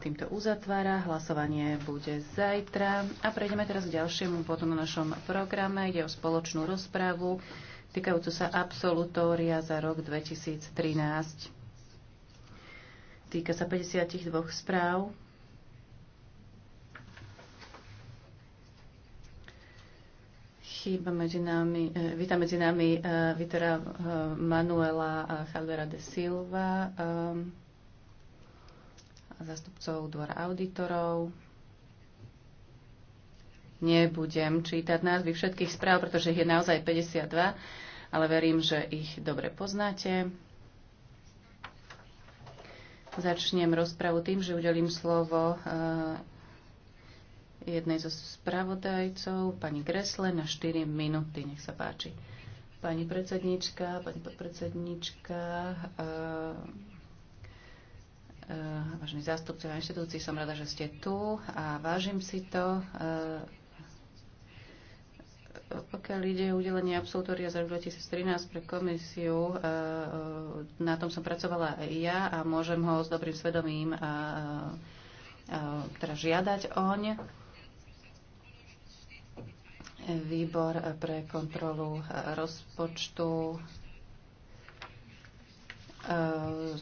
týmto uzatvára. Hlasovanie bude zajtra. A prejdeme teraz k ďalšiemu bodu na našom programe. Ide o spoločnú rozpravu týkajúcu sa absolutória za rok 2013. Týka sa 52 správ. Chýba medzi nami, e, víta medzi nami e, Vitora e, Manuela e, Chalvera de Silva. E, zastupcov dvora auditorov. Nebudem čítať názvy všetkých správ, pretože ich je naozaj 52, ale verím, že ich dobre poznáte. Začnem rozpravu tým, že udelím slovo eh, jednej zo spravodajcov, pani Gresle, na 4 minúty. Nech sa páči. Pani predsednička, pani podpredsednička, eh, Eh, vážení zástupcovia inštitúcií, som rada, že ste tu a vážim si to. Eh, pokiaľ ide o udelenie absolutória za rok 2013 pre komisiu, eh, na tom som pracovala aj ja a môžem ho s dobrým svedomím teda žiadať oň. Výbor pre kontrolu rozpočtu E,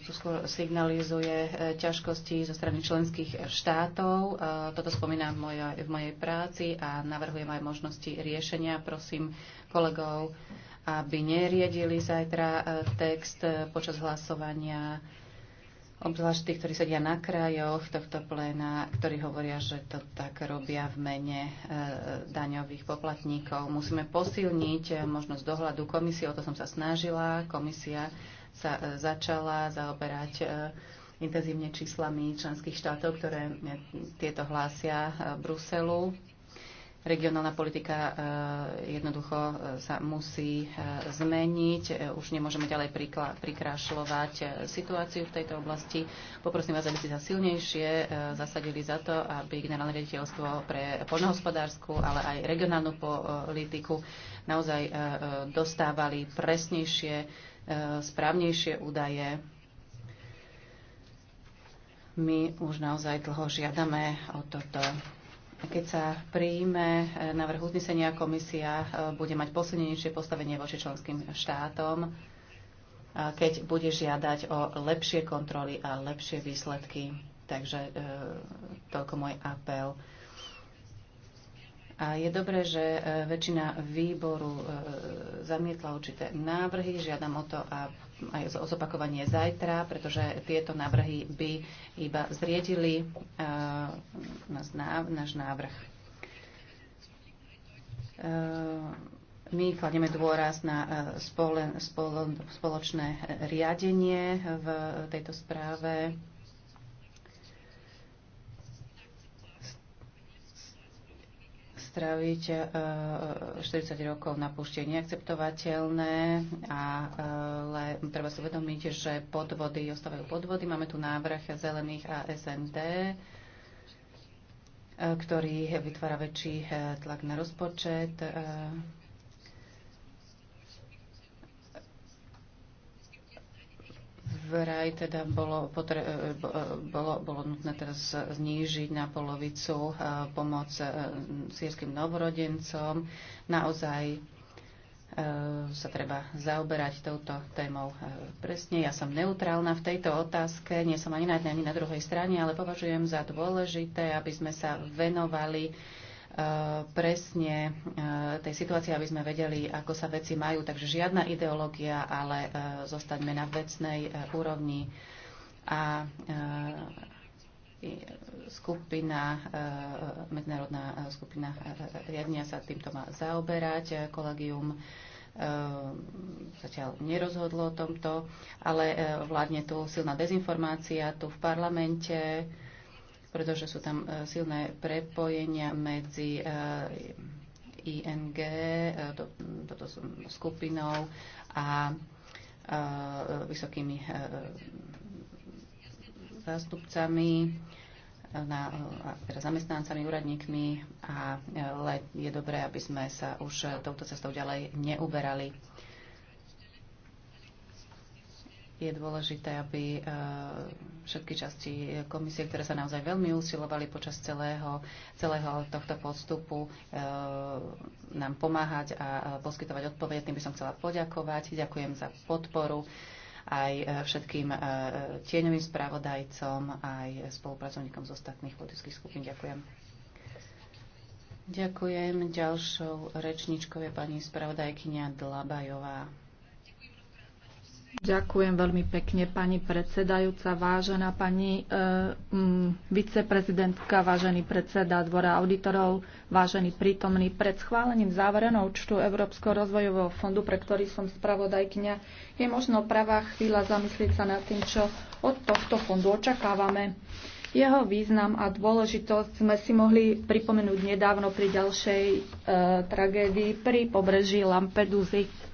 tu skôr signalizuje e, ťažkosti zo strany členských štátov. E, toto spomínam v mojej, v mojej práci a navrhujem aj možnosti riešenia. Prosím kolegov, aby neriedili zajtra text počas hlasovania, obzvlášť tých, ktorí sedia na krajoch tohto pléna, ktorí hovoria, že to tak robia v mene daňových poplatníkov. Musíme posilniť možnosť dohľadu komisie, o to som sa snažila. Komisia sa e, začala zaoberať e, intenzívne číslami členských štátov, ktoré e, tieto hlásia Bruselu. Regionálna politika jednoducho sa musí zmeniť. Už nemôžeme ďalej prikrášľovať situáciu v tejto oblasti. Poprosím vás, aby ste sa silnejšie zasadili za to, aby generálne riaditeľstvo pre poľnohospodárskú, ale aj regionálnu politiku naozaj dostávali presnejšie správnejšie údaje. My už naozaj dlho žiadame o toto. Keď sa príjme návrh uznesenia, komisia eh, bude mať posilnenejšie postavenie voči členským štátom, keď bude žiadať o lepšie kontroly a lepšie výsledky. Takže eh, toľko môj apel. A je dobré, že e, väčšina výboru e, zamietla určité návrhy. Žiadam o to a aj o zopakovanie zajtra, pretože tieto návrhy by iba zriedili e, náš návrh. My klademe dôraz na spoločné riadenie v tejto správe. stráviť 40 e, e, rokov na púšti je neakceptovateľné, ale treba si uvedomiť, že podvody ostávajú podvody. Máme tu návrh zelených a SND, e, ktorý vytvára väčší tlak na rozpočet vraj teda bolo, potre, e, e, bolo, bolo nutné teraz znížiť na polovicu e, pomoc sírským novorodencom. Naozaj sa treba zaoberať touto témou presne. Ja som neutrálna v tejto otázke, nie som ani na jednej, ani na druhej strane, ale považujem za dôležité, aby sme sa venovali Eh, presne eh, tej situácie, aby sme vedeli, ako sa veci majú. Takže žiadna ideológia, ale eh, zostaňme na vecnej úrovni. A skupina, medzinárodná skupina riadenia sa týmto má zaoberať. Kolegium zatiaľ nerozhodlo o tomto, ale vládne tu silná dezinformácia tu v parlamente pretože sú tam e, silné prepojenia medzi e, ING, e, to, toto skupinou a vysokými zástupcami, na, teda zamestnancami, úradníkmi, a, ale je dobré, aby sme sa už touto cestou ďalej neuberali je dôležité, aby e, všetky časti komisie, ktoré sa naozaj veľmi usilovali počas celého, celého tohto postupu, e, nám pomáhať a poskytovať odpovede. Tým by som chcela poďakovať. Ďakujem za podporu aj e, všetkým tieňovým spravodajcom, aj spolupracovníkom z ostatných politických skupín. Ďakujem. Ďakujem. Ďalšou rečničkou je pani spravodajkynia Dlabajová. Ďakujem veľmi pekne, pani predsedajúca, vážená pani e, m, viceprezidentka, vážený predseda Dvora auditorov, vážený prítomný. Pred schválením záverenou účtu Európskeho rozvojového fondu, pre ktorý som spravodajkňa, je možno pravá chvíľa zamyslieť sa nad tým, čo od tohto fondu očakávame. Jeho význam a dôležitosť sme si mohli pripomenúť nedávno pri ďalšej e, tragédii pri pobreží Lampedusy,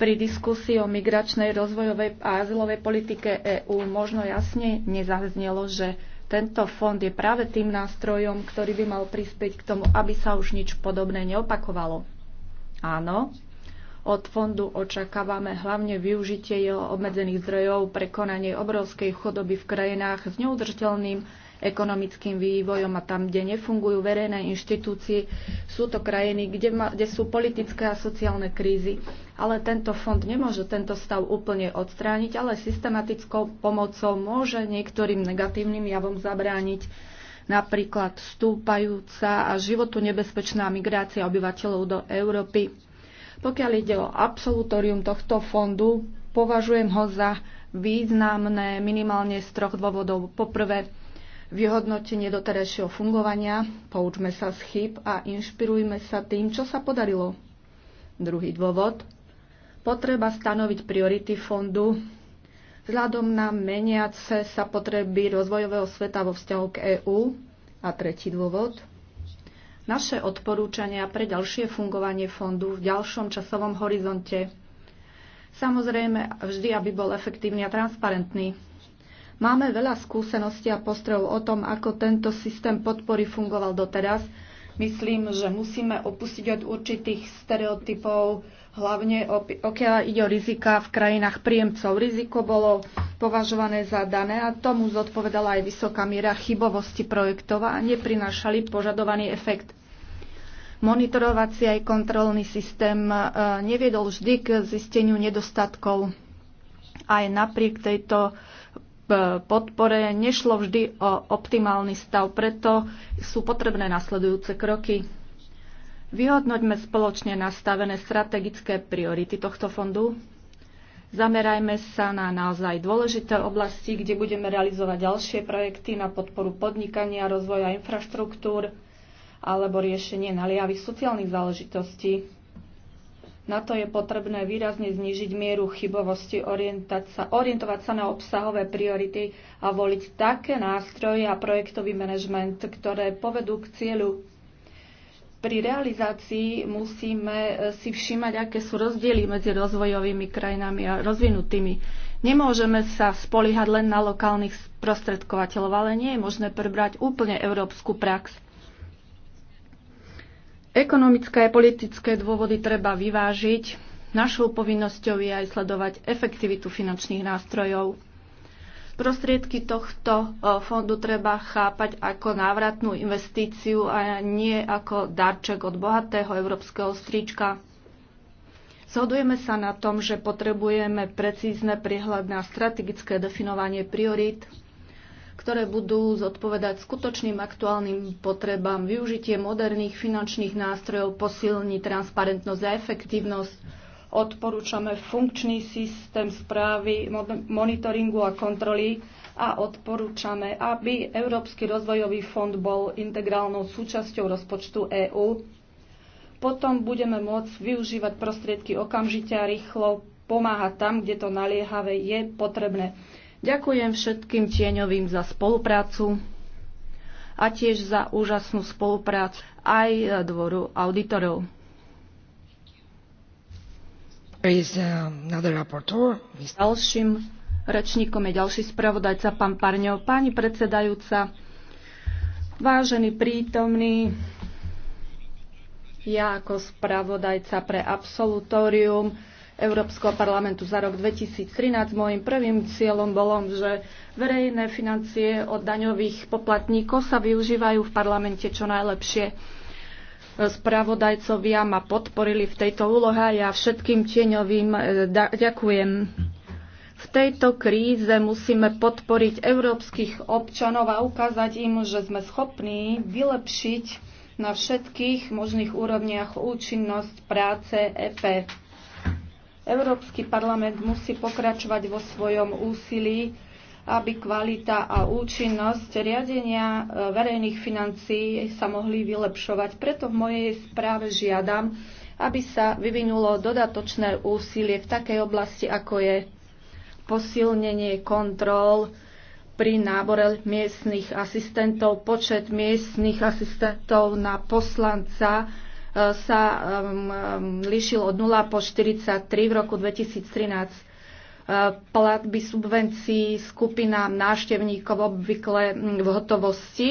pri diskusii o migračnej, rozvojovej a azylovej politike EÚ možno jasne nezaznelo, že tento fond je práve tým nástrojom, ktorý by mal prispieť k tomu, aby sa už nič podobné neopakovalo. Áno, od fondu očakávame hlavne využitie jeho obmedzených zdrojov pre konanie obrovskej chodoby v krajinách s neudržiteľným ekonomickým vývojom a tam, kde nefungujú verejné inštitúcie, sú to krajiny, kde, ma, kde sú politické a sociálne krízy. Ale tento fond nemôže tento stav úplne odstrániť, ale systematickou pomocou môže niektorým negatívnym javom zabrániť napríklad stúpajúca a životu nebezpečná migrácia obyvateľov do Európy. Pokiaľ ide o absolutórium tohto fondu, považujem ho za významné minimálne z troch dôvodov. Poprvé, vyhodnotenie doterajšieho fungovania, poučme sa z chyb a inšpirujme sa tým, čo sa podarilo. Druhý dôvod. Potreba stanoviť priority fondu vzhľadom na meniace sa potreby rozvojového sveta vo vzťahu k EÚ. A tretí dôvod. Naše odporúčania pre ďalšie fungovanie fondu v ďalšom časovom horizonte. Samozrejme, vždy, aby bol efektívny a transparentný. Máme veľa skúseností a postrehov o tom, ako tento systém podpory fungoval doteraz. Myslím, že musíme opustiť od určitých stereotypov, hlavne pokiaľ ide o rizika v krajinách príjemcov. Riziko bolo považované za dané a tomu zodpovedala aj vysoká miera chybovosti projektov a neprinášali požadovaný efekt. Monitorovací aj kontrolný systém e, neviedol vždy k zisteniu nedostatkov. Aj napriek tejto uh, podpore nešlo vždy o optimálny stav, preto sú potrebné nasledujúce kroky. Vyhodnoťme spoločne nastavené strategické priority tohto fondu. Zamerajme sa na naozaj dôležité oblasti, kde budeme realizovať ďalšie projekty na podporu podnikania, rozvoja infraštruktúr alebo riešenie naliavy sociálnych záležitostí. Na to je potrebné výrazne znížiť mieru chybovosti, sa, orientovať sa na obsahové priority a voliť také nástroje a projektový manažment, ktoré povedú k cieľu. Pri realizácii musíme e, si všímať, aké sú rozdiely medzi rozvojovými krajinami a rozvinutými. Nemôžeme sa spoliehať len na lokálnych sprostredkovateľov, ale nie je možné prebrať úplne európsku prax. Ekonomické a politické dôvody treba vyvážiť. Našou povinnosťou je aj sledovať efektivitu finančných nástrojov. Prostriedky tohto e, fondu treba chápať ako návratnú investíciu a nie ako darček od bohatého európskeho stríčka. Zhodujeme sa na tom, že potrebujeme precízne prihľad na strategické definovanie priorít, ktoré budú zodpovedať skutočným aktuálnym potrebám. Využitie moderných finančných nástrojov posilní transparentnosť a efektívnosť. Odporúčame funkčný systém správy, monitoringu a kontroly a odporúčame, aby Európsky rozvojový fond bol integrálnou súčasťou rozpočtu EÚ. Potom budeme môcť využívať prostriedky okamžite a rýchlo pomáhať tam, kde to naliehavé je potrebné. Ďakujem všetkým tieňovým za spoluprácu a tiež za úžasnú spoluprácu aj dvoru auditorov. Uh, Ďalším rečníkom je ďalší spravodajca, pán Parňov. Pani predsedajúca, vážený prítomný, ja ako spravodajca pre absolutórium Európskeho parlamentu za rok 2013. Mojím prvým cieľom bolo, že verejné financie od daňových poplatníkov sa využívajú v parlamente čo najlepšie. Spravodajcovia ma podporili v tejto úlohe a ja všetkým tieňovým e, ďakujem. V tejto kríze musíme podporiť európskych občanov a ukázať im, že sme schopní vylepšiť na všetkých možných úrovniach účinnosť práce EP. Európsky parlament musí pokračovať vo svojom úsilí, aby kvalita a účinnosť riadenia e, verejných financií sa mohli vylepšovať. Preto v mojej správe žiadam, aby sa vyvinulo dodatočné úsilie v takej oblasti, ako je posilnenie kontrol pri nábore miestnych asistentov, počet miestnych asistentov na poslanca sa um, um, líšil od 0 po 43 v roku 2013 uh, platby subvencií skupinám návštevníkov obvykle hm, v hotovosti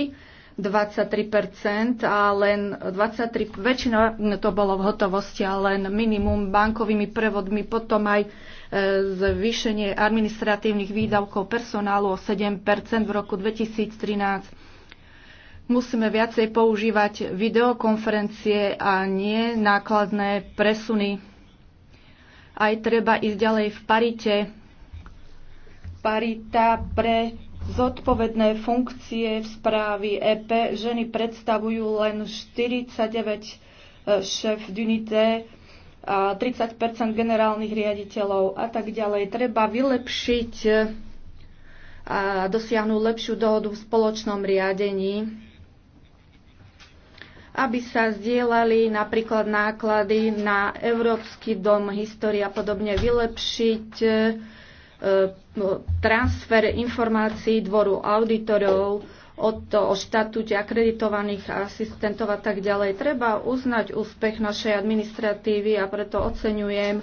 23%, a len 23, väčšina hm, to bolo v hotovosti a len minimum bankovými prevodmi, potom aj e, zvýšenie administratívnych výdavkov personálu o 7% v roku 2013 Musíme viacej používať videokonferencie a nie nákladné presuny. Aj treba ísť ďalej v parite. Parita pre zodpovedné funkcie v správy EP ženy predstavujú len 49 e, šéf d'unité a 30 generálnych riaditeľov a tak ďalej. Treba vylepšiť e, a dosiahnuť lepšiu dohodu v spoločnom riadení aby sa zdieľali napríklad náklady na Európsky dom histórie a podobne, vylepšiť e, e, transfer informácií dvoru auditorov o, to, o štatúte akreditovaných asistentov a tak ďalej. Treba uznať úspech našej administratívy a preto oceňujem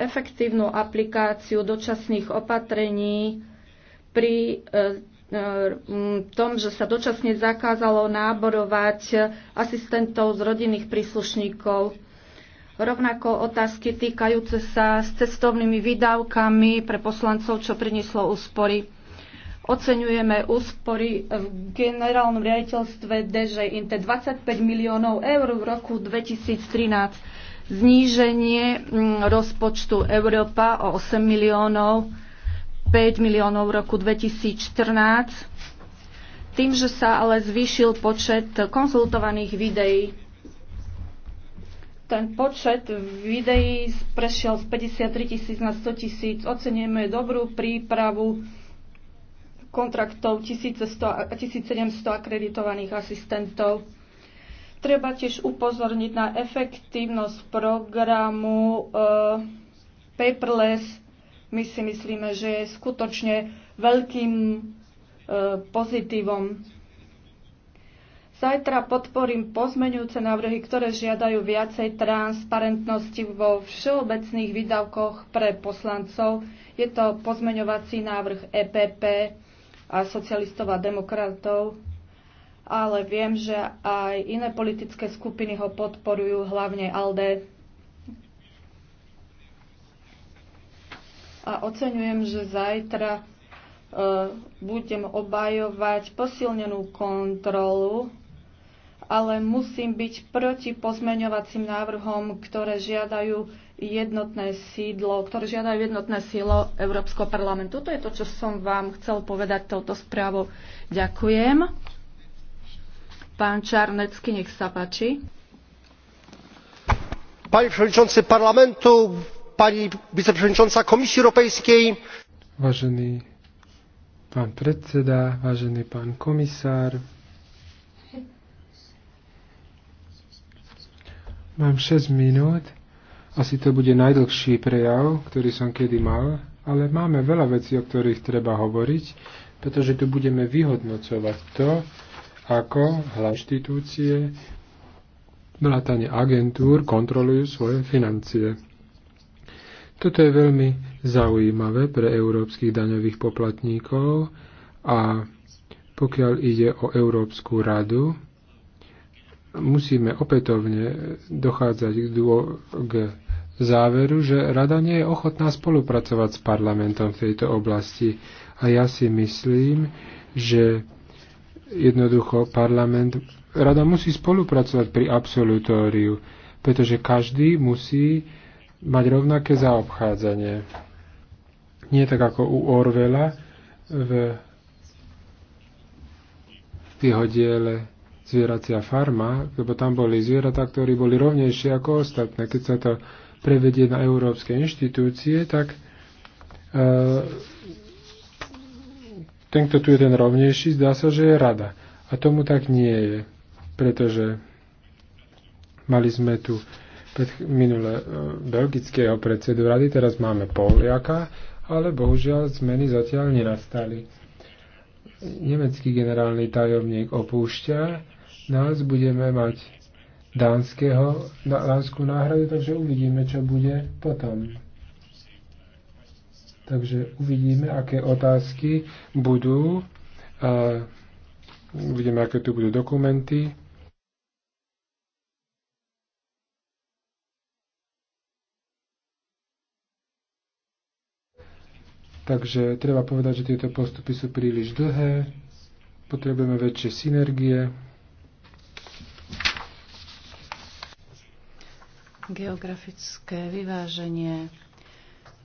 efektívnu aplikáciu dočasných opatrení pri e, E, tom, že sa dočasne zakázalo náborovať asistentov z rodinných príslušníkov. Rovnako otázky týkajúce sa s cestovnými výdavkami pre poslancov, čo prinieslo úspory. Oceňujeme úspory v generálnom riaditeľstve DŽ Inte 25 miliónov eur v roku 2013. Zníženie mm, rozpočtu Európa o 8 miliónov eur 5 miliónov v roku 2014, tým, že sa ale zvýšil počet konzultovaných videí. Ten počet videí prešiel z 53 tisíc na 100 tisíc. Ocenujeme dobrú prípravu kontraktov 1100 a 1700 akreditovaných asistentov. Treba tiež upozorniť na efektívnosť programu e, Paperless my si myslíme, že je skutočne veľkým e, pozitívom. Zajtra podporím pozmeňujúce návrhy, ktoré žiadajú viacej transparentnosti vo všeobecných výdavkoch pre poslancov. Je to pozmeňovací návrh EPP a socialistov a demokratov, ale viem, že aj iné politické skupiny ho podporujú, hlavne ALDE. a oceňujem, že zajtra e, budem obajovať posilnenú kontrolu, ale musím byť proti pozmeňovacím návrhom, ktoré žiadajú jednotné sídlo, ktoré žiadajú jednotné sídlo Európskeho parlamentu. To je to, čo som vám chcel povedať touto správou. Ďakujem. Pán Čarnecký, nech sa páči. Pani przewodniczący parlamentu, pani wiceprzewodnicząca Komisji Europejskiej. Vážený pán predseda, vážený pán komisár, mám 6 minút. Asi to bude najdlhší prejav, ktorý som kedy mal, ale máme veľa vecí, o ktorých treba hovoriť, pretože tu budeme vyhodnocovať to, ako hlavné inštitúcie, vrátane agentúr kontrolujú svoje financie. Toto je veľmi zaujímavé pre európskych daňových poplatníkov a pokiaľ ide o Európsku radu, musíme opätovne dochádzať k záveru, že rada nie je ochotná spolupracovať s parlamentom v tejto oblasti. A ja si myslím, že jednoducho parlament, rada musí spolupracovať pri absolutóriu, pretože každý musí mať rovnaké zaobchádzanie. Nie tak ako u Orvela v, v jeho diele Zvieracia farma, lebo tam boli zvieratá, ktorí boli rovnejšie ako ostatné. Keď sa to prevedie na európske inštitúcie, tak e, ten, kto tu je ten rovnejší, zdá sa, že je rada. A tomu tak nie je, pretože mali sme tu pred minule e, belgického predsedu rady, teraz máme Poliaka, ale bohužiaľ zmeny zatiaľ nenastali. Nemecký generálny tajomník opúšťa, nás budeme mať dánskeho, dánskú náhradu, takže uvidíme, čo bude potom. Takže uvidíme, aké otázky budú, a uvidíme, aké tu budú dokumenty. Takže treba povedať, že tieto postupy sú príliš dlhé, potrebujeme väčšie synergie. Geografické vyváženie,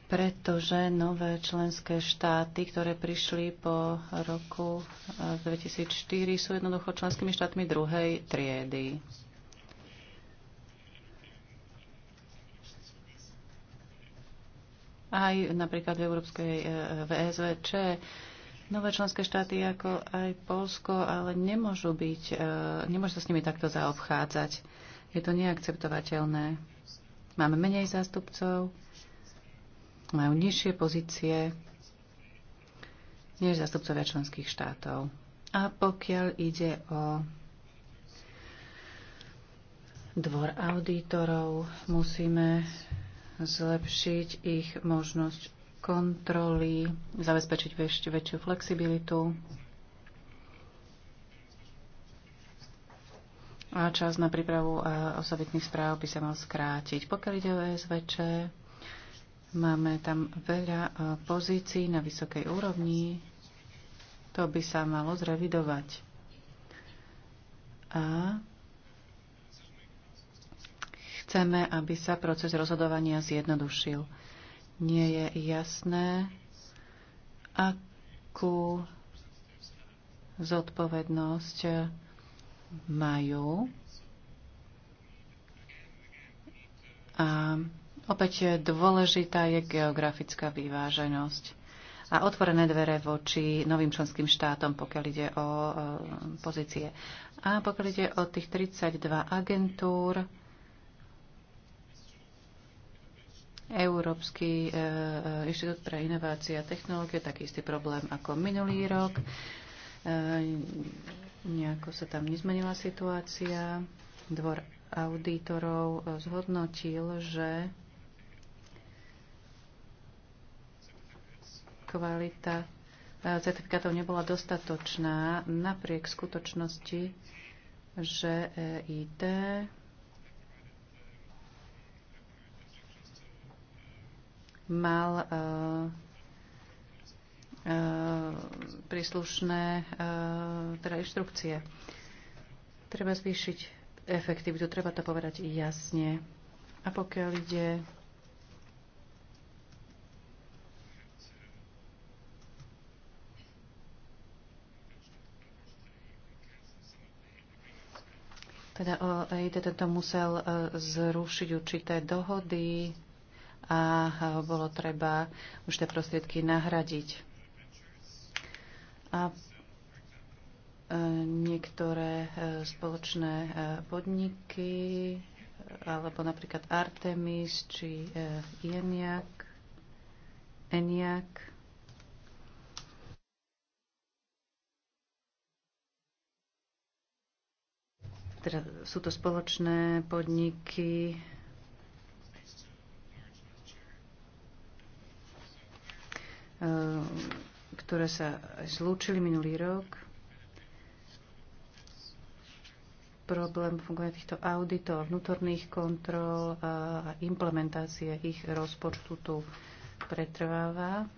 pretože nové členské štáty, ktoré prišli po roku eh, 2004, sú jednoducho členskými štátmi druhej triedy. aj napríklad v Európskej e, VSVČ. E Nové členské štáty ako aj Polsko, ale nemôžu byť, e, nemôžu sa s nimi takto zaobchádzať. Je to neakceptovateľné. Máme menej zástupcov, majú nižšie pozície než zástupcovia členských štátov. A pokiaľ ide o dvor auditorov, musíme zlepšiť ich možnosť kontroly, zabezpečiť ešte väčšiu flexibilitu a čas na prípravu osobitných správ by sa mal skrátiť. Pokiaľ ide o SVČ, máme tam veľa pozícií na vysokej úrovni. To by sa malo zrevidovať. A Chceme, aby sa proces rozhodovania zjednodušil. Nie je jasné, akú zodpovednosť majú. A opäť dôležitá je geografická vyváženosť a otvorené dvere voči novým členským štátom, pokiaľ ide o e, pozície. A pokiaľ ide o tých 32 agentúr, Európsky e, inštitút pre inovácie a technológie, taký istý problém ako minulý rok. E, nejako sa tam nezmenila situácia. Dvor auditorov zhodnotil, že kvalita certifikátov nebola dostatočná napriek skutočnosti, že EIT mal eh, eh, príslušné eh, teda inštrukcie. Treba zvýšiť efektivitu, treba to povedať jasne. A pokiaľ ide teda o EIT tento musel zrušiť určité dohody, a bolo treba už tie prostriedky nahradiť. A e, niektoré e, spoločné e, podniky, alebo napríklad Artemis či Eniak, Eniak, teda sú to spoločné podniky Eh, ktoré sa zlúčili minulý rok. Problém fungovania týchto auditov, vnútorných kontrol a implementácie ich rozpočtu tu pretrváva.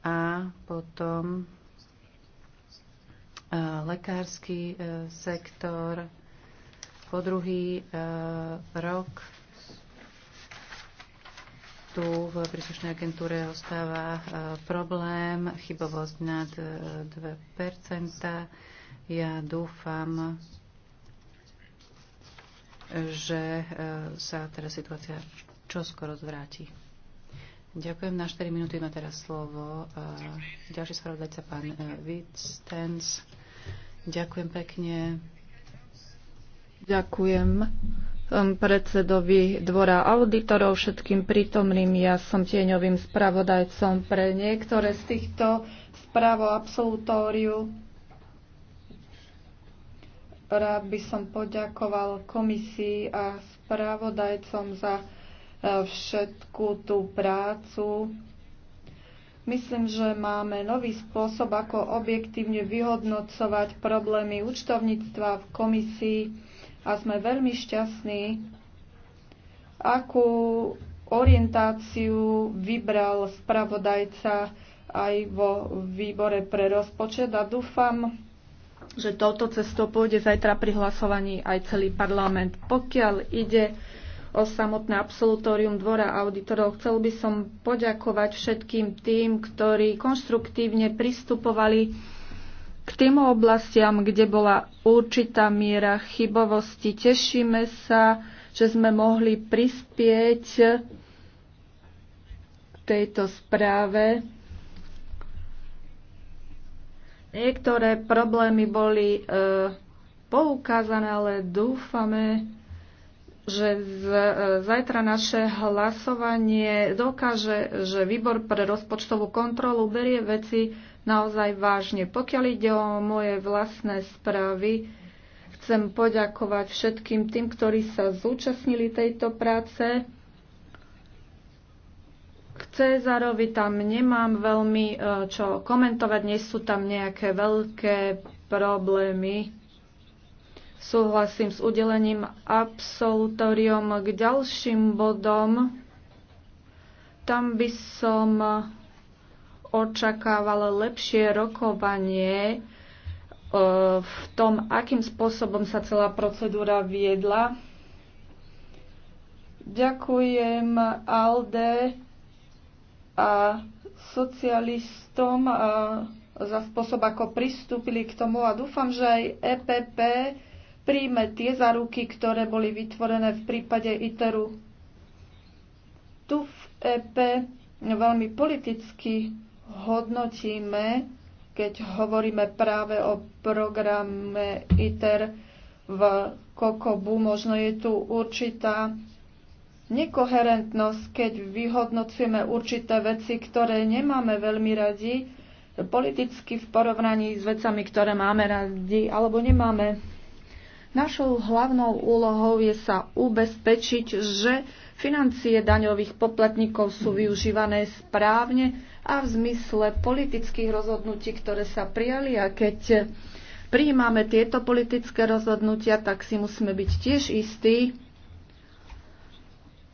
A potom eh, lekársky eh, sektor po druhý rok tu v príslušnej agentúre ostáva e, problém, chybovosť nad 2 e, Ja dúfam, že e, sa teraz situácia čoskoro zvráti. Ďakujem. Na 4 minúty má teraz slovo ďalší spravodajca, pán Wittstens. Ďakujem pekne. Ďakujem. Um, predsedovi dvora auditorov, všetkým prítomným. Ja som tieňovým spravodajcom pre niektoré z týchto správ o absolutóriu. Rád by som poďakoval komisii a spravodajcom za uh, všetku tú prácu. Myslím, že máme nový spôsob, ako objektívne vyhodnocovať problémy účtovníctva v komisii a sme veľmi šťastní, akú orientáciu vybral spravodajca aj vo výbore pre rozpočet a dúfam, že touto cestou pôjde zajtra pri hlasovaní aj celý parlament. Pokiaľ ide o samotné absolutórium Dvora auditorov. Chcel by som poďakovať všetkým tým, ktorí konštruktívne pristupovali k tým oblastiam, kde bola určitá miera chybovosti, tešíme sa, že sme mohli prispieť k tejto správe. Niektoré problémy boli e, poukázané, ale dúfame, že z, e, zajtra naše hlasovanie dokáže, že výbor pre rozpočtovú kontrolu berie veci naozaj vážne. Pokiaľ ide o moje vlastné správy, chcem poďakovať všetkým tým, ktorí sa zúčastnili tejto práce. K Cezarovi tam nemám veľmi e, čo komentovať, nie sú tam nejaké veľké problémy. Súhlasím s udelením absolutorium k ďalším bodom. Tam by som očakával lepšie rokovanie e, v tom, akým spôsobom sa celá procedúra viedla. Ďakujem Alde a socialistom e, za spôsob, ako pristúpili k tomu a dúfam, že aj EPP príjme tie záruky, ktoré boli vytvorené v prípade ITERu. Tu v EP veľmi politicky hodnotíme, keď hovoríme práve o programe ITER v Kokobu, možno je tu určitá nekoherentnosť, keď vyhodnocujeme určité veci, ktoré nemáme veľmi radi, politicky v porovnaní s vecami, ktoré máme radi alebo nemáme. Našou hlavnou úlohou je sa ubezpečiť, že financie daňových poplatníkov sú využívané správne, a v zmysle politických rozhodnutí, ktoré sa prijali a keď prijímame tieto politické rozhodnutia, tak si musíme byť tiež istí,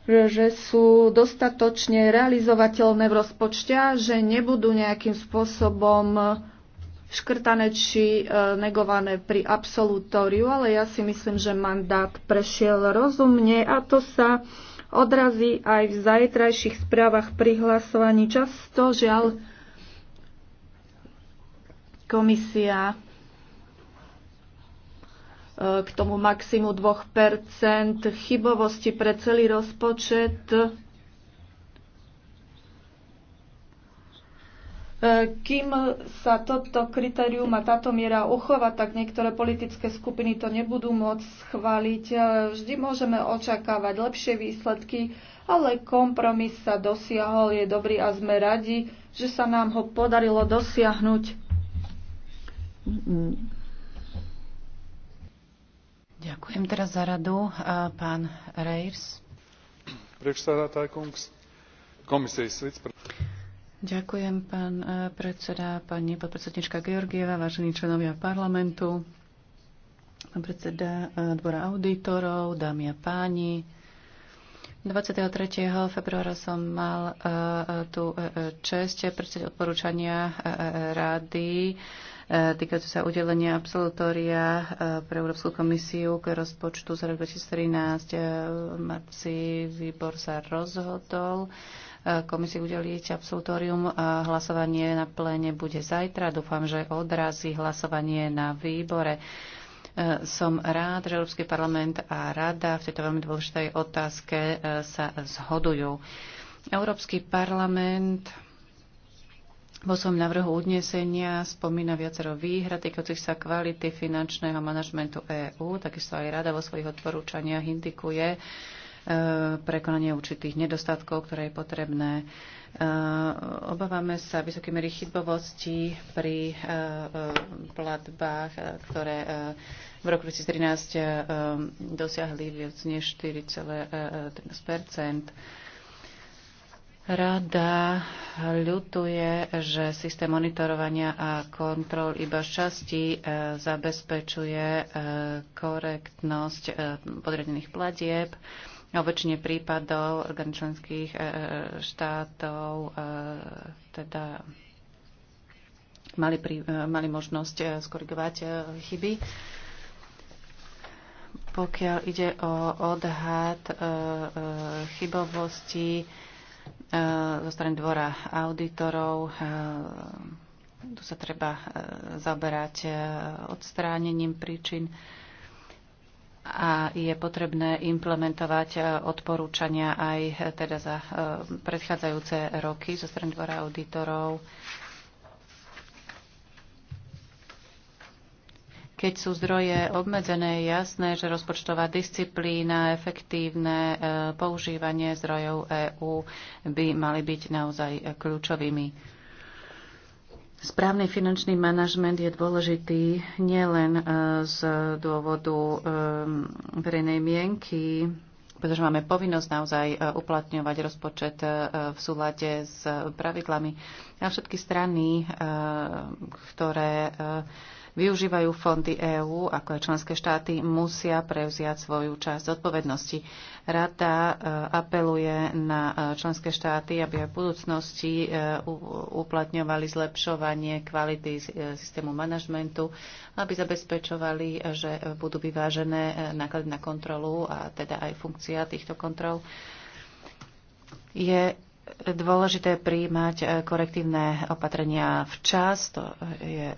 že sú dostatočne realizovateľné v rozpočte že nebudú nejakým spôsobom škrtané či e, negované pri absolutóriu, ale ja si myslím, že mandát prešiel rozumne a to sa odrazí aj v zajtrajších správach pri hlasovaní. Často žiaľ komisia e, k tomu maximu 2 chybovosti pre celý rozpočet E, kým sa toto kritérium a táto miera uchová, tak niektoré politické skupiny to nebudú môcť schváliť. E, vždy môžeme očakávať lepšie výsledky, ale kompromis sa dosiahol, je dobrý a sme radi, že sa nám ho podarilo dosiahnuť. Ďakujem teraz za radu. E, pán Reirs. Predstaviteľ komisie Ďakujem, pán e, predseda, pani podpredsednička Georgieva, vážení členovia parlamentu, pán predseda e, dvora auditorov, dámy a páni. 23. februára som mal e, tú čest predsedať odporúčania rady týkajúce sa udelenia absolutória pre Európsku komisiu k rozpočtu za rok 2013. V marci výbor sa rozhodol komisii udeliť absolutórium. Hlasovanie na pléne bude zajtra. Dúfam, že odrazí hlasovanie na výbore. E, som rád, že Európsky parlament a Rada v tejto veľmi dôležitej otázke e, sa zhodujú. Európsky parlament vo svojom návrhu udnesenia spomína viacero výhrad týkajúcich sa kvality finančného manažmentu EÚ, takisto aj rada vo svojich odporúčaniach indikuje, Eh, prekonanie určitých nedostatkov, ktoré je potrebné. Eh, obávame sa vysoké miery chybovosti pri eh, platbách, ktoré v roku 2013 dosiahli viac než 4,13 Rada ľutuje, že systém monitorovania a kontrol iba z časti zabezpečuje korektnosť podriadených platieb O no, väčšine prípadov orgán členských e, e, štátov e, teda mali, pri, mali možnosť skorigovať chyby. Pokiaľ ide o odhad chybovosti zo strany dvora auditorov, tu sa treba zaberať odstránením príčin a je potrebné implementovať e, odporúčania aj e, teda za e, predchádzajúce roky zo strany dvora auditorov. Keď sú zdroje obmedzené, je jasné, že rozpočtová disciplína, efektívne používanie zdrojov EÚ by mali byť naozaj kľúčovými. Správny finančný manažment je dôležitý nielen e, z dôvodu e, verejnej mienky, pretože máme povinnosť naozaj e, uplatňovať rozpočet v súlade s pravidlami. A všetky strany, ktoré využívajú fondy EÚ, ako aj členské štáty, musia prevziať svoju časť zodpovednosti. Rada eh, apeluje na eh, členské štáty, aby aj v budúcnosti eh, uplatňovali zlepšovanie kvality systému manažmentu, aby zabezpečovali, že budú vyvážené náklady na kontrolu a teda aj funkcia týchto kontrol. Je dôležité príjmať korektívne opatrenia včas, to je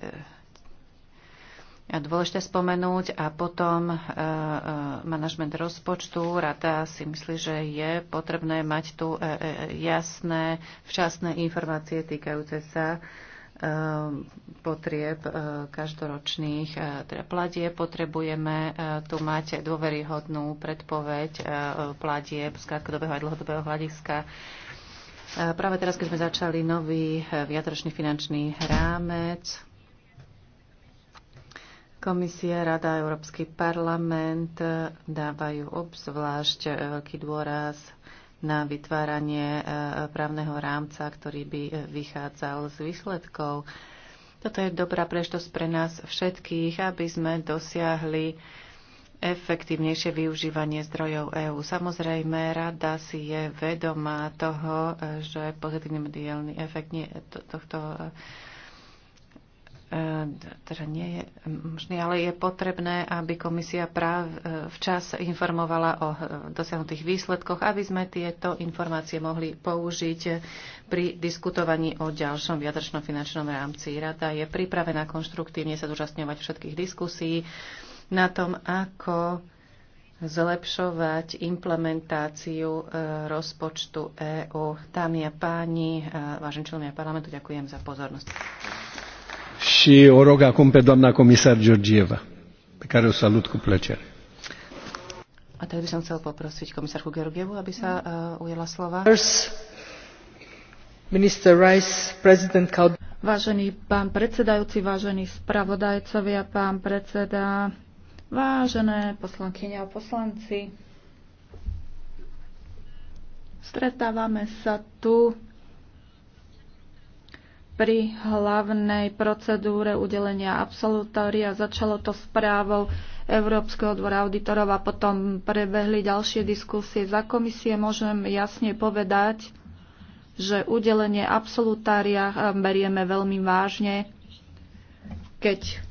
dôležité spomenúť. A potom e, e, manažment rozpočtu. Rada si myslí, že je potrebné mať tu e, e, jasné, včasné informácie týkajúce sa e, potrieb e, každoročných e, teda Potrebujeme e, tu mať dôveryhodnú predpoveď e, pladieb z krátkodobého a dlhodobého hľadiska. E, práve teraz, keď sme začali nový e, viatročný finančný rámec, Komisia, Rada, Európsky parlament dávajú obzvlášť veľký dôraz na vytváranie e, právneho rámca, ktorý by e, vychádzal z výsledkov. Toto je dobrá preštosť pre nás všetkých, aby sme dosiahli efektívnejšie využívanie zdrojov EÚ. Samozrejme, rada si je vedomá toho, e, že pozitívny mediálny efekt nie, to, tohto E, teda nie je možný, ale je potrebné, aby komisia práv e, včas informovala o e, dosiahnutých výsledkoch, aby sme tieto informácie mohli použiť pri diskutovaní o ďalšom viadročnom finančnom rámci. Rada je pripravená konštruktívne sa zúčastňovať všetkých diskusí na tom, ako zlepšovať implementáciu rozpočtu EÚ. Dámy a páni, vážení členovia parlamentu, ďakujem za pozornosť și o rog acum pe doamna comisar Georgieva, pe care o salut cu plăcere. A teraz by som chcel poprosiť komisárku Georgievu, aby sa uh, e, ujela slova. Minister Rice, President Caldeira. Vážený pán predsedajúci, vážení spravodajcovia, pán predseda, vážené poslankyne a poslanci. Stretávame sa tu pri hlavnej procedúre udelenia absolutória. Začalo to správou Európskeho dvora auditorov a potom prebehli ďalšie diskusie za komisie. Môžem jasne povedať, že udelenie absolutária eh, berieme veľmi vážne, keď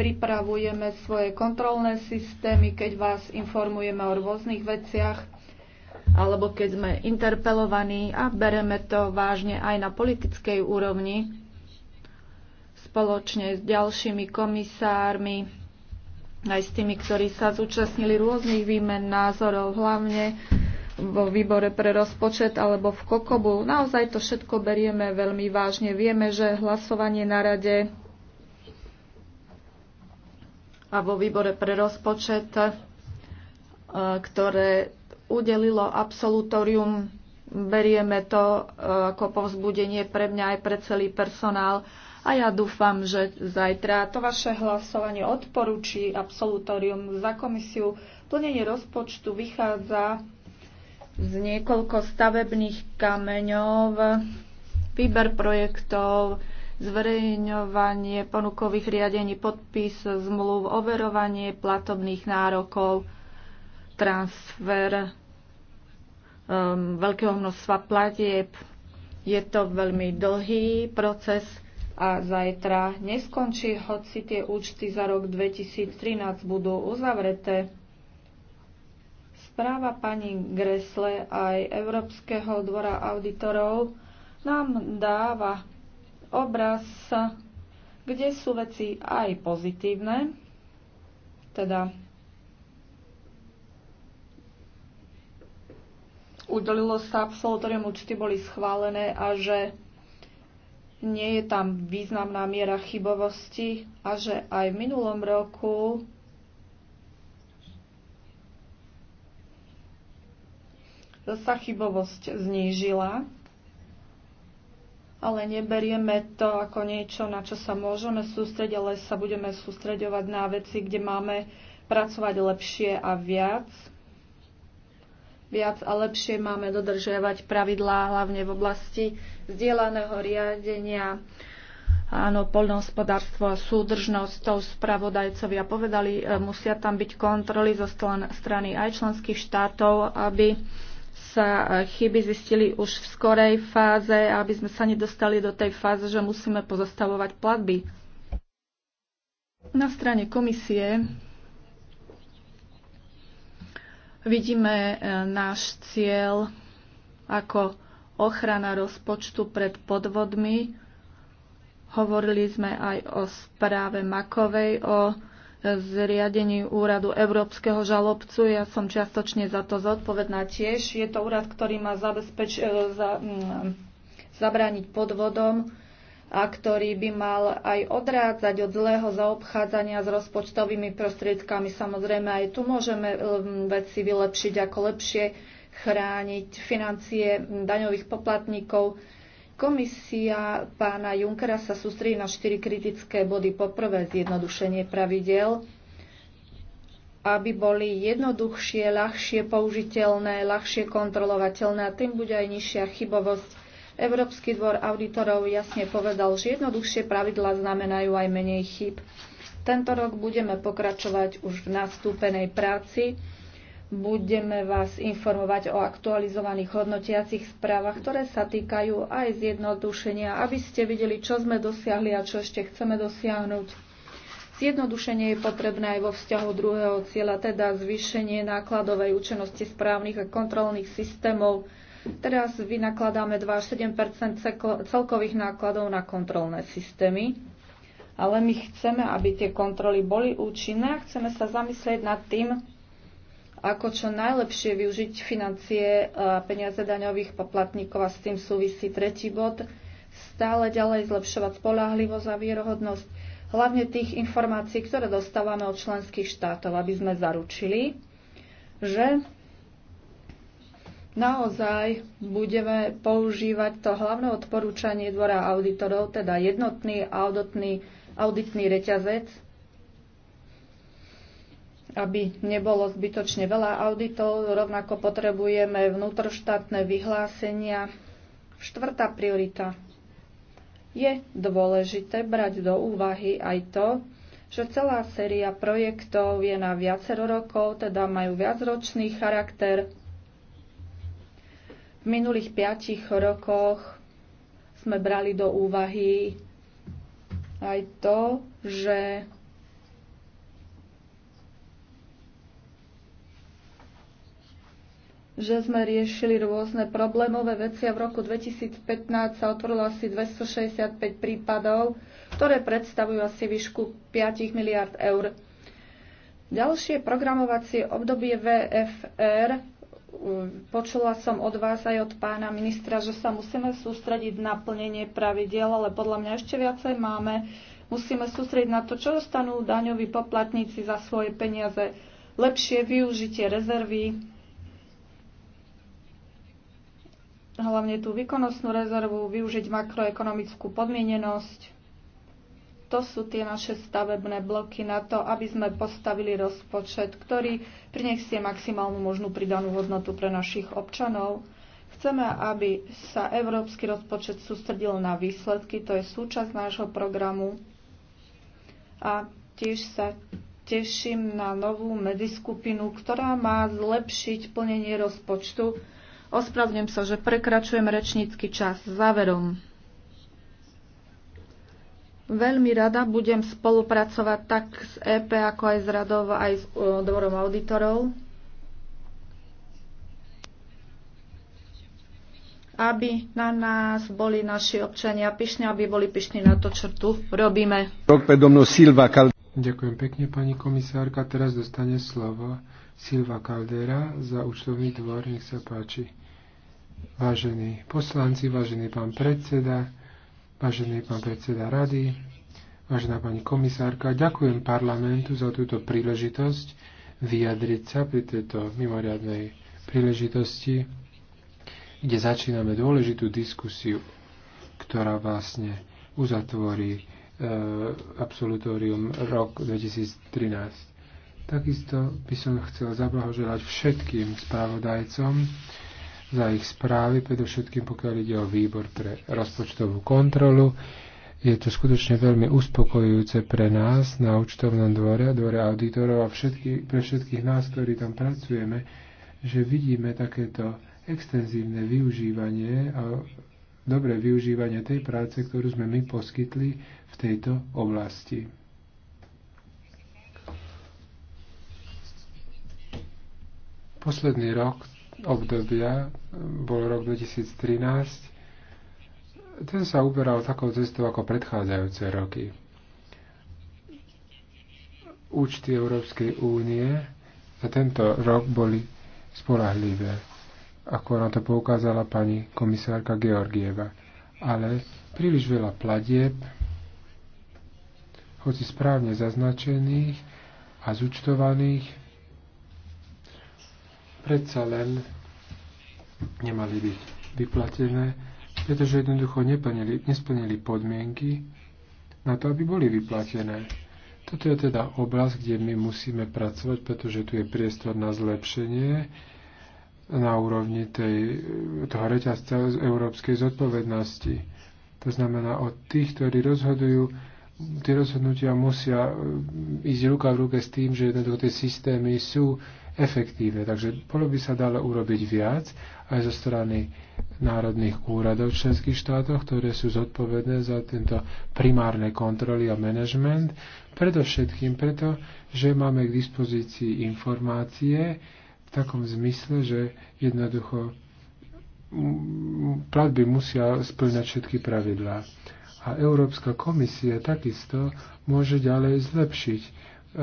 pripravujeme svoje kontrolné systémy, keď vás informujeme o rôznych veciach alebo keď sme interpelovaní a bereme to vážne aj na politickej úrovni spoločne s ďalšími komisármi, aj s tými, ktorí sa zúčastnili rôznych výmen názorov, hlavne vo výbore pre rozpočet alebo v Kokobu. Naozaj to všetko berieme veľmi vážne. Vieme, že hlasovanie na rade a vo výbore pre rozpočet, e, ktoré udelilo absolutórium. Berieme to e, ako povzbudenie pre mňa aj pre celý personál a ja dúfam, že zajtra to vaše hlasovanie odporúči absolutórium za komisiu. Plnenie rozpočtu vychádza z niekoľko stavebných kameňov, výber projektov, zverejňovanie ponukových riadení, podpis zmluv, overovanie platobných nárokov transfer um, veľkého množstva platieb. Je to veľmi dlhý proces a zajtra neskončí, hoci tie účty za rok 2013 budú uzavreté. Správa pani Gresle aj Európskeho dvora auditorov nám dáva obraz, kde sú veci aj pozitívne, teda udelilo sa absolutorium, účty boli schválené a že nie je tam významná miera chybovosti a že aj v minulom roku sa chybovosť znížila, ale neberieme to ako niečo, na čo sa môžeme sústrediť, ale sa budeme sústreďovať na veci, kde máme pracovať lepšie a viac viac a lepšie máme dodržiavať pravidlá, hlavne v oblasti vzdielaného riadenia. Áno, poľnohospodárstvo a súdržnosť, to spravodajcovia povedali, e, musia tam byť kontroly zo strany aj členských štátov, aby sa e, chyby zistili už v skorej fáze, aby sme sa nedostali do tej fáze, že musíme pozastavovať platby. Na strane komisie Vidíme e, náš cieľ ako ochrana rozpočtu pred podvodmi. Hovorili sme aj o správe Makovej, o e, zriadení úradu Európskeho žalobcu. Ja som čiastočne za to zodpovedná tiež. Je to úrad, ktorý má zabezpeč- e, za, zabrániť podvodom a ktorý by mal aj odrádzať od zlého zaobchádzania s rozpočtovými prostriedkami. Samozrejme, aj tu môžeme um, veci vylepšiť, ako lepšie chrániť financie daňových poplatníkov. Komisia pána Junkera sa sústredí na štyri kritické body. Poprvé, zjednodušenie pravidel, aby boli jednoduchšie, ľahšie použiteľné, ľahšie kontrolovateľné a tým bude aj nižšia chybovosť Európsky dvor auditorov jasne povedal, že jednoduchšie pravidla znamenajú aj menej chyb. Tento rok budeme pokračovať už v nastúpenej práci. Budeme vás informovať o aktualizovaných hodnotiacich správach, ktoré sa týkajú aj zjednodušenia, aby ste videli, čo sme dosiahli a čo ešte chceme dosiahnuť. Zjednodušenie je potrebné aj vo vzťahu druhého cieľa, teda zvýšenie nákladovej účinnosti správnych a kontrolných systémov Teraz vynakladáme 2 až 7 celkových nákladov na kontrolné systémy, ale my chceme, aby tie kontroly boli účinné a chceme sa zamyslieť nad tým, ako čo najlepšie využiť financie a e, peniaze daňových poplatníkov a s tým súvisí tretí bod, stále ďalej zlepšovať spolahlivosť a vierohodnosť hlavne tých informácií, ktoré dostávame od členských štátov, aby sme zaručili, že naozaj budeme používať to hlavné odporúčanie Dvora auditorov, teda jednotný auditný, auditný reťazec, aby nebolo zbytočne veľa auditov. Rovnako potrebujeme vnútroštátne vyhlásenia. Štvrtá priorita. Je dôležité brať do úvahy aj to, že celá séria projektov je na viacero rokov, teda majú viacročný charakter v minulých piatich rokoch sme brali do úvahy aj to, že že sme riešili rôzne problémové veci a v roku 2015 sa otvorilo asi 265 prípadov, ktoré predstavujú asi výšku 5 miliard eur. Ďalšie programovacie obdobie VFR Počula som od vás aj od pána ministra, že sa musíme sústrediť na plnenie pravidel, ale podľa mňa ešte viacej máme. Musíme sústrediť na to, čo dostanú daňoví poplatníci za svoje peniaze. Lepšie využitie rezervy, hlavne tú výkonnostnú rezervu, využiť makroekonomickú podmienenosť, to sú tie naše stavebné bloky na to, aby sme postavili rozpočet, ktorý prinesie maximálnu možnú pridanú hodnotu pre našich občanov. Chceme, aby sa európsky rozpočet sústredil na výsledky, to je súčasť nášho programu. A tiež sa teším na novú medziskupinu, ktorá má zlepšiť plnenie rozpočtu. Ospravedlňujem sa, že prekračujem rečnícky čas. Záverom. Veľmi rada budem spolupracovať tak s EP, ako aj s radov, aj s e, dvorom auditorov, aby na nás boli naši občania pyšní, aby boli pyšní na to, čo tu robíme. Ďakujem pekne, pani komisárka. Teraz dostane slovo Silva Caldera za účtovný dvor. Nech sa páči. Vážení poslanci, vážený pán predseda, vážený pán predseda rady, vážená pani komisárka, ďakujem parlamentu za túto príležitosť vyjadriť sa pri tejto mimoriadnej príležitosti, kde začíname dôležitú diskusiu, ktorá vlastne uzatvorí e, absolutórium rok 2013. Takisto by som chcel zablahoželať všetkým spravodajcom, za ich správy, predovšetkým pokiaľ ide o výbor pre rozpočtovú kontrolu. Je to skutočne veľmi uspokojujúce pre nás na účtovnom dvore, dvore auditorov a všetky, pre všetkých nás, ktorí tam pracujeme, že vidíme takéto extenzívne využívanie a dobré využívanie tej práce, ktorú sme my poskytli v tejto oblasti. Posledný rok obdobia bol rok 2013. Ten sa uberal takou cestou ako predchádzajúce roky. Účty Európskej únie za tento rok boli spolahlivé, ako na to poukázala pani komisárka Georgieva. Ale príliš veľa platieb, hoci správne zaznačených a zúčtovaných, predsa len nemali byť vyplatené, pretože jednoducho neplnili, nesplnili podmienky na to, aby boli vyplatené. Toto je teda oblasť, kde my musíme pracovať, pretože tu je priestor na zlepšenie na úrovni tej, toho reťazca z európskej zodpovednosti. To znamená, od tých, ktorí rozhodujú, tie rozhodnutia musia eh, ísť ruka v ruke s tým, že jednoducho tie systémy sú efektívne. Takže bolo by sa dalo urobiť viac aj zo strany národných úradov v členských štátoch, ktoré sú zodpovedné za tento primárne kontroly a management, Predovšetkým preto, že máme k dispozícii informácie v takom zmysle, že jednoducho platby musia splňať všetky pravidlá. A Európska komisia takisto môže ďalej zlepšiť Eh,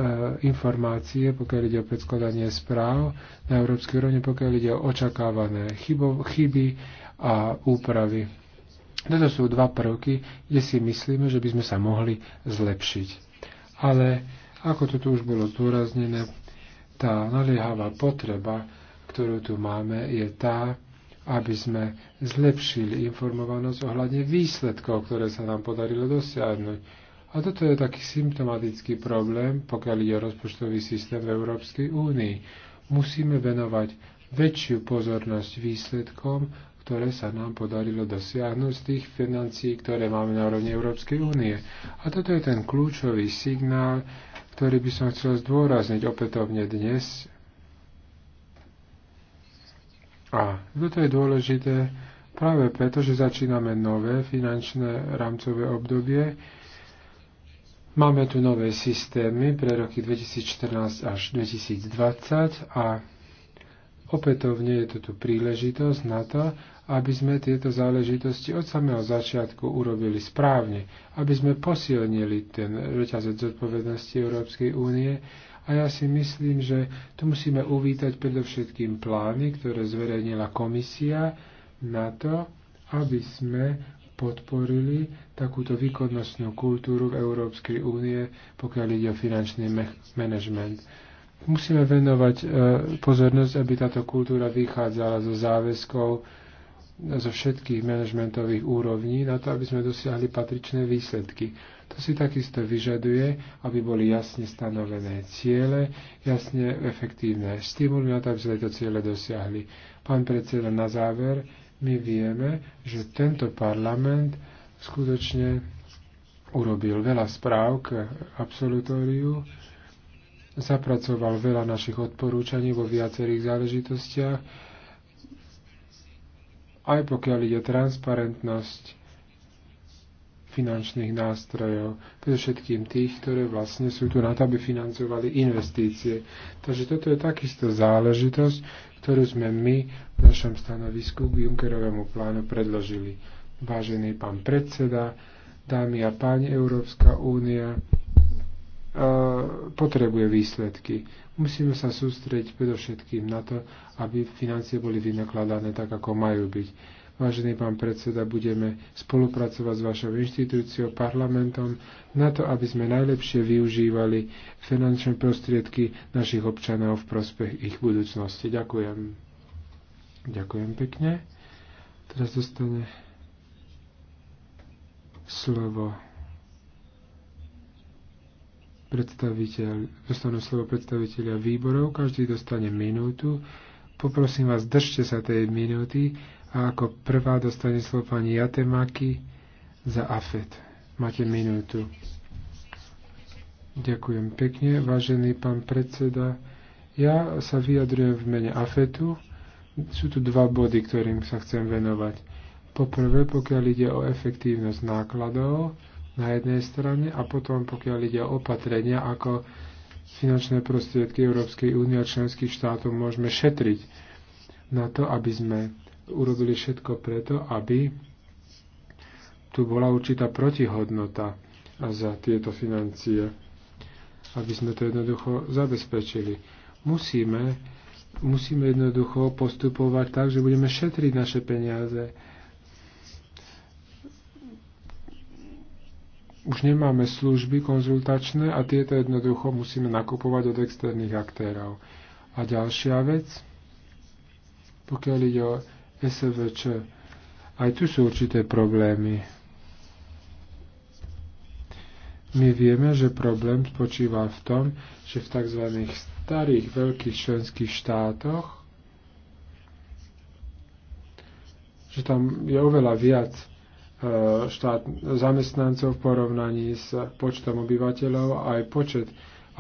informácie, pokiaľ ide o predkladanie správ na európskej úrovni, pokiaľ ide o očakávané chybo, chyby a úpravy. Toto sú dva prvky, kde si myslíme, že by sme sa mohli zlepšiť. Ale, ako to tu už bolo zdôraznené, tá naliehavá potreba, ktorú tu máme, je tá, aby sme zlepšili informovanosť ohľadne výsledkov, ktoré sa nám podarilo dosiahnuť a toto je taký symptomatický problém, pokiaľ ide o rozpočtový systém v Európskej únii. Musíme venovať väčšiu pozornosť výsledkom, ktoré sa nám podarilo dosiahnuť z tých financií, ktoré máme na úrovni Európskej únie. A toto je ten kľúčový signál, ktorý by som chcel zdôrazniť opätovne dnes. A toto je dôležité práve preto, že začíname nové finančné rámcové obdobie, Máme tu nové systémy pre roky 2014 až 2020 a opätovne je to tu príležitosť na to, aby sme tieto záležitosti od samého začiatku urobili správne, aby sme posilnili ten reťazec zodpovednosti Európskej únie. A ja si myslím, že tu musíme uvítať predovšetkým plány, ktoré zverejnila komisia na to, aby sme podporili takúto výkonnostnú kultúru v Európskej únie, pokiaľ ide o finančný manažment. Musíme venovať e, pozornosť, aby táto kultúra vychádzala zo záväzkov, zo všetkých manažmentových úrovní, na to, aby sme dosiahli patričné výsledky. To si takisto vyžaduje, aby boli jasne stanovené ciele, jasne efektívne stimuly na to, aby sme tieto ciele dosiahli. Pán predseda, na záver, my vieme, že tento parlament skutočne urobil veľa správ k absolutóriu, zapracoval veľa našich odporúčaní vo viacerých záležitostiach, aj pokiaľ ide transparentnosť finančných nástrojov, predovšetkým tých, ktoré vlastne sú tu na to, aby financovali investície. Takže toto je takisto záležitosť, ktorú sme my v našom stanovisku k Junckerovému plánu predložili. Vážený pán predseda, dámy a páni, Európska únia e, potrebuje výsledky. Musíme sa sústrediť predovšetkým na to, aby financie boli vynakladané tak, ako majú byť vážený pán predseda, budeme spolupracovať s vašou inštitúciou, parlamentom, na to, aby sme najlepšie využívali finančné prostriedky našich občanov v prospech ich budúcnosti. Ďakujem. Ďakujem pekne. Teraz dostane slovo predstaviteľ, dostanú slovo predstaviteľia výborov, každý dostane minútu. Poprosím vás, držte sa tej minúty a ako prvá dostane slovo pani Jatemaki za AFET. Máte minútu. Ďakujem pekne, vážený pán predseda. Ja sa vyjadrujem v mene AFETu. Sú tu dva body, ktorým sa chcem venovať. Poprvé, pokiaľ ide o efektívnosť nákladov na jednej strane a potom, pokiaľ ide o opatrenia, ako finančné prostriedky Európskej únie a členských štátov môžeme šetriť na to, aby sme urobili všetko preto, aby tu bola určitá protihodnota za tieto financie, aby sme to jednoducho zabezpečili. Musíme, musíme jednoducho postupovať tak, že budeme šetriť naše peniaze. už nemáme služby konzultačné a tieto jednoducho musíme nakupovať od externých aktérov. A ďalšia vec, pokiaľ ide o SVČ. Aj tu sú určité problémy. My vieme, že problém spočíva v tom, že v tzv. starých veľkých členských štátoch že tam je oveľa viac e, štát, zamestnancov v porovnaní s počtom obyvateľov a aj počet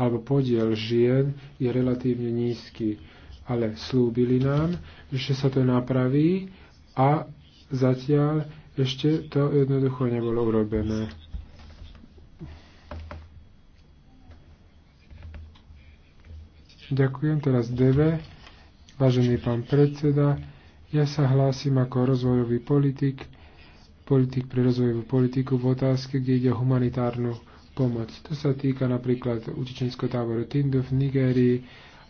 alebo podiel žien je relatívne nízky ale slúbili nám, že sa to napraví a zatiaľ ešte to jednoducho nebolo urobené. Ďakujem teraz DV, vážený pán predseda. Ja sa hlásim ako rozvojový politik, politik pre rozvojovú politiku v otázke, kde ide o humanitárnu pomoc. To sa týka napríklad utečenského táboru Tindu v Nigérii,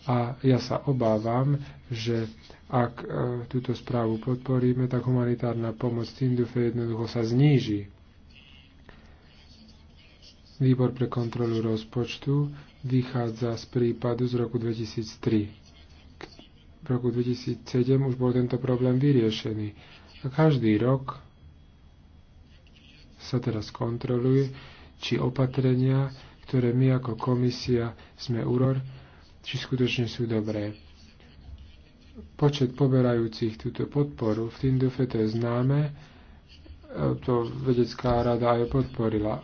a ja sa obávam, že ak e, túto správu podporíme, tak humanitárna pomoc Tindufe jednoducho sa zníži. Výbor pre kontrolu rozpočtu vychádza z prípadu z roku 2003. V roku 2007 už bol tento problém vyriešený. A každý rok sa teraz kontroluje, či opatrenia, ktoré my ako komisia sme urobili, či skutočne sú dobré. Počet poberajúcich túto podporu v Tindufe to je známe, e, to vedecká rada aj podporila.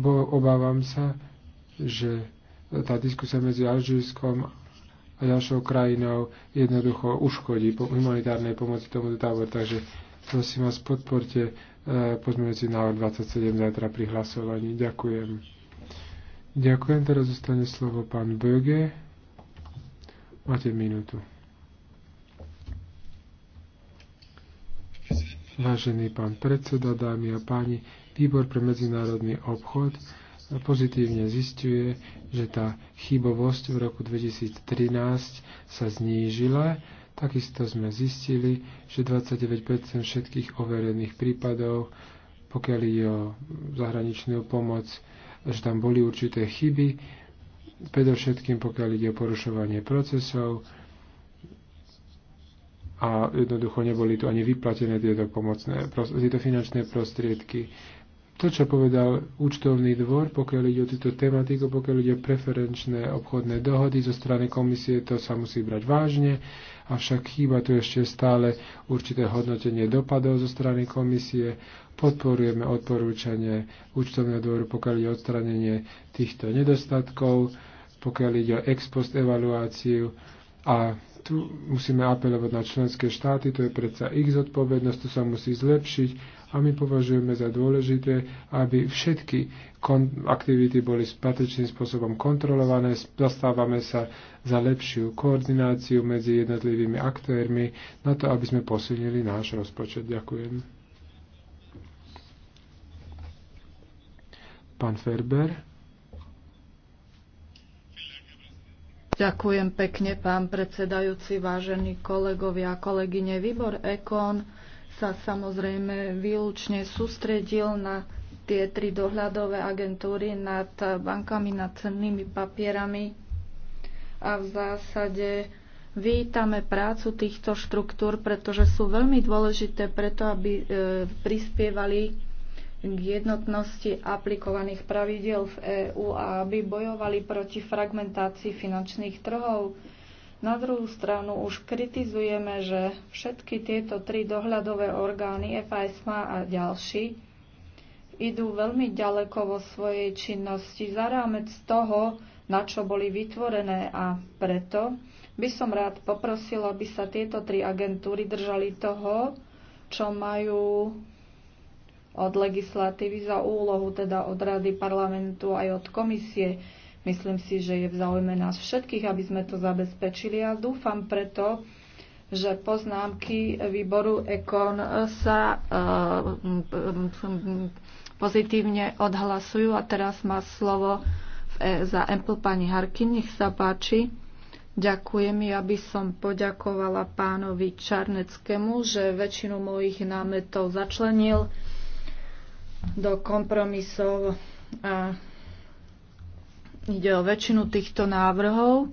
Bo obávam sa, že tá diskusia medzi Alžírskom a ďalšou krajinou jednoducho uškodí po humanitárnej pomoci tomuto táboru. Takže prosím vás, podporte e, pozmeňujúci návrh 27 zajtra pri hlasovaní. Ďakujem. Ďakujem, teraz zostane slovo pán Böge. Máte minútu. Vážený pán predseda, dámy a páni, Výbor pre medzinárodný obchod pozitívne zistuje, že tá chybovosť v roku 2013 sa znížila. Takisto sme zistili, že 29 všetkých overených prípadov, pokiaľ je o zahraničnú pomoc, že tam boli určité chyby, predovšetkým pokiaľ ide o porušovanie procesov a jednoducho neboli tu ani vyplatené tieto, pomocné, tieto finančné prostriedky to, čo povedal účtovný dvor, pokiaľ ide o túto tematiku, pokiaľ ide o preferenčné obchodné dohody zo strany komisie, to sa musí brať vážne, avšak chýba tu ešte stále určité hodnotenie dopadov zo strany komisie. Podporujeme odporúčanie účtovného dvoru, pokiaľ ide o odstranenie týchto nedostatkov, pokiaľ ide o ex post evaluáciu a tu musíme apelovať na členské štáty, to je predsa ich zodpovednosť, tu sa musí zlepšiť a my považujeme za dôležité, aby všetky aktivity boli patričným spôsobom kontrolované. Zastávame sa za lepšiu koordináciu medzi jednotlivými aktérmi na to, aby sme posilnili náš rozpočet. Ďakujem. Pán Ferber. Ďakujem pekne, pán predsedajúci, vážení kolegovia a kolegyne. Výbor Ekon sa samozrejme výlučne sústredil na tie tri dohľadové agentúry nad bankami, nad cennými papierami a v zásade vítame prácu týchto štruktúr, pretože sú veľmi dôležité preto, aby e, prispievali k jednotnosti aplikovaných pravidel v EÚ a aby bojovali proti fragmentácii finančných trhov na druhú stranu už kritizujeme, že všetky tieto tri dohľadové orgány, FASMA a ďalší, idú veľmi ďaleko vo svojej činnosti za rámec toho, na čo boli vytvorené a preto by som rád poprosila, aby sa tieto tri agentúry držali toho, čo majú od legislatívy za úlohu, teda od Rady parlamentu aj od komisie Myslím si, že je v záujme nás všetkých, aby sme to zabezpečili a dúfam preto, že poznámky výboru EKON sa eh, pozitívne odhlasujú. A teraz má slovo eh, za Apple pani Harkin. Nech sa páči. Ďakujem, ja by som poďakovala pánovi Čarneckému, že väčšinu mojich námetov začlenil do kompromisov a Ide o väčšinu týchto návrhov.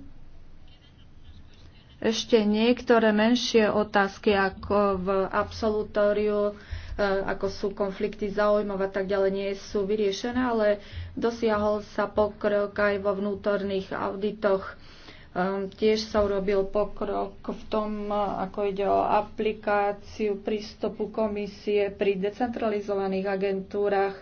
Ešte niektoré menšie otázky ako v absolutóriu, e, ako sú konflikty zaujímav a tak ďalej, nie sú vyriešené, ale dosiahol sa pokrok aj vo vnútorných auditoch. E, tiež sa urobil pokrok v tom, e, ako ide o aplikáciu prístupu komisie pri decentralizovaných agentúrach.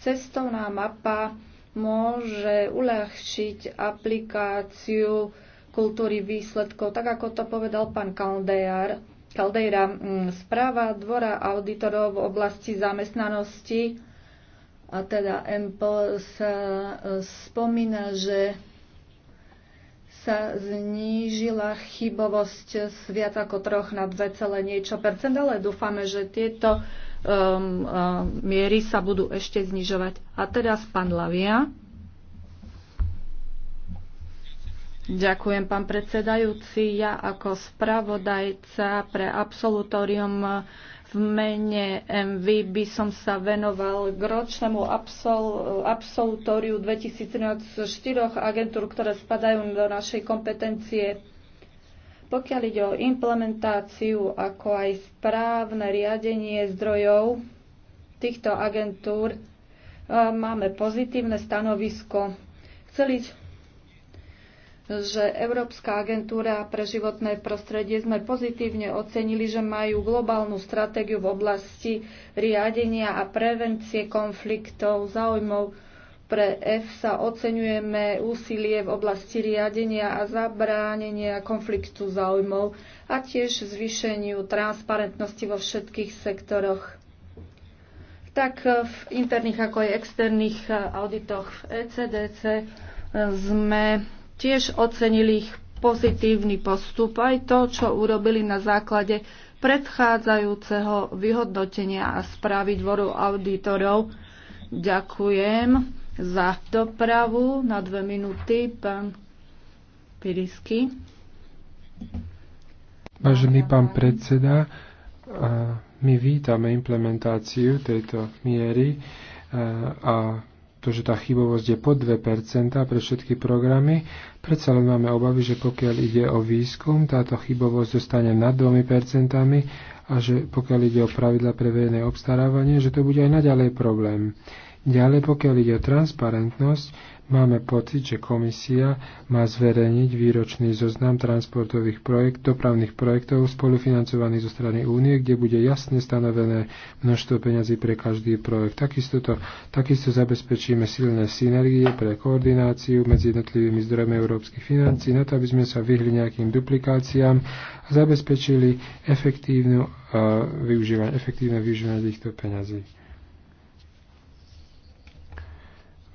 Cestovná mapa môže uľahčiť aplikáciu kultúry výsledkov, tak ako to povedal pán Kaldejar. Kaldejra mm, správa Dvora auditorov v oblasti zamestnanosti, a teda MPL sa spomína, že sa znížila chybovosť z viac ako troch na 2, niečo percent, ale dúfame, že tieto um, um, miery sa budú ešte znižovať. A teraz pán Lavia. Ďakujem, pán predsedajúci. Ja ako spravodajca pre absolutórium v mene MV by som sa venoval k ročnému absol- absolutóriu 2013 štyroch agentúr, ktoré spadajú do našej kompetencie pokiaľ ide o implementáciu, ako aj správne riadenie zdrojov týchto agentúr, e, máme pozitívne stanovisko. Chceli že Európska agentúra pre životné prostredie sme pozitívne ocenili, že majú globálnu stratégiu v oblasti riadenia a prevencie konfliktov záujmov pre sa oceňujeme úsilie v oblasti riadenia a zabránenia konfliktu záujmov a tiež zvýšeniu transparentnosti vo všetkých sektoroch tak v interných ako aj externých auditoch v ECDC sme tiež ocenili ich pozitívny postup, aj to, čo urobili na základe predchádzajúceho vyhodnotenia a správy dvoru auditorov. Ďakujem za dopravu na dve minúty pán Pirisky. Vážený pán predseda, my vítame implementáciu tejto miery a to, že tá chybovosť je pod 2% pre všetky programy. Predsa len máme obavy, že pokiaľ ide o výskum, táto chybovosť zostane nad 2% a že pokiaľ ide o pravidla pre verejné obstarávanie, že to bude aj naďalej problém. Ďalej, pokiaľ ide o transparentnosť, máme pocit, že komisia má zverejniť výročný zoznam transportových projekt, dopravných projektov spolufinancovaných zo strany únie, kde bude jasne stanovené množstvo peňazí pre každý projekt. Takisto, to, takisto zabezpečíme silné synergie pre koordináciu medzi jednotlivými zdrojmi európskych financí, na to, aby sme sa vyhli nejakým duplikáciám a zabezpečili efektívne uh, využívanie, efektívne využívanie týchto peňazí.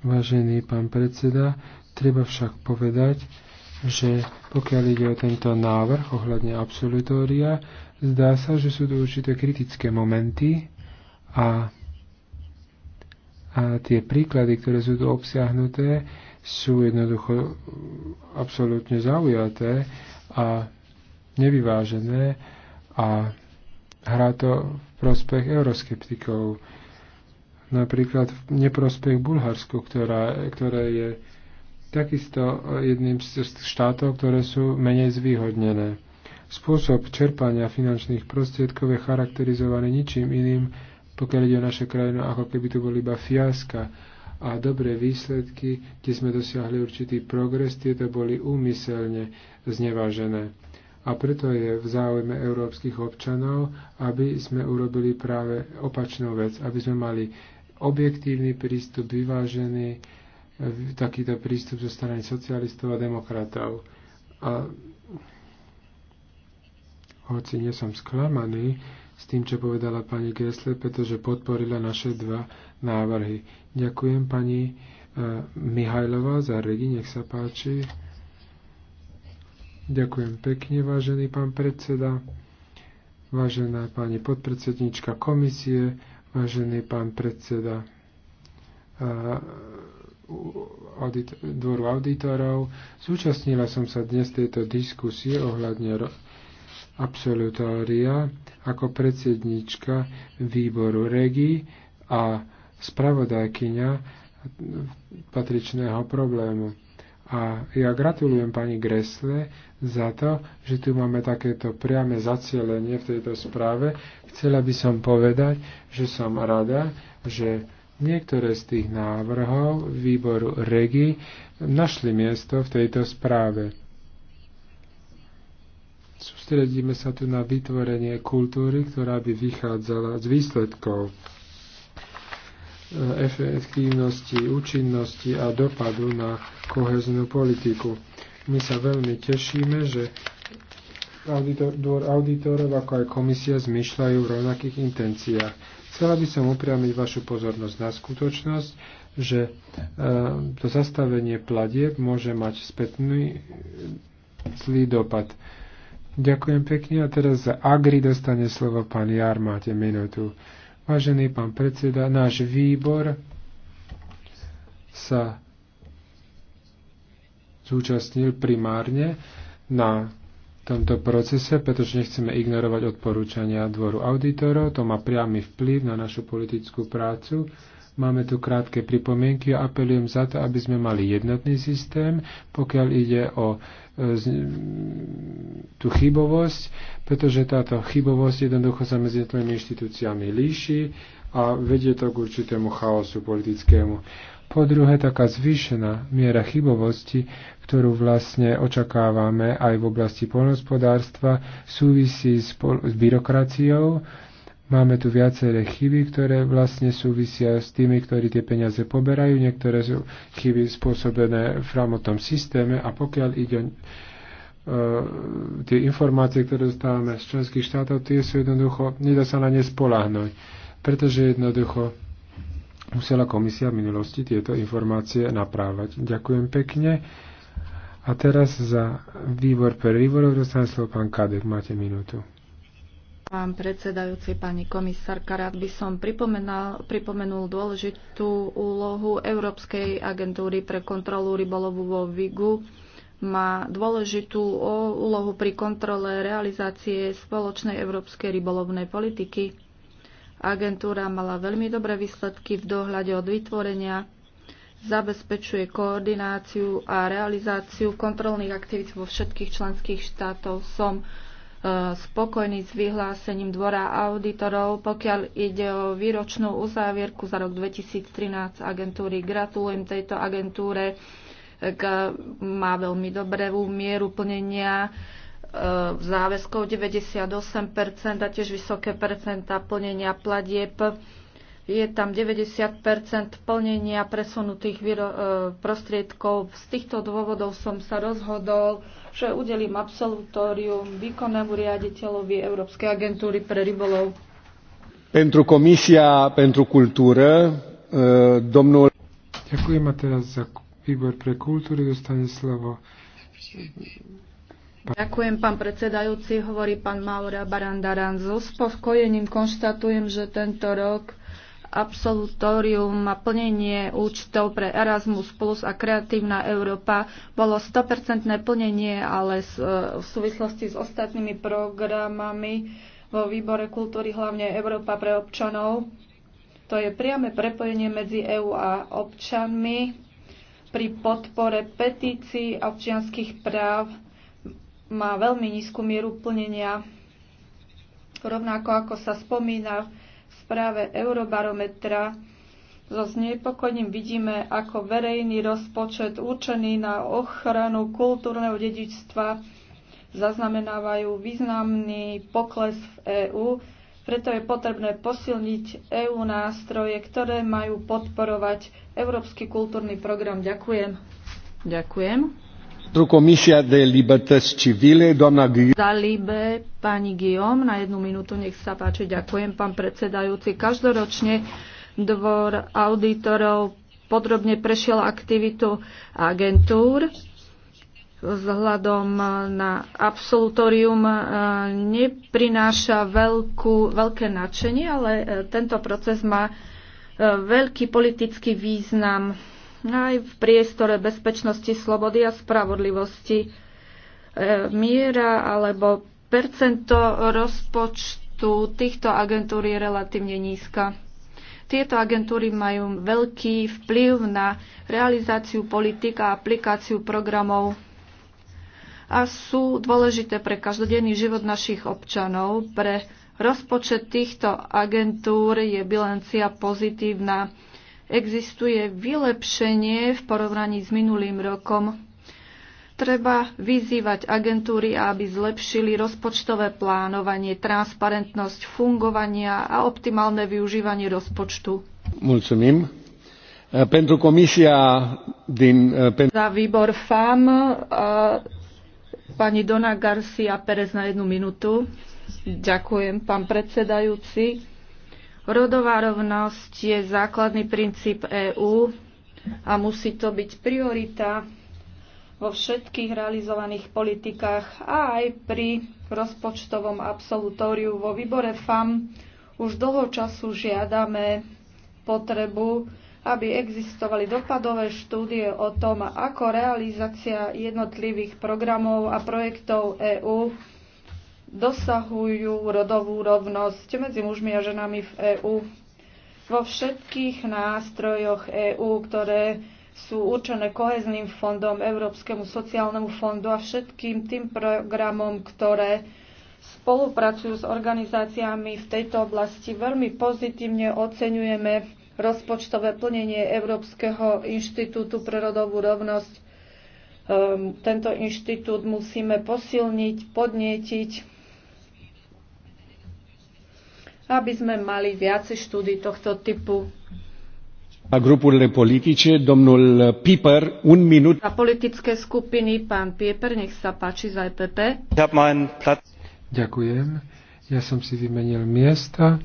Vážený pán predseda, treba však povedať, že pokiaľ ide o tento návrh ohľadne absolutória, zdá sa, že sú tu určité kritické momenty a, a tie príklady, ktoré sú tu obsiahnuté, sú jednoducho absolútne zaujaté a nevyvážené a hrá to v prospech euroskeptikov napríklad v neprospech Bulharsku, ktorá, ktoré je takisto jedným z štátov, ktoré sú menej zvýhodnené. Spôsob čerpania finančných prostriedkov je charakterizovaný ničím iným, pokiaľ ide o naše krajinu, ako keby to boli iba fiaska a dobré výsledky, kde sme dosiahli určitý progres, tieto boli úmyselne znevažené. A preto je v záujme európskych občanov, aby sme urobili práve opačnú vec, aby sme mali objektívny prístup, vyvážený, e, takýto prístup zo strany socialistov a demokratov. A hoci nie som sklamaný s tým, čo povedala pani Gressler, pretože podporila naše dva návrhy. Ďakujem pani uh, e, Mihajlova za regi, nech sa páči. Ďakujem pekne, vážený pán predseda, vážená pani podpredsednička komisie, Vážený pán predseda audit, dvoru auditorov, zúčastnila som sa dnes tejto diskusie ohľadne absolutória ako predsednička výboru REGI a spravodajkyňa patričného problému. A ja gratulujem pani Gresle za to, že tu máme takéto priame zacielenie v tejto správe. Chcela by som povedať, že som rada, že niektoré z tých návrhov výboru REGI našli miesto v tejto správe. Sústredíme sa tu na vytvorenie kultúry, ktorá by vychádzala z výsledkov Eh, efektívnosti, účinnosti a dopadu na koheznú politiku. My sa veľmi tešíme, že auditor, dvor auditorov ako aj komisia zmyšľajú v rovnakých intenciách. Chcela by som upriamiť vašu pozornosť na skutočnosť, že eh, to zastavenie platieb môže mať spätný zlý dopad. Ďakujem pekne a teraz za Agri dostane slovo pán Jar, máte minútu. Vážený pán predseda, náš výbor sa zúčastnil primárne na tomto procese, pretože nechceme ignorovať odporúčania dvoru auditorov. To má priamy vplyv na našu politickú prácu. Máme tu krátke pripomienky a apelujem za to, aby sme mali jednotný systém, pokiaľ ide o e, tú chybovosť, pretože táto chybovosť jednoducho sa medzi jednotlivými inštitúciami líši a vedie to k určitému chaosu politickému. Po druhé, taká zvýšená miera chybovosti, ktorú vlastne očakávame aj v oblasti poľnohospodárstva súvisí s, s byrokraciou, Máme tu viaceré chyby, ktoré vlastne súvisia s tými, ktorí tie peniaze poberajú. Niektoré sú chyby spôsobené v framotnom systéme a pokiaľ ide o e, tie informácie, ktoré dostávame z členských štátov, tie sú jednoducho, nedá sa na ne spolahnuť, pretože jednoducho musela komisia v minulosti tieto informácie naprávať. Ďakujem pekne. A teraz za výbor pre výborov dostane slovo pán Kadek. Máte minútu. Pán predsedajúci, pani komisárka, rád by som pripomenul dôležitú úlohu Európskej agentúry pre kontrolu rybolovu vo Vigu. Má dôležitú úlohu pri kontrole realizácie spoločnej európskej rybolovnej politiky. Agentúra mala veľmi dobré výsledky v dohľade od vytvorenia, zabezpečuje koordináciu a realizáciu kontrolných aktivít vo všetkých členských štátov. Som spokojní s vyhlásením Dvora auditorov, pokiaľ ide o výročnú uzávierku za rok 2013 agentúry. Gratulujem tejto agentúre, k, má veľmi dobrú mieru plnenia e, záväzkov 98% a tiež vysoké percenta plnenia platieb. Je tam 90 plnenia presunutých e, prostriedkov. Z týchto dôvodov som sa rozhodol že udelím absolutórium výkonnému riaditeľovi Európskej agentúry pre rybolov. Pentru Comisia pentru Cultură, e, domnul... Ďakujem a teraz za výbor pre kultúry dostane slovo. Ďakujem, pán predsedajúci, hovorí pán Maura Barandaran. So spokojením konštatujem, že tento rok absolutórium a plnenie účtov pre Erasmus Plus a Kreatívna Európa bolo 100% plnenie, ale e, v súvislosti s ostatnými programami vo výbore kultúry, hlavne Európa pre občanov. To je priame prepojenie medzi EÚ a občanmi pri podpore petícií a občianských práv má veľmi nízku mieru plnenia. Rovnako ako sa spomína správe Eurobarometra so znepokojením vidíme, ako verejný rozpočet určený na ochranu kultúrneho dedičstva zaznamenávajú významný pokles v EÚ, preto je potrebné posilniť EÚ nástroje, ktoré majú podporovať Európsky kultúrny program. Ďakujem. Ďakujem. Comisia de Libertăți Civile, doamna Libe, pani Guillaume, na jednu minútu, nech sa páči, ďakujem, pán predsedajúci. Každoročne dvor auditorov podrobne prešiel aktivitu agentúr vzhľadom na absolutorium e, neprináša veľkú, veľké nadšenie, ale e, tento proces má e, veľký politický význam aj v priestore bezpečnosti, slobody a spravodlivosti. E, miera alebo percento rozpočtu týchto agentúr je relatívne nízka. Tieto agentúry majú veľký vplyv na realizáciu politik a aplikáciu programov a sú dôležité pre každodenný život našich občanov. Pre rozpočet týchto agentúr je bilancia pozitívna existuje vylepšenie v porovnaní s minulým rokom. Treba vyzývať agentúry, aby zlepšili rozpočtové plánovanie, transparentnosť fungovania a optimálne využívanie rozpočtu. Mulțumim. Pentru comisia din... Za výbor FAM pani Dona Garcia Perez na jednu minútu. Ďakujem, pán predsedajúci. Rodová rovnosť je základný princíp EÚ a musí to byť priorita vo všetkých realizovaných politikách a aj pri rozpočtovom absolutóriu vo výbore FAM už dlho času žiadame potrebu, aby existovali dopadové štúdie o tom, ako realizácia jednotlivých programov a projektov EÚ dosahujú rodovú rovnosť medzi mužmi a ženami v EÚ. Vo všetkých nástrojoch EÚ, ktoré sú určené kohezným fondom, Európskemu sociálnemu fondu a všetkým tým programom, ktoré spolupracujú s organizáciami v tejto oblasti. Veľmi pozitívne oceňujeme rozpočtové plnenie Európskeho inštitútu pre rodovú rovnosť. Ehm, tento inštitút musíme posilniť, podnietiť aby sme mali viacej štúdí tohto typu. A grupurile politice, domnul Pieper, un minut. A politické skupiny, pán Pieper, nech sa páči za EPP. Ďakujem. Ja som si vymenil miesta.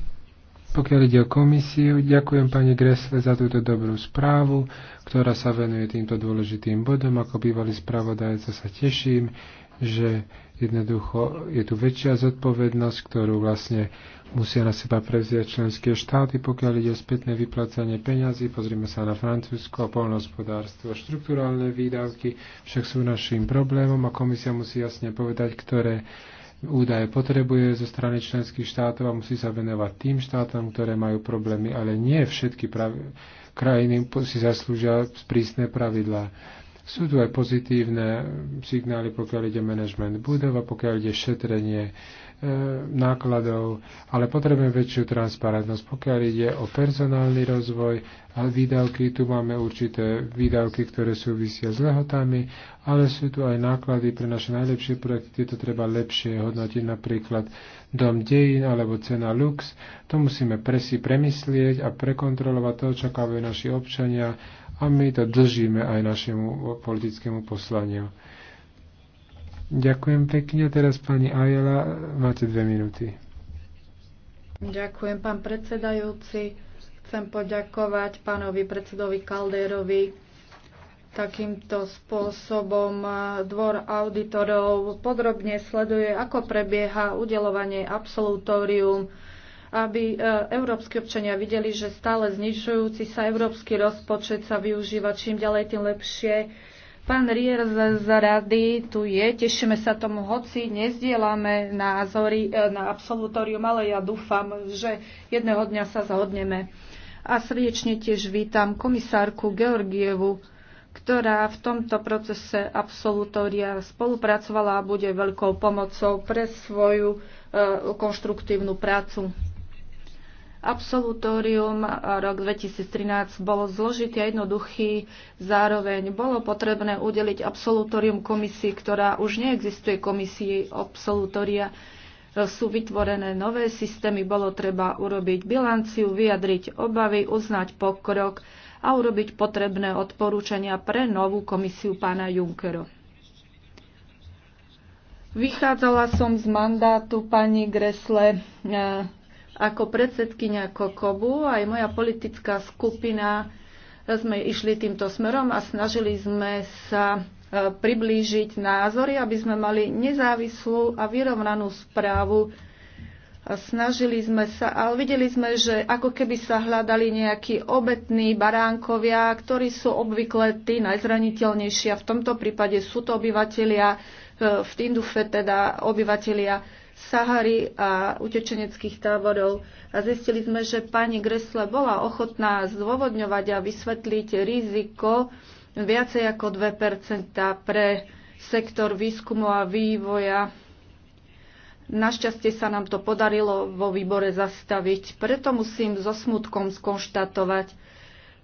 Pokiaľ ide o komisiu, ďakujem pani Gresle za túto dobrú správu, ktorá sa venuje týmto dôležitým bodom. Ako bývalý spravodajca sa teším, že Jednoducho je tu väčšia zodpovednosť, ktorú vlastne musia na seba prevziať členské štáty, pokiaľ ide o spätné vyplácanie peňazí. Pozrime sa na Francúzsko a polnohospodárstvo. výdavky však sú našim problémom a komisia musí jasne povedať, ktoré údaje potrebuje zo strany členských štátov a musí sa venovať tým štátom, ktoré majú problémy, ale nie všetky pravi- krajiny si zaslúžia prísne pravidlá sú tu aj pozitívne signály, pokiaľ ide management budova, pokiaľ ide šetrenie e, nákladov, ale potrebujeme väčšiu transparentnosť. Pokiaľ ide o personálny rozvoj a výdavky, tu máme určité výdavky, ktoré súvisia s lehotami, ale sú tu aj náklady pre naše najlepšie projekty, tieto treba lepšie hodnotiť, napríklad dom dejín alebo cena lux. To musíme presi premyslieť a prekontrolovať, to očakávajú naši občania a my to držíme aj našemu politickému poslaniu. Ďakujem pekne. Teraz pani Ajela, máte dve minúty. Ďakujem, pán predsedajúci. Chcem poďakovať pánovi predsedovi Kalderovi. Takýmto spôsobom dvor auditorov podrobne sleduje, ako prebieha udelovanie absolutórium aby e, európsky občania videli, že stále znižujúci sa európsky rozpočet sa využíva čím ďalej, tým lepšie. Pán Rier z rady tu je, tešíme sa tomu, hoci nezdielame názory e, na absolutórium, ale ja dúfam, že jedného dňa sa zhodneme. A srdečne tiež vítam komisárku Georgievu, ktorá v tomto procese absolutória spolupracovala a bude veľkou pomocou pre svoju e, konštruktívnu prácu. Absolutórium eh, rok 2013 bolo zložitý a jednoduchý. Zároveň bolo potrebné udeliť absolutórium komisii, ktorá už neexistuje komisii absolutória. Eh, sú vytvorené nové systémy, bolo treba urobiť bilanciu, vyjadriť obavy, uznať pokrok a urobiť potrebné odporúčania pre novú komisiu pána Junckera. Vychádzala som z mandátu pani Gresle eh, ako predsedkynia Kokobu aj moja politická skupina eh, sme išli týmto smerom a snažili sme sa eh, priblížiť názory, aby sme mali nezávislú a vyrovnanú správu. Snažili sme sa, ale videli sme, že ako keby sa hľadali nejakí obetní baránkovia, ktorí sú obvykle tí najzraniteľnejší a v tomto prípade sú to obyvatelia eh, v Tindufe, teda obyvatelia Sahary a utečeneckých táborov a zistili sme, že pani Gresle bola ochotná zdôvodňovať a vysvetliť riziko viacej ako 2 pre sektor výskumu a vývoja. Našťastie sa nám to podarilo vo výbore zastaviť, preto musím so smutkom skonštatovať,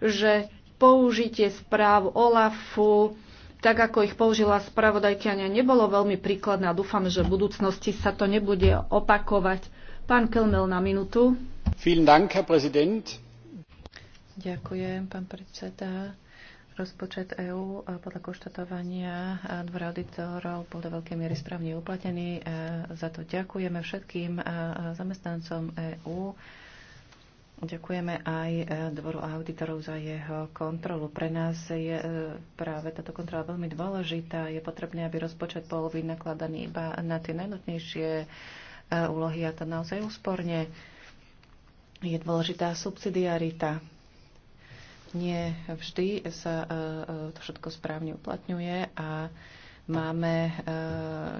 že použitie správ OLAFu tak ako ich použila spravodajkyania, nebolo veľmi príkladné a dúfam, že v budúcnosti sa to nebude opakovať. Pán Kelmel na minútu. Dank, Herr Ďakujem, pán predseda. Rozpočet EÚ eh, podľa konštatovania eh, dvora auditorov bol do veľkej miery správne uplatený. Eh, za to ďakujeme všetkým zamestnancom EÚ. Ďakujeme aj e, dvoru auditorov za jeho kontrolu. Pre nás je e, práve táto kontrola veľmi dôležitá. Je potrebné, aby rozpočet bol vynakladaný iba na tie najnutnejšie e, úlohy a to naozaj úsporne. Je dôležitá subsidiarita. Nie vždy sa to všetko správne uplatňuje a Máme eh,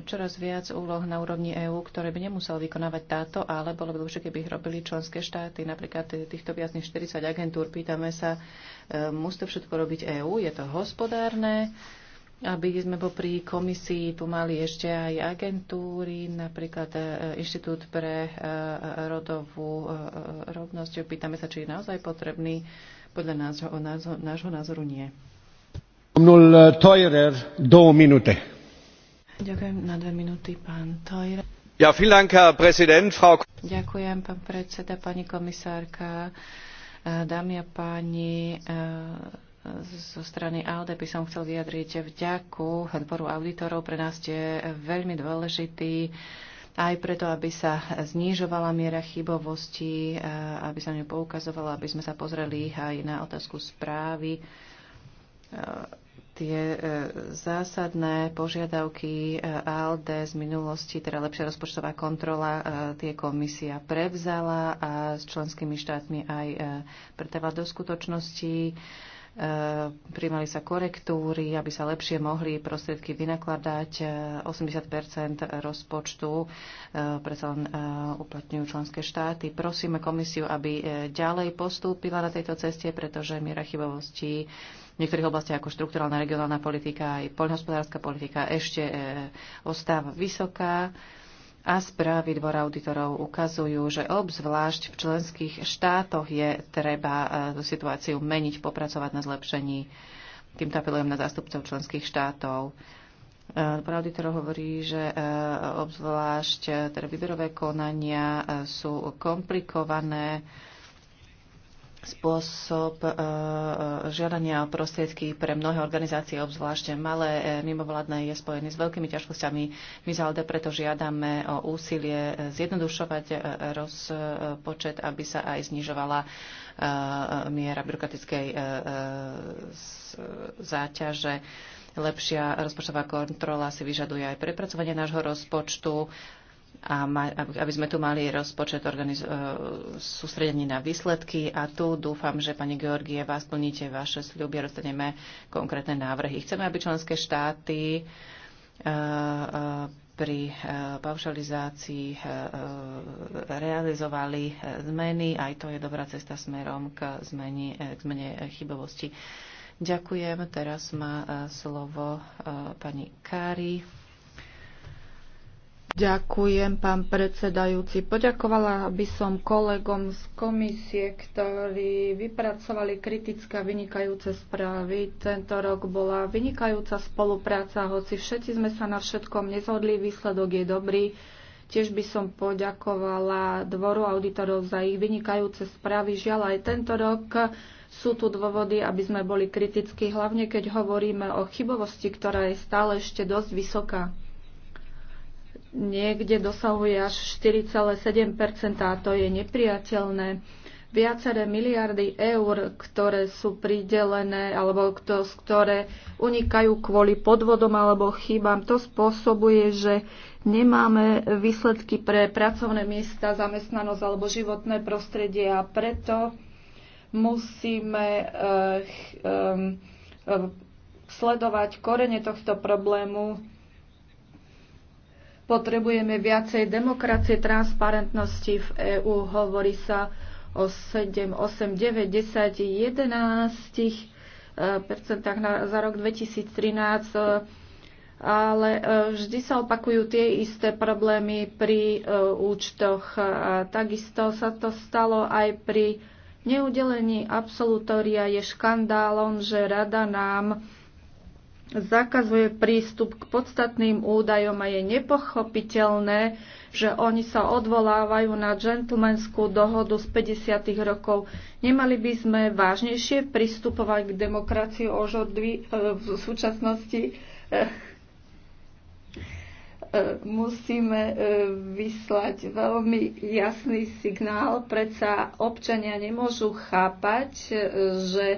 čoraz viac úloh na úrovni EÚ, ktoré by nemusel vykonávať táto, ale bolo by lepšie, keby ich robili členské štáty. Napríklad týchto viac než 40 agentúr. Pýtame sa, eh, musí to všetko robiť EÚ? Je to hospodárne? aby sme popri komisii pomali ešte aj agentúry, napríklad eh, Inštitút pre rodovú rovnosť. Pýtame sa, či je naozaj potrebný. Podľa nášho názoru nie. Domnul două minute. Ďakujem na dve pán Ja, vielen Dank, Herr Präsident, Frau... Ďakujem, pán predseda, pani komisárka, eh, dámy a páni eh, zo strany ALDE by som chcel vyjadriť vďaku odboru auditorov. Pre nás je veľmi dôležitý aj preto, aby sa znižovala miera chybovosti, eh, aby sa nepoukazovala, poukazovala, aby sme sa pozreli aj na otázku správy tie e, zásadné požiadavky e, ALD z minulosti, teda lepšia rozpočtová kontrola, e, tie komisia prevzala a s členskými štátmi aj pretavila do skutočnosti. Primali sa korektúry, aby sa lepšie mohli prostriedky vynakladať. 80 rozpočtu predsa len uplatňujú členské štáty. Prosíme komisiu, aby ďalej postúpila na tejto ceste, pretože miera chybovosti v niektorých oblastiach ako štrukturálna regionálna politika aj poľnohospodárska politika ešte e, ostáva vysoká a správy dvora auditorov ukazujú, že obzvlášť v členských štátoch je treba e, situáciu meniť, popracovať na zlepšení. Týmto apelujem na zástupcov členských štátov. E, dvor auditorov hovorí, že obzvlášť teda výberové konania sú komplikované, spôsob e, e, žiadania prostriedky pre mnohé organizácie, obzvlášť malé e, mimovládne, je spojený s veľkými ťažkosťami. My za preto žiadame o úsilie zjednodušovať rozpočet, aby sa aj znižovala miera byrokratickej záťaže. Lepšia rozpočtová kontrola si vyžaduje aj prepracovanie nášho rozpočtu a aby sme tu mali rozpočet organiz- e, sústredený na výsledky. A tu dúfam, že pani Georgie, vás plníte vaše sľuby a dostaneme konkrétne návrhy. Chceme, aby členské štáty e, e, pri paušalizácii realizovali zmeny. Aj to je dobrá cesta smerom k zmeni k zmene chybovosti. Ďakujem. Teraz má slovo pani Kári. Ďakujem, pán predsedajúci. Poďakovala by som kolegom z komisie, ktorí vypracovali kritické a vynikajúce správy. Tento rok bola vynikajúca spolupráca, hoci všetci sme sa na všetkom nezhodli, výsledok je dobrý. Tiež by som poďakovala dvoru auditorov za ich vynikajúce správy. Žiaľ, aj tento rok sú tu dôvody, aby sme boli kritickí, hlavne keď hovoríme o chybovosti, ktorá je stále ešte dosť vysoká niekde dosahuje až 4,7 a to je nepriateľné. Viaceré miliardy eur, ktoré sú pridelené alebo ktoré unikajú kvôli podvodom alebo chybám, to spôsobuje, že nemáme výsledky pre pracovné miesta, zamestnanosť alebo životné prostredie a preto musíme eh, eh, sledovať korene tohto problému Potrebujeme viacej demokracie, transparentnosti v EÚ. Hovorí sa o 7, 8, 9, 10, 11 percentách na, za rok 2013, e, ale e, vždy sa opakujú tie isté problémy pri e, účtoch. A takisto sa to stalo aj pri neudelení absolutória. Je škandálom, že rada nám zakazuje prístup k podstatným údajom a je nepochopiteľné, že oni sa odvolávajú na džentlmenskú dohodu z 50. rokov. Nemali by sme vážnejšie pristupovať k demokracii ožodvy e, v súčasnosti. E, e, musíme vyslať veľmi jasný signál. Predsa občania nemôžu chápať, že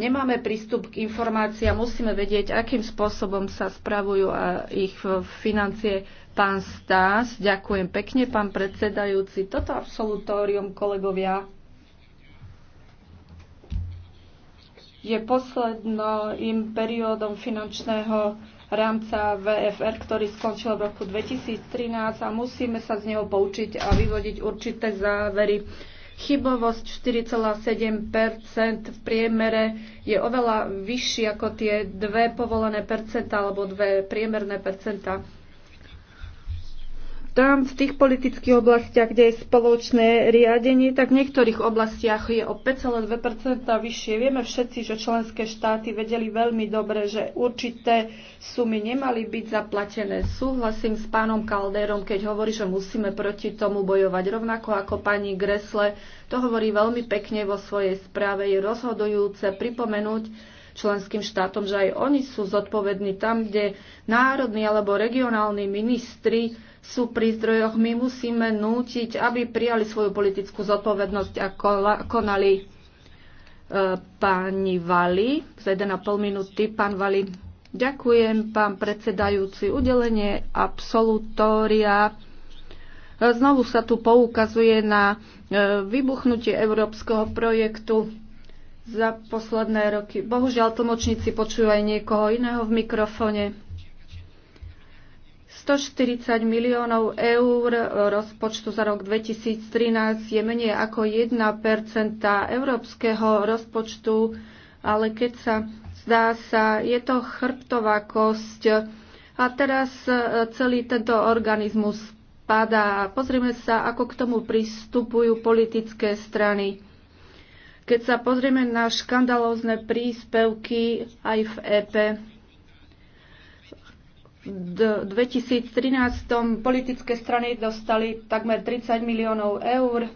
nemáme prístup k informáciám, musíme vedieť, akým spôsobom sa spravujú ich financie. Pán Stás, ďakujem pekne, pán predsedajúci. Toto absolutórium, kolegovia, je posledným periódom finančného rámca VFR, ktorý skončil v roku 2013 a musíme sa z neho poučiť a vyvodiť určité závery. Chybovosť 4,7 v priemere je oveľa vyšší ako tie dve povolené percenta alebo dve priemerné percenta tam v tých politických oblastiach, kde je spoločné riadenie, tak v niektorých oblastiach je o 5,2 vyššie. Vieme všetci, že členské štáty vedeli veľmi dobre, že určité sumy nemali byť zaplatené. Súhlasím s pánom Kalderom, keď hovorí, že musíme proti tomu bojovať. Rovnako ako pani Gresle, to hovorí veľmi pekne vo svojej správe. Je rozhodujúce pripomenúť, členským štátom, že aj oni sú zodpovední tam, kde národní alebo regionálni ministri sú pri zdrojoch. My musíme nútiť, aby prijali svoju politickú zodpovednosť a konali e, pani Vali. Za 1,5 minúty pán Vali. Ďakujem, pán predsedajúci, udelenie absolutória. E, znovu sa tu poukazuje na e, vybuchnutie európskeho projektu za posledné roky. Bohužiaľ, tlmočníci počujú aj niekoho iného v mikrofone. 140 miliónov eur rozpočtu za rok 2013 je menej ako 1 európskeho rozpočtu, ale keď sa zdá sa, je to chrbtová kosť. A teraz e, celý tento organizmus padá. Pozrime sa, ako k tomu pristupujú politické strany. Keď sa pozrieme na škandalózne príspevky aj v EP, v 2013 politické strany dostali takmer 30 miliónov eur.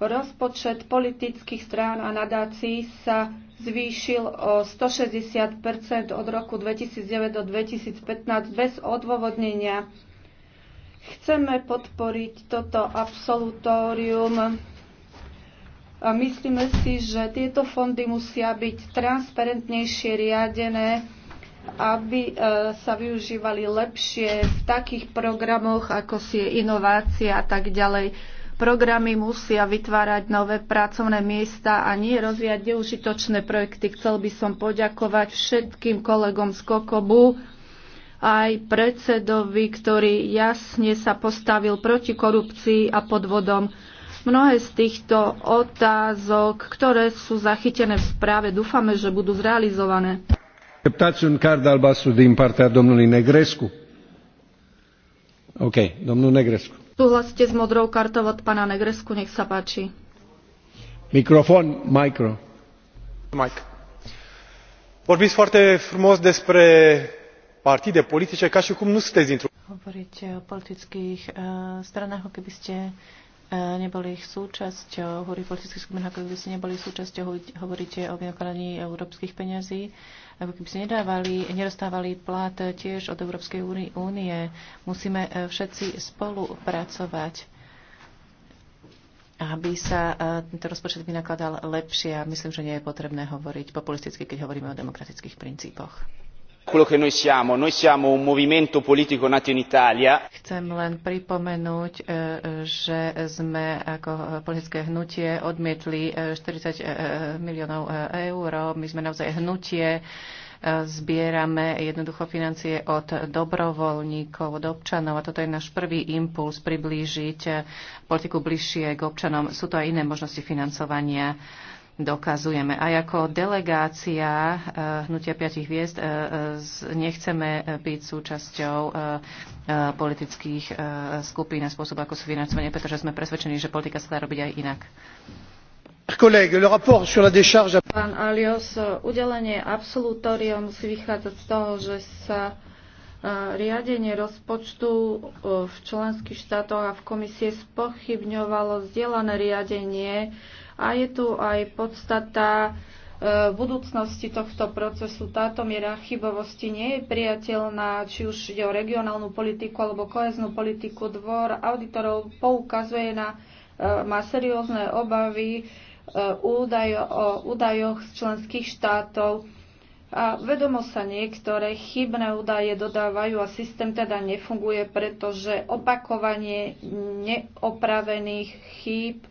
Rozpočet politických strán a nadácií sa zvýšil o 160 od roku 2009 do 2015 bez odôvodnenia. Chceme podporiť toto absolutórium Myslíme si, že tieto fondy musia byť transparentnejšie riadené, aby e, sa využívali lepšie v takých programoch, ako si je inovácia a tak ďalej. Programy musia vytvárať nové pracovné miesta a nie rozvíjať neužitočné projekty. Chcel by som poďakovať všetkým kolegom z Kokobu, aj predsedovi, ktorý jasne sa postavil proti korupcii a podvodom. Mnohé z týchto otázok, ktoré sú zachytené v správe, dúfame, že budú zrealizované. OK, domnul Negrescu. Súhlasíte s modrou kartou od pana Negresku, nech sa páči. Mikrofón, micro. Mike. Vorbiți foarte frumos despre partide politice ca și cum nu sunteți dintr-o... Hovoríte o politických uh, stranách, ako keby ste uh, E, neboli ich súčasťou, hovorí politických skupín, ako keby ste neboli súčasťou, hovoríte o vynakladaní európskych peňazí, ako keby ste nedávali, nedostávali plat tiež od Európskej únie. Musíme e, všetci spolupracovať aby sa e, tento rozpočet vynakladal lepšie a myslím, že nie je potrebné hovoriť populisticky, keď hovoríme o demokratických princípoch. Chcem len pripomenúť, e, e, že sme ako politické hnutie odmietli 40 e, miliónov eur. My sme naozaj hnutie, zbierame jednoducho financie od dobrovoľníkov, od občanov a toto je náš prvý impuls priblížiť politiku bližšie k občanom. Sú to aj iné možnosti financovania dokazujeme. Aj ako delegácia eh, Hnutia piatich hviezd eh, eh, nechceme byť súčasťou politických skupín a spôsob, ako sú financovanie, pretože sme presvedčení, že politika sa dá robiť aj inak. Pán Alios, udelenie absolutória musí vychádzať z toho, že sa riadenie rozpočtu v členských štátoch a v komisie spochybňovalo zdieľané riadenie a je tu aj podstata e, budúcnosti tohto procesu. Táto miera chybovosti nie je priateľná, či už ide o regionálnu politiku alebo koheznú politiku. Dvor auditorov poukazuje na, e, má seriózne obavy e, údaj, o údajoch z členských štátov. A vedomo sa niektoré chybné údaje dodávajú a systém teda nefunguje, pretože opakovanie neopravených chýb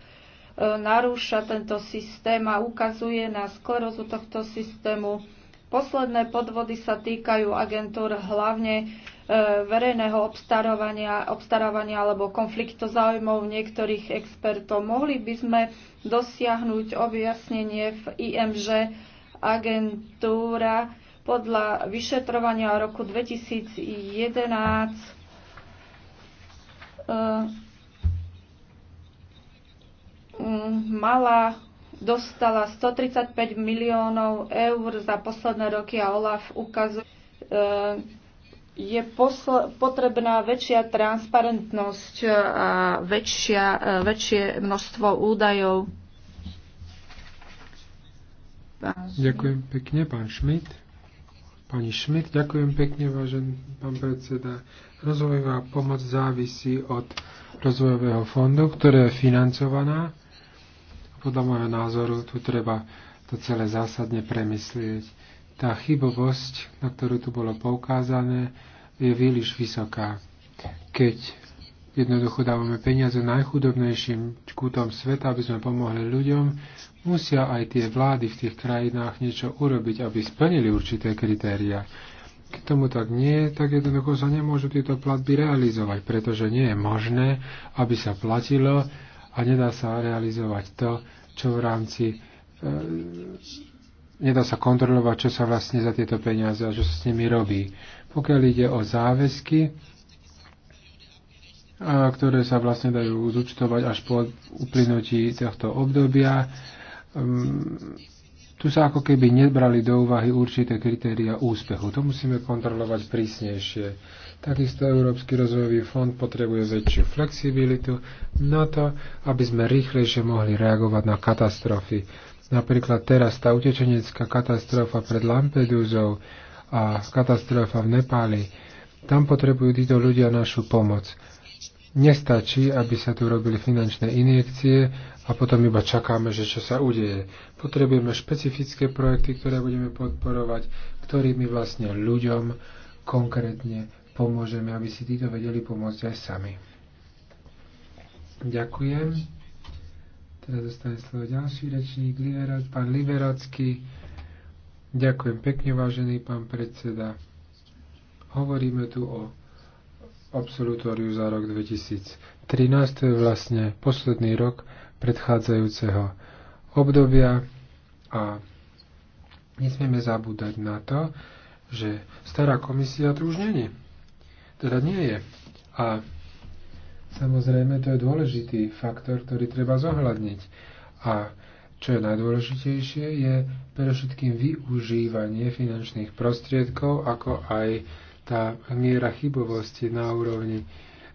narúša tento systém a ukazuje na sklerozu tohto systému. Posledné podvody sa týkajú agentúr hlavne e, verejného obstarávania, obstarávania alebo konflikto záujmov niektorých expertov. Mohli by sme dosiahnuť objasnenie v IMŽ agentúra podľa vyšetrovania roku 2011 Mm, mala dostala 135 miliónov eur za posledné roky a OLAF ukazuje, e, je potrebná väčšia transparentnosť a väčšia, e, väčšie množstvo údajov. ďakujem pekne, pán Šmit. Pani Šmit, ďakujem pekne, vážený pán predseda. Rozvojová pomoc závisí od rozvojového fondu, ktorá je financovaná podľa môjho názoru tu treba to celé zásadne premyslieť. Tá chybovosť, na ktorú tu bolo poukázané, je príliš vysoká. Keď jednoducho dávame peniaze najchudobnejším kútom sveta, aby sme pomohli ľuďom, musia aj tie vlády v tých krajinách niečo urobiť, aby splnili určité kritéria. Keď tomu tak nie je, tak jednoducho sa nemôžu tieto platby realizovať, pretože nie je možné, aby sa platilo a nedá sa realizovať to, čo v rámci e, nedá sa kontrolovať, čo sa vlastne za tieto peniaze a čo sa s nimi robí. Pokiaľ ide o záväzky, a e, ktoré sa vlastne dajú zúčtovať až po uplynutí tohto obdobia, um, tu sa ako keby nebrali do úvahy určité kritéria úspechu. To musíme kontrolovať prísnejšie. Takisto Európsky rozvojový fond potrebuje väčšiu flexibilitu na to, aby sme rýchlejšie mohli reagovať na katastrofy. Napríklad teraz tá utečenecká katastrofa pred Lampedúzou a katastrofa v Nepáli. Tam potrebujú títo ľudia našu pomoc. Nestačí, aby sa tu robili finančné injekcie a potom iba čakáme, že čo sa udeje. Potrebujeme špecifické projekty, ktoré budeme podporovať, ktorými vlastne ľuďom konkrétne pomôžeme, aby si títo vedeli pomôcť aj sami. Ďakujem. Teraz dostane slovo ďalší rečník, Liberac, pán Liberacký. Ďakujem pekne, vážený pán predseda. Hovoríme tu o absolutóriu za rok 2013. To je vlastne posledný rok predchádzajúceho obdobia a nesmieme zabúdať na to, že stará komisia tu už není teda nie je. A samozrejme to je dôležitý faktor, ktorý treba zohľadniť. A čo je najdôležitejšie, je predovšetkým využívanie finančných prostriedkov, ako aj tá miera chybovosti na úrovni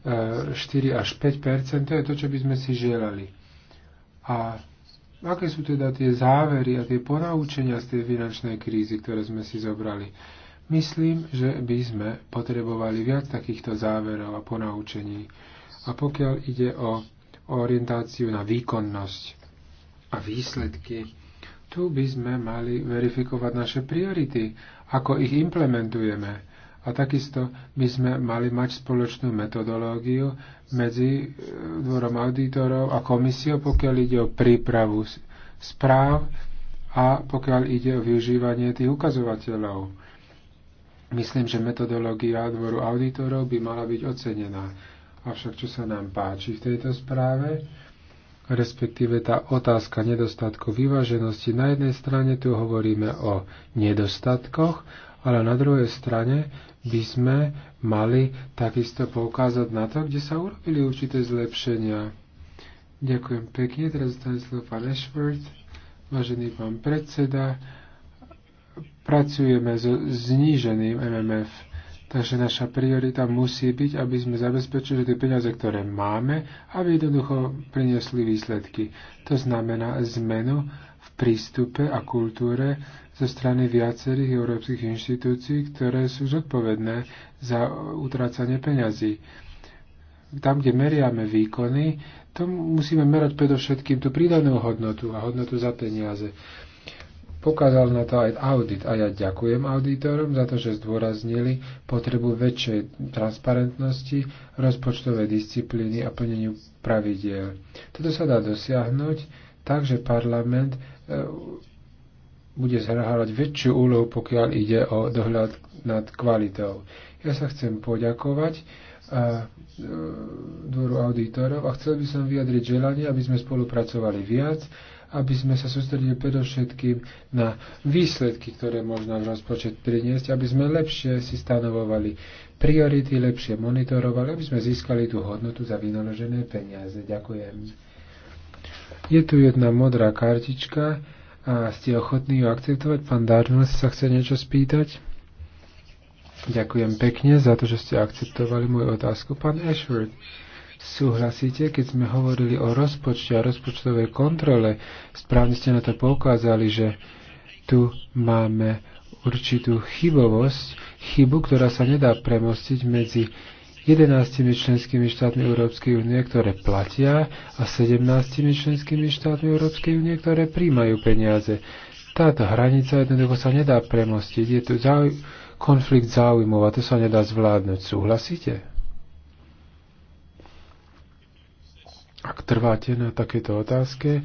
4 e, až 5 to je to, čo by sme si želali. A aké sú teda tie závery a tie ponaučenia z tej finančnej krízy, ktoré sme si zobrali? Myslím, že by sme potrebovali viac takýchto záverov a ponaučení. A pokiaľ ide o orientáciu na výkonnosť a výsledky, tu by sme mali verifikovať naše priority, ako ich implementujeme. A takisto by sme mali mať spoločnú metodológiu medzi e, dvorom auditorov a komisiou, pokiaľ ide o prípravu správ a pokiaľ ide o využívanie tých ukazovateľov Myslím, že metodológia dvoru auditorov by mala byť ocenená. Avšak čo sa nám páči v tejto správe, respektíve tá otázka nedostatku vyváženosti. Na jednej strane tu hovoríme o nedostatkoch, ale na druhej strane by sme mali takisto poukázať na to, kde sa urobili určité zlepšenia. Ďakujem pekne, teraz dostane slovo pán Ashworth, vážený pán predseda, pracujeme so zníženým MMF. Takže naša priorita musí byť, aby sme zabezpečili, že tie peniaze, ktoré máme, aby jednoducho priniesli výsledky. To znamená zmenu v prístupe a kultúre zo strany viacerých európskych inštitúcií, ktoré sú zodpovedné za utrácanie peňazí. Tam, kde meriame výkony, to musíme merať predovšetkým tú pridanú hodnotu a hodnotu za peniaze. Pokázal na to aj audit a ja ďakujem auditorom za to, že zdôraznili potrebu väčšej transparentnosti, rozpočtovej disciplíny a plneniu pravidiel. Toto sa dá dosiahnuť tak, že parlament e, bude zhrávať väčšiu úlohu, pokiaľ ide o dohľad nad kvalitou. Ja sa chcem poďakovať a e, e, dvoru auditorov a chcel by som vyjadriť želanie, aby sme spolupracovali viac aby sme sa sústredili predovšetkým na výsledky, ktoré možno v rozpočet priniesť, aby sme lepšie si stanovovali priority, lepšie monitorovali, aby sme získali tú hodnotu za vynaložené peniaze. Ďakujem. Je tu jedna modrá kartička a ste ochotní ju akceptovať? Pán Darnos sa chce niečo spýtať? Ďakujem pekne za to, že ste akceptovali moju otázku. Pán Ashford, Súhlasíte, keď sme hovorili o rozpočte a rozpočtovej kontrole, správne ste na to poukázali, že tu máme určitú chybovosť, chybu, ktorá sa nedá premostiť medzi 11 členskými štátmi Európskej únie, ktoré platia, a 17 členskými štátmi Európskej únie, ktoré príjmajú peniaze. Táto hranica jednoducho sa nedá premostiť. Je tu konflikt záujmov a to sa nedá zvládnuť. Súhlasíte? ak trváte na takéto otázke,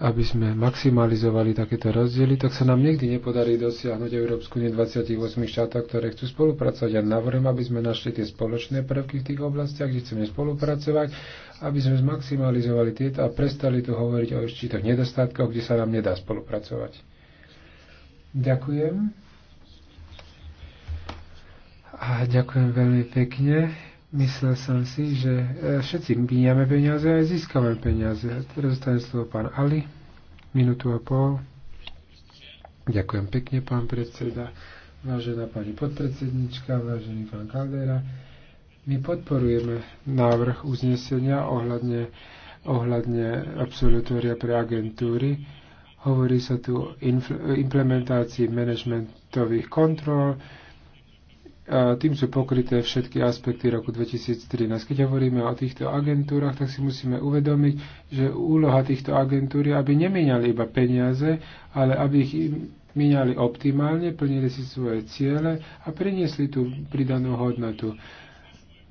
aby sme maximalizovali takéto rozdiely, tak sa nám nikdy nepodarí dosiahnuť Európsku ne 28 štátov, ktoré chcú spolupracovať. Ja navrhujem, aby sme našli tie spoločné prvky v tých oblastiach, kde chceme spolupracovať, aby sme zmaximalizovali tieto a prestali tu hovoriť o určitých nedostatkoch, kde sa nám nedá spolupracovať. Ďakujem. A ďakujem veľmi pekne. Myslel som si, že e, všetci míňame peniaze a aj získame peniaze. Teraz zostane slovo pán Ali, minútu a pol. Ďakujem pekne, pán predseda, vážená pani podpredsednička, vážený pán Kaldera. My podporujeme návrh uznesenia ohľadne, ohľadne absolutória pre agentúry. Hovorí sa tu o implementácii managementových kontrol, tým sú pokryté všetky aspekty roku 2013. Keď hovoríme o týchto agentúrach, tak si musíme uvedomiť, že úloha týchto agentúr je, aby nemíňali iba peniaze, ale aby ich míňali optimálne, plnili si svoje ciele a priniesli tú pridanú hodnotu.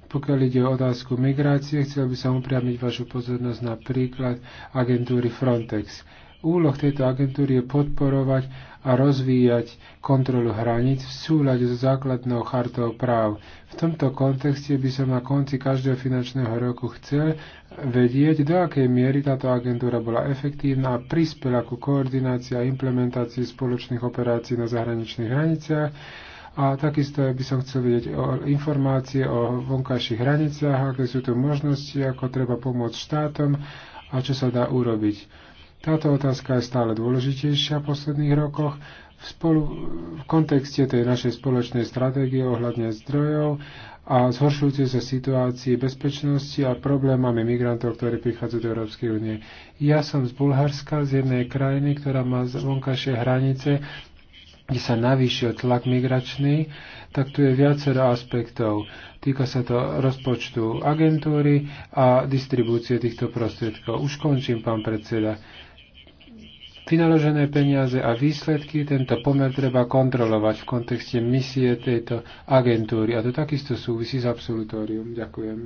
Pokiaľ ide o otázku migrácie, chcel by som upriamiť vašu pozornosť na príklad agentúry Frontex. Úloh tejto agentúry je podporovať a rozvíjať kontrolu hraníc v súľade so základnou chartou práv. V tomto kontexte by som na konci každého finančného roku chcel vedieť, do akej miery táto agentúra bola efektívna a prispela ku koordinácii a implementácii spoločných operácií na zahraničných hraniciach a takisto by som chcel vedieť o informácie o vonkajších hraniciach, aké sú tu možnosti, ako treba pomôcť štátom a čo sa dá urobiť. Táto otázka je stále dôležitejšia v posledných rokoch v, spolu, v kontexte tej našej spoločnej stratégie ohľadne zdrojov a zhoršujúcej sa situácii bezpečnosti a problémami migrantov, ktorí prichádzajú do Európskej únie. Ja som z Bulharska, z jednej krajiny, ktorá má vonkajšie hranice, kde sa navýšil tlak migračný, tak tu je viacero aspektov. Týka sa to rozpočtu agentúry a distribúcie týchto prostriedkov. Už končím, pán predseda vynaložené peniaze a výsledky, tento pomer treba kontrolovať v kontexte misie tejto agentúry. A to takisto súvisí s absolutórium. Ďakujem.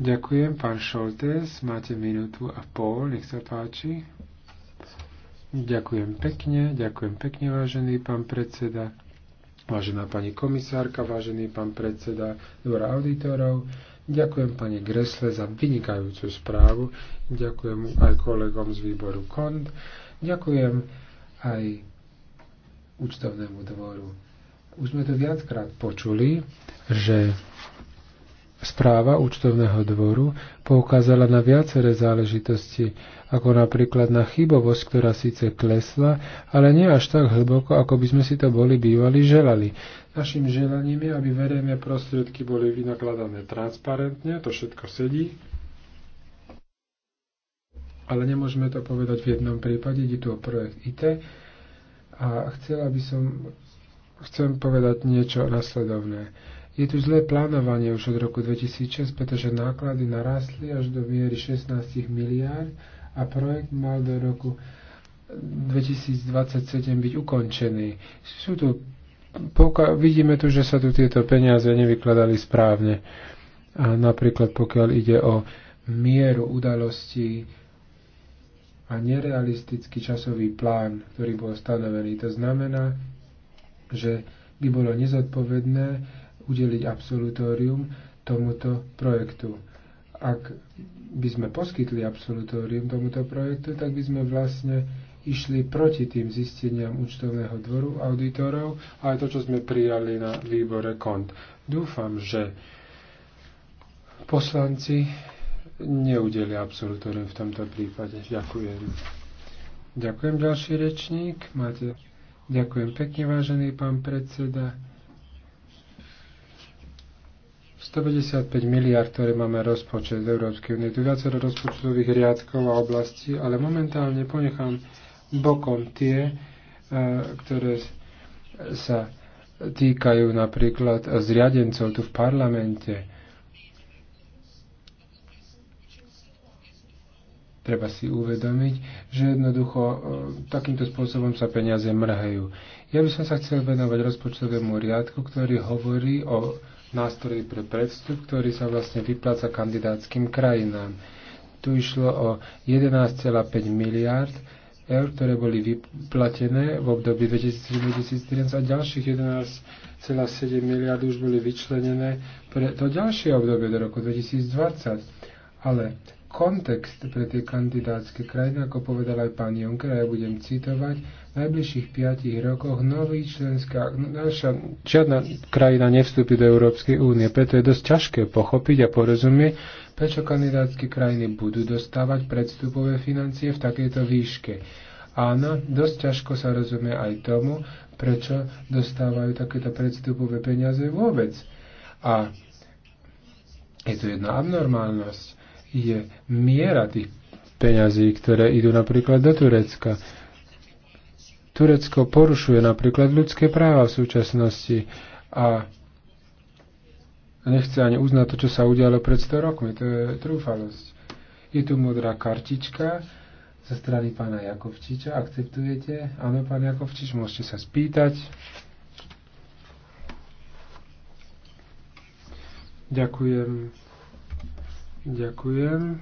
Ďakujem, pán Šoltes. Máte minútu a pol, nech sa páči. Ďakujem pekne, ďakujem pekne, vážený pán predseda, vážená pani komisárka, vážený pán predseda dvora auditorov. Ďakujem pani Gresle za vynikajúcu správu. Ďakujem aj kolegom z výboru KOND. Ďakujem aj účtovnému dvoru. Už sme to viackrát počuli, že správa účtovného dvoru poukázala na viaceré záležitosti, ako napríklad na chybovosť, ktorá síce klesla, ale nie až tak hlboko, ako by sme si to boli bývali želali. Našim želaním je, aby verejné prostriedky boli vynakladané transparentne, to všetko sedí, ale nemôžeme to povedať v jednom prípade, ide tu o projekt IT a chcela by som, chcem povedať niečo nasledovné je tu zlé plánovanie už od roku 2006, pretože náklady narastli až do miery 16 miliárd a projekt mal do roku 2027 byť ukončený. Sú tu, vidíme tu, že sa tu tieto peniaze nevykladali správne. A napríklad pokiaľ ide o mieru udalostí a nerealistický časový plán, ktorý bol stanovený. To znamená, že by bolo nezodpovedné udeliť absolutórium tomuto projektu. Ak by sme poskytli absolutórium tomuto projektu, tak by sme vlastne išli proti tým zisteniam účtovného dvoru auditorov a aj to, čo sme prijali na výbore kont. Dúfam, že poslanci neudelia absolutórium v tomto prípade. Ďakujem. Ďakujem, ďalší rečník. Máte... Ďakujem pekne, vážený pán predseda. 155 miliard, ktoré máme rozpočet v Európskej únie. Tu viacero rozpočtových riadkov a oblastí, ale momentálne ponechám bokom tie, e, ktoré sa týkajú napríklad zriadencov tu v parlamente. Treba si uvedomiť, že jednoducho e, takýmto spôsobom sa peniaze mrhajú. Ja by som sa chcel venovať rozpočtovému riadku, ktorý hovorí o nástroj pre predstup, ktorý sa vlastne vypláca kandidátským krajinám. Tu išlo o 11,5 miliard eur, ktoré boli vyplatené v období 2003 2013 a ďalších 11,7 miliard už boli vyčlenené pre to ďalšie obdobie do roku 2020. Ale kontext pre tie kandidátske krajiny, ako povedal aj pán Juncker, a ja budem citovať, v najbližších piatich rokoch nový členská, naša, žiadna krajina nevstúpi do Európskej únie. Preto je dosť ťažké pochopiť a porozumieť, prečo kandidátske krajiny budú dostávať predstupové financie v takejto výške. Áno, dosť ťažko sa rozumie aj tomu, prečo dostávajú takéto predstupové peniaze vôbec. A je to jedna abnormálnosť je miera tých peňazí, ktoré idú napríklad do Turecka. Turecko porušuje napríklad ľudské práva v súčasnosti a nechce ani uznať to, čo sa udialo pred 100 rokmi. To je trúfalosť. Je tu modrá kartička zo strany pána Jakovčiča. Akceptujete? Áno, pán Jakovčič, môžete sa spýtať. Ďakujem. Ďakujem,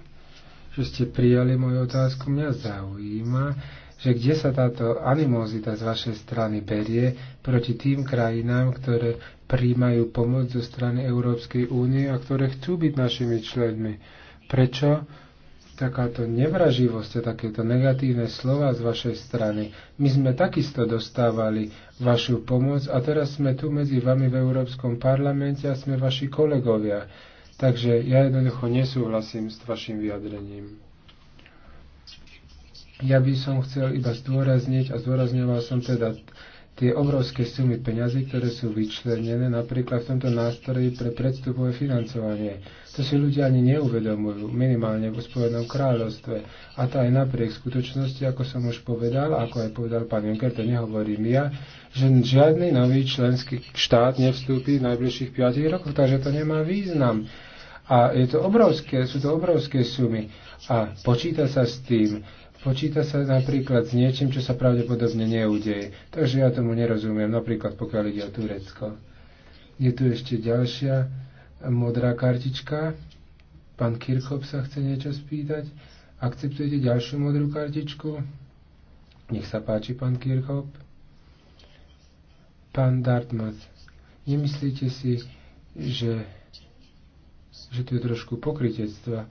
že ste prijali moju otázku. Mňa zaujíma, že kde sa táto animozita z vašej strany berie proti tým krajinám, ktoré príjmajú pomoc zo strany Európskej únie a ktoré chcú byť našimi členmi. Prečo takáto nevraživosť a takéto negatívne slova z vašej strany? My sme takisto dostávali vašu pomoc a teraz sme tu medzi vami v Európskom parlamente a sme vaši kolegovia. Takže ja jednoducho nesúhlasím s vašim vyjadrením. Ja by som chcel iba zdôrazniť a zdôrazňoval som teda tie obrovské sumy peňazí, ktoré sú vyčlenené napríklad v tomto nástroji pre predstupové financovanie. To si ľudia ani neuvedomujú, minimálne v Spojenom kráľovstve. A to aj napriek skutočnosti, ako som už povedal, ako aj povedal pán Juncker, to nehovorím ja, že žiadny nový členský štát nevstúpi v najbližších 5 rokoch, takže to nemá význam. A je to obrovské, sú to obrovské sumy. A počíta sa s tým. Počíta sa napríklad s niečím, čo sa pravdepodobne neudeje. Takže ja tomu nerozumiem, napríklad pokiaľ ide o Turecko. Je tu ešte ďalšia modrá kartička. Pán Kirchhoff sa chce niečo spýtať. Akceptujete ďalšiu modrú kartičku? Nech sa páči, pán Kirchhoff. Pán Dartmouth, nemyslíte si, že že tu je trošku pokritectva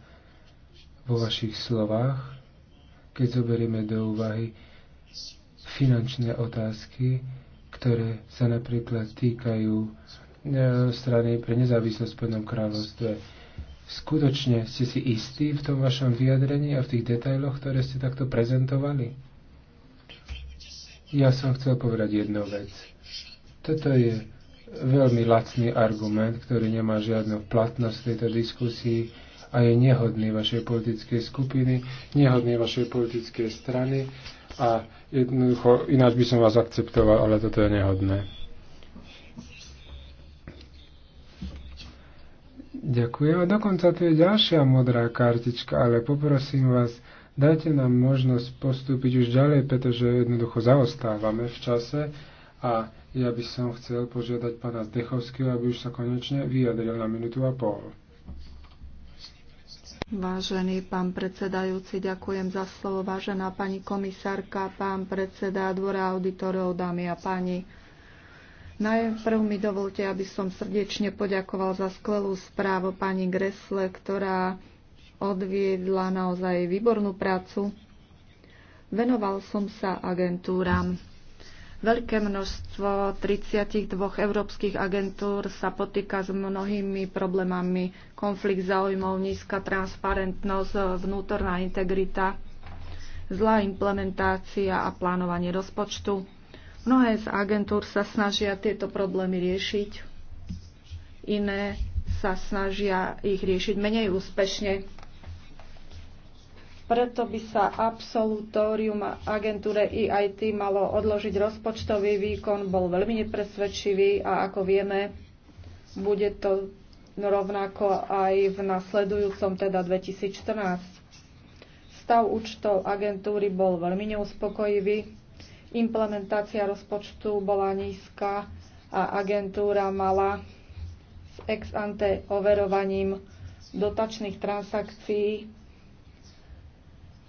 vo vašich slovách, keď zoberieme do úvahy finančné otázky, ktoré sa napríklad týkajú e, strany pre nezávislosť v Spojenom kráľovstve. Skutočne ste si istí v tom vašom vyjadrení a v tých detailoch, ktoré ste takto prezentovali? Ja som chcel povedať jednu vec. Toto je veľmi lacný argument, ktorý nemá žiadnu platnosť v tejto diskusii a je nehodný vašej politickej skupiny, nehodný vašej politickej strany a jednoducho ináč by som vás akceptoval, ale toto je nehodné. Ďakujem. A dokonca tu je ďalšia modrá kartička, ale poprosím vás, dajte nám možnosť postúpiť už ďalej, pretože jednoducho zaostávame v čase a ja by som chcel požiadať pána Zdechovského, aby už sa konečne vyjadril na minútu a pol. Vážený pán predsedajúci, ďakujem za slovo. Vážená pani komisárka, pán predseda dvora auditorov, dámy a páni. Najprv mi dovolte, aby som srdečne poďakoval za skvelú správu pani Gresle, ktorá odviedla naozaj výbornú prácu. Venoval som sa agentúram. Veľké množstvo 32 európskych agentúr sa potýka s mnohými problémami. Konflikt záujmov, nízka transparentnosť, vnútorná integrita, zlá implementácia a plánovanie rozpočtu. Mnohé z agentúr sa snažia tieto problémy riešiť, iné sa snažia ich riešiť menej úspešne. Preto by sa absolutórium agentúre EIT malo odložiť. Rozpočtový výkon bol veľmi nepresvedčivý a ako vieme, bude to rovnako aj v nasledujúcom, teda 2014. Stav účtov agentúry bol veľmi neuspokojivý, implementácia rozpočtu bola nízka a agentúra mala s ex ante overovaním dotačných transakcií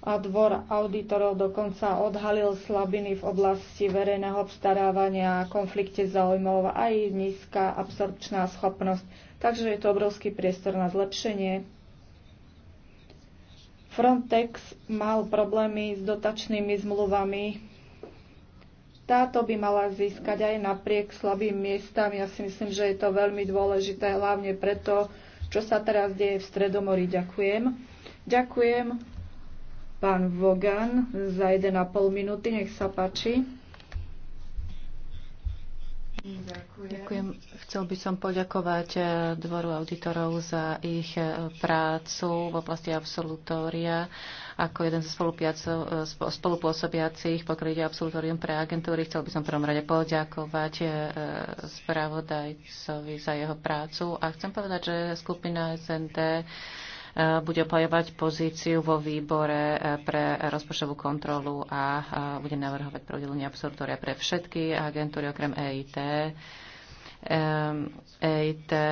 a dvor auditorov dokonca odhalil slabiny v oblasti verejného obstarávania, konflikte záujmov a aj nízka absorpčná schopnosť. Takže je to obrovský priestor na zlepšenie. Frontex mal problémy s dotačnými zmluvami. Táto by mala získať aj napriek slabým miestam. Ja si myslím, že je to veľmi dôležité, hlavne preto, čo sa teraz deje v Stredomorí. Ďakujem. Ďakujem. Pán Vogan za 1,5 minúty, nech sa páči. Ďakujem. Ďakujem. Chcel by som poďakovať eh, dvoru auditorov za ich eh, prácu v oblasti absolutória ako jeden zo eh, spolupôsobiacich pokryť absolutórium pre agentúry. Chcel by som prvom rade poďakovať spravodajcovi za jeho prácu a chcem povedať, že skupina SND E, bude opajovať pozíciu vo výbore e, pre rozpočtovú kontrolu a bude navrhovať prodelenie absolutória pre všetky agentúry okrem EIT. EIT, e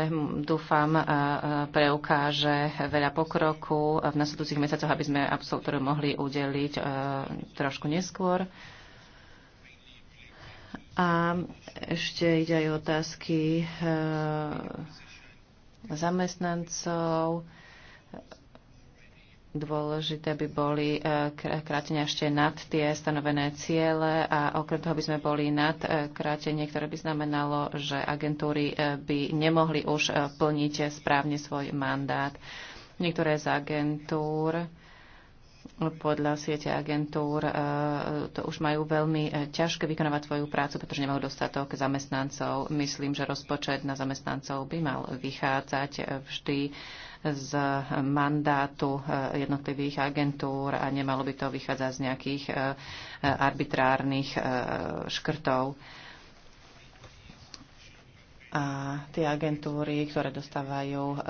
dúfam, preukáže veľa pokroku v nasledujúcich mesiacoch, aby sme absolutóriu mohli udeliť trošku neskôr. A ešte ide aj otázky zamestnancov Dôležité by boli e, krátenia ešte nad tie stanovené ciele a okrem toho by sme boli nad e, krátenie, ktoré by znamenalo, že agentúry e, by nemohli už plniť správne svoj mandát. Niektoré z agentúr podľa siete agentúr to už majú veľmi ťažké vykonávať svoju prácu, pretože nemajú dostatok zamestnancov. Myslím, že rozpočet na zamestnancov by mal vychádzať vždy z mandátu eh, jednotlivých agentúr a nemalo by to vychádzať z nejakých eh, arbitrárnych eh, škrtov. A tie agentúry, ktoré dostávajú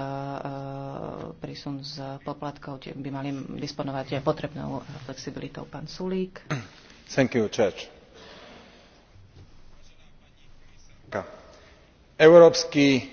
prísun z poplatkov, by mali disponovať potrebnou flexibilitou. Pán Sulík. Thank you, Church. Európsky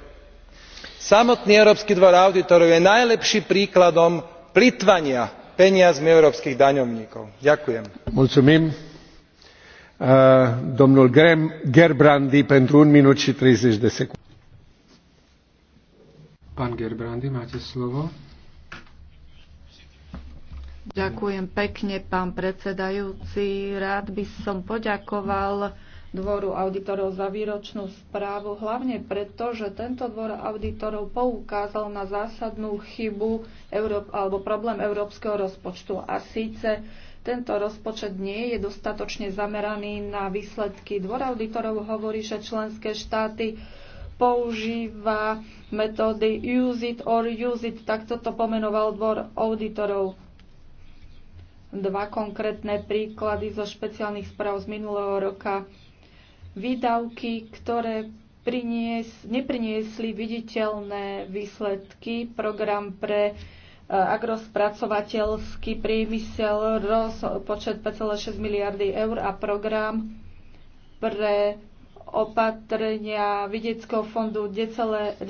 samotný európsky dvor audítorov je najlepším príkladom plytvania peniazmi európskych daňovníkov. Uh, ďakujem. pekne, pán predsedajúci. Rád by som poďakoval dvoru auditorov za výročnú správu, hlavne preto, že tento dvor auditorov poukázal na zásadnú chybu Európ- alebo problém európskeho rozpočtu. A síce tento rozpočet nie je dostatočne zameraný na výsledky. Dvor auditorov hovorí, že členské štáty používa metódy use it or use it, takto to pomenoval dvor auditorov dva konkrétne príklady zo špeciálnych správ z minulého roka výdavky, ktoré prinies, nepriniesli viditeľné výsledky. Program pre e, agrospracovateľský priemysel počet 5,6 miliardy eur a program pre opatrenia Vidieckého fondu 10,5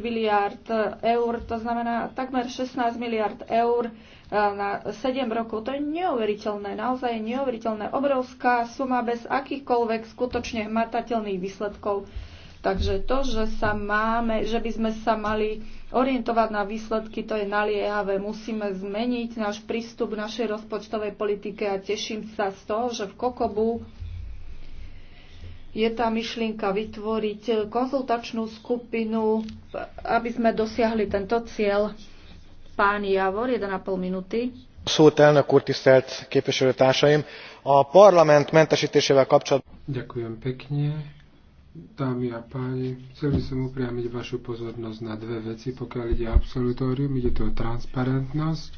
miliard eur, to znamená takmer 16 miliard eur Eh, na 7 rokov. To je neuveriteľné, naozaj neuveriteľné. Obrovská suma bez akýchkoľvek skutočne hmatateľných výsledkov. Takže to, že, sa máme, že by sme sa mali orientovať na výsledky, to je naliehavé. Musíme zmeniť náš prístup k našej rozpočtovej politike a teším sa z toho, že v Kokobu je tá myšlienka vytvoriť konzultačnú skupinu, aby sme dosiahli tento cieľ. Ďakujem pekne. Dámy a páni, chcel by som upriamiť vašu pozornosť na dve veci, pokiaľ ide absolutórium, ide to o transparentnosť.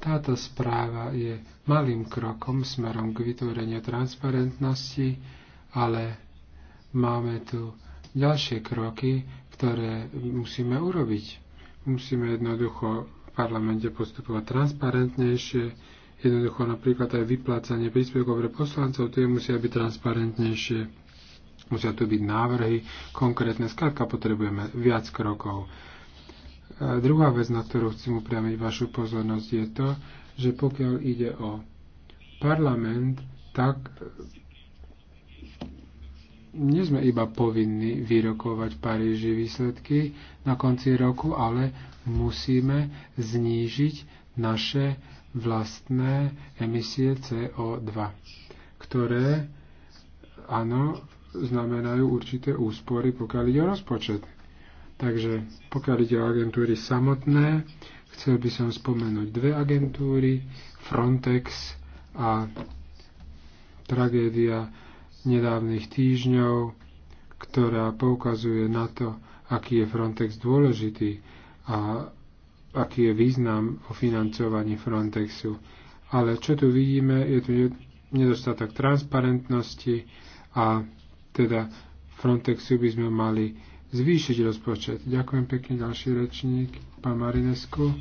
Táto správa je malým krokom smerom k vytvoreniu transparentnosti, ale máme tu ďalšie kroky, ktoré musíme urobiť. Musíme jednoducho parlamente postupovať transparentnejšie. Jednoducho napríklad aj vyplácanie príspevkov pre poslancov, tie musia byť transparentnejšie. Musia tu byť návrhy konkrétne. Skladka potrebujeme viac krokov. A e, druhá vec, na ktorú chcem upriamiť vašu pozornosť, je to, že pokiaľ ide o parlament, tak nie sme iba povinní vyrokovať v Paríži výsledky na konci roku, ale musíme znížiť naše vlastné emisie CO2, ktoré, áno, znamenajú určité úspory, pokiaľ ide o rozpočet. Takže pokiaľ ide o agentúry samotné, chcel by som spomenúť dve agentúry, Frontex a tragédia nedávnych týždňov, ktorá poukazuje na to, aký je Frontex dôležitý a aký je význam o financovaní Frontexu. Ale čo tu vidíme, je tu nedostatok transparentnosti a teda Frontexu by sme mali zvýšiť rozpočet. Ďakujem pekne ďalší rečník, pán Marinesku.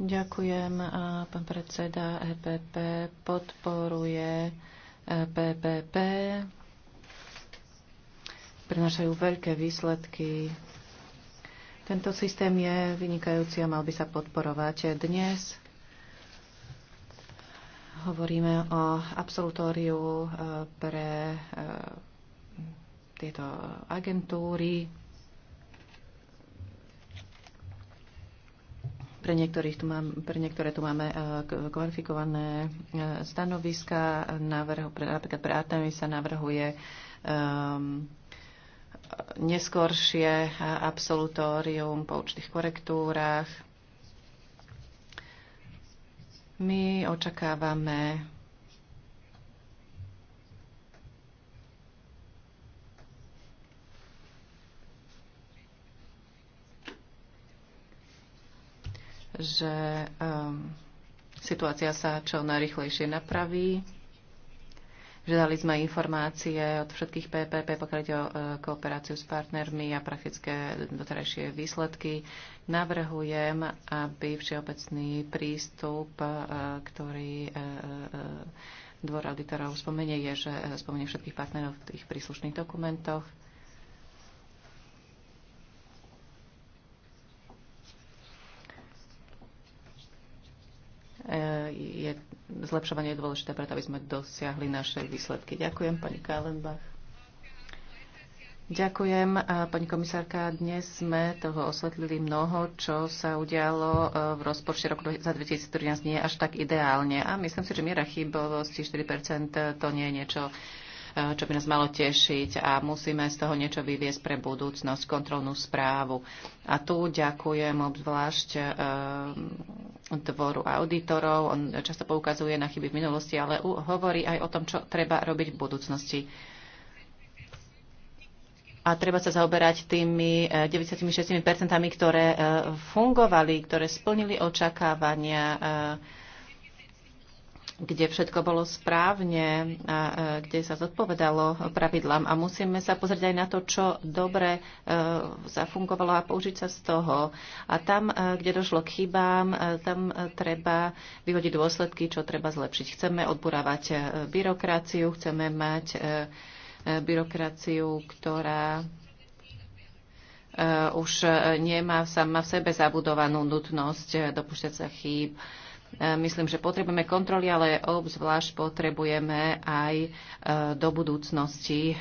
Ďakujem, pán predseda EPP podporuje PPP e prinášajú veľké výsledky. Tento systém je vynikajúci a mal by sa podporovať. Dnes hovoríme o absolutóriu e, pre e, tieto agentúry. Pre, niektorých tu mám, pre niektoré tu máme e, kvalifikované stanoviska. Navrhu, pre, napríklad pre Artemis sa navrhuje um, neskoršie absolutórium po určitých korektúrach. My očakávame že um, situácia sa čo najrychlejšie napraví. Žiadali sme informácie od všetkých PPP, pokiaľ ide o e, kooperáciu s partnermi a praktické doterajšie výsledky. Navrhujem, aby všeobecný prístup, e, ktorý e, dvor auditorov spomenie, je, že spomenie všetkých partnerov v tých príslušných dokumentoch E, je, zlepšovanie je dôležité preto, aby sme dosiahli naše výsledky. Ďakujem, pani Kalenbach. Ďakujem, pani komisárka. Dnes sme toho osvetlili mnoho, čo sa udialo e, v rozpočte roku za 2013 nie až tak ideálne. A myslím si, že miera chybovosti 4% e, to nie je niečo, čo by nás malo tešiť a musíme z toho niečo vyviesť pre budúcnosť, kontrolnú správu. A tu ďakujem obzvlášť ehm, dvoru auditorov. On často poukazuje na chyby v minulosti, ale hovorí aj o tom, čo treba robiť v budúcnosti a treba sa zaoberať tými 96%, eh, ktoré eh, fungovali, ktoré splnili očakávania eh, kde všetko bolo správne a kde sa zodpovedalo pravidlám. A musíme sa pozrieť aj na to, čo dobre e, zafungovalo a použiť sa z toho. A tam, e, kde došlo k chybám, e, tam treba vyhodiť dôsledky, čo treba zlepšiť. Chceme odburávať byrokraciu, chceme mať byrokraciu, ktorá už nemá sama v sebe zabudovanú nutnosť dopúšťať sa chýb E, myslím, že potrebujeme kontroly, ale obzvlášť potrebujeme aj e, do budúcnosti e,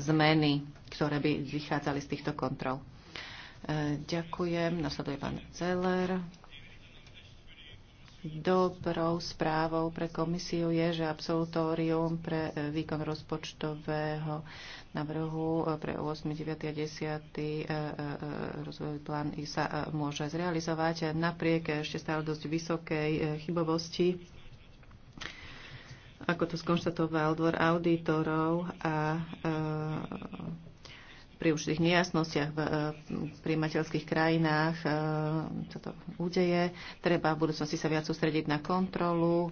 zmeny, ktoré by vychádzali z týchto kontrol. Ďakujem. Nasleduje pán Zeller. Dobrou správou pre komisiu je, že absolutórium pre e, výkon rozpočtového navrhu e, pre 8, 9 a 10 e, rozvojový plán sa môže zrealizovať napriek ešte stále dosť vysokej chybovosti. Ako to skonštatoval dvor auditorov a pri určitých nejasnostiach v eh, príjimateľských krajinách sa eh, to udeje. Treba v budúcnosti sa viac sústrediť na kontrolu.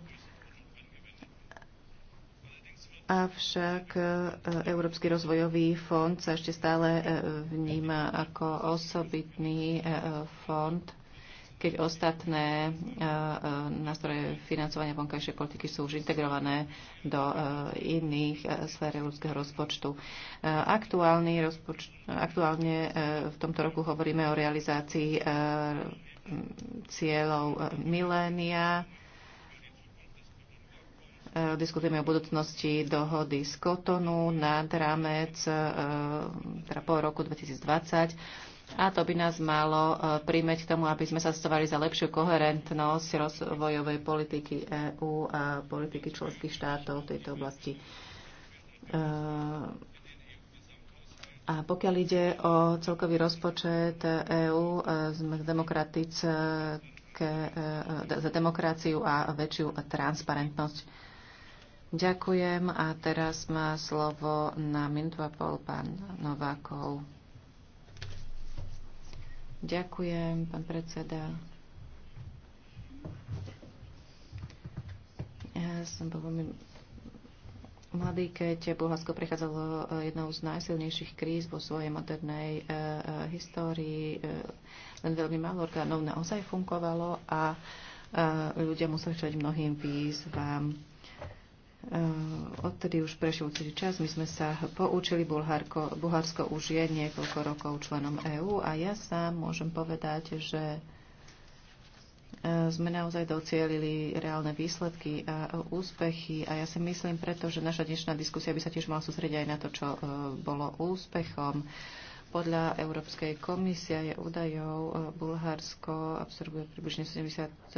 Avšak eh, Európsky rozvojový fond sa ešte stále vníma ako osobitný fond keď ostatné eh, eh, nástroje financovania vonkajšej politiky sú už integrované do eh, iných sfér ľudského rozpočtu. Aktuálny rozpoč- aktuálne v tomto roku hovoríme o realizácii cieľov milénia diskutujeme o budúcnosti dohody z Kotonu nad rámec teda po roku 2020 a to by nás malo e, príjmeť k tomu, aby sme sa stovali za lepšiu koherentnosť rozvojovej politiky EÚ a politiky členských štátov v tejto oblasti. E, a pokiaľ ide o celkový rozpočet EÚ, e, sme demokratické, za demokraciu a väčšiu transparentnosť. Ďakujem a teraz má slovo na minútu a pol pán Novákov. Ďakujem, pán predseda. Ja som bol veľmi mladý, keď Bulharsko prechádzalo eh, jednou z najsilnejších kríz vo svojej modernej e, e, histórii. E, len veľmi málo orgánov naozaj fungovalo a e, ľudia museli čeliť mnohým výzvam. Eh, odtedy už prešiel celý čas, my sme sa poučili, Bulharko, Bulharsko už je niekoľko rokov členom EÚ a ja sa môžem povedať, že eh, sme naozaj docielili reálne výsledky a úspechy a ja si myslím preto, že naša dnešná diskusia by sa tiež mala sústrediť aj na to, čo eh, bolo úspechom. Podľa Európskej komisie je údajov Bulharsko absorbuje približne 75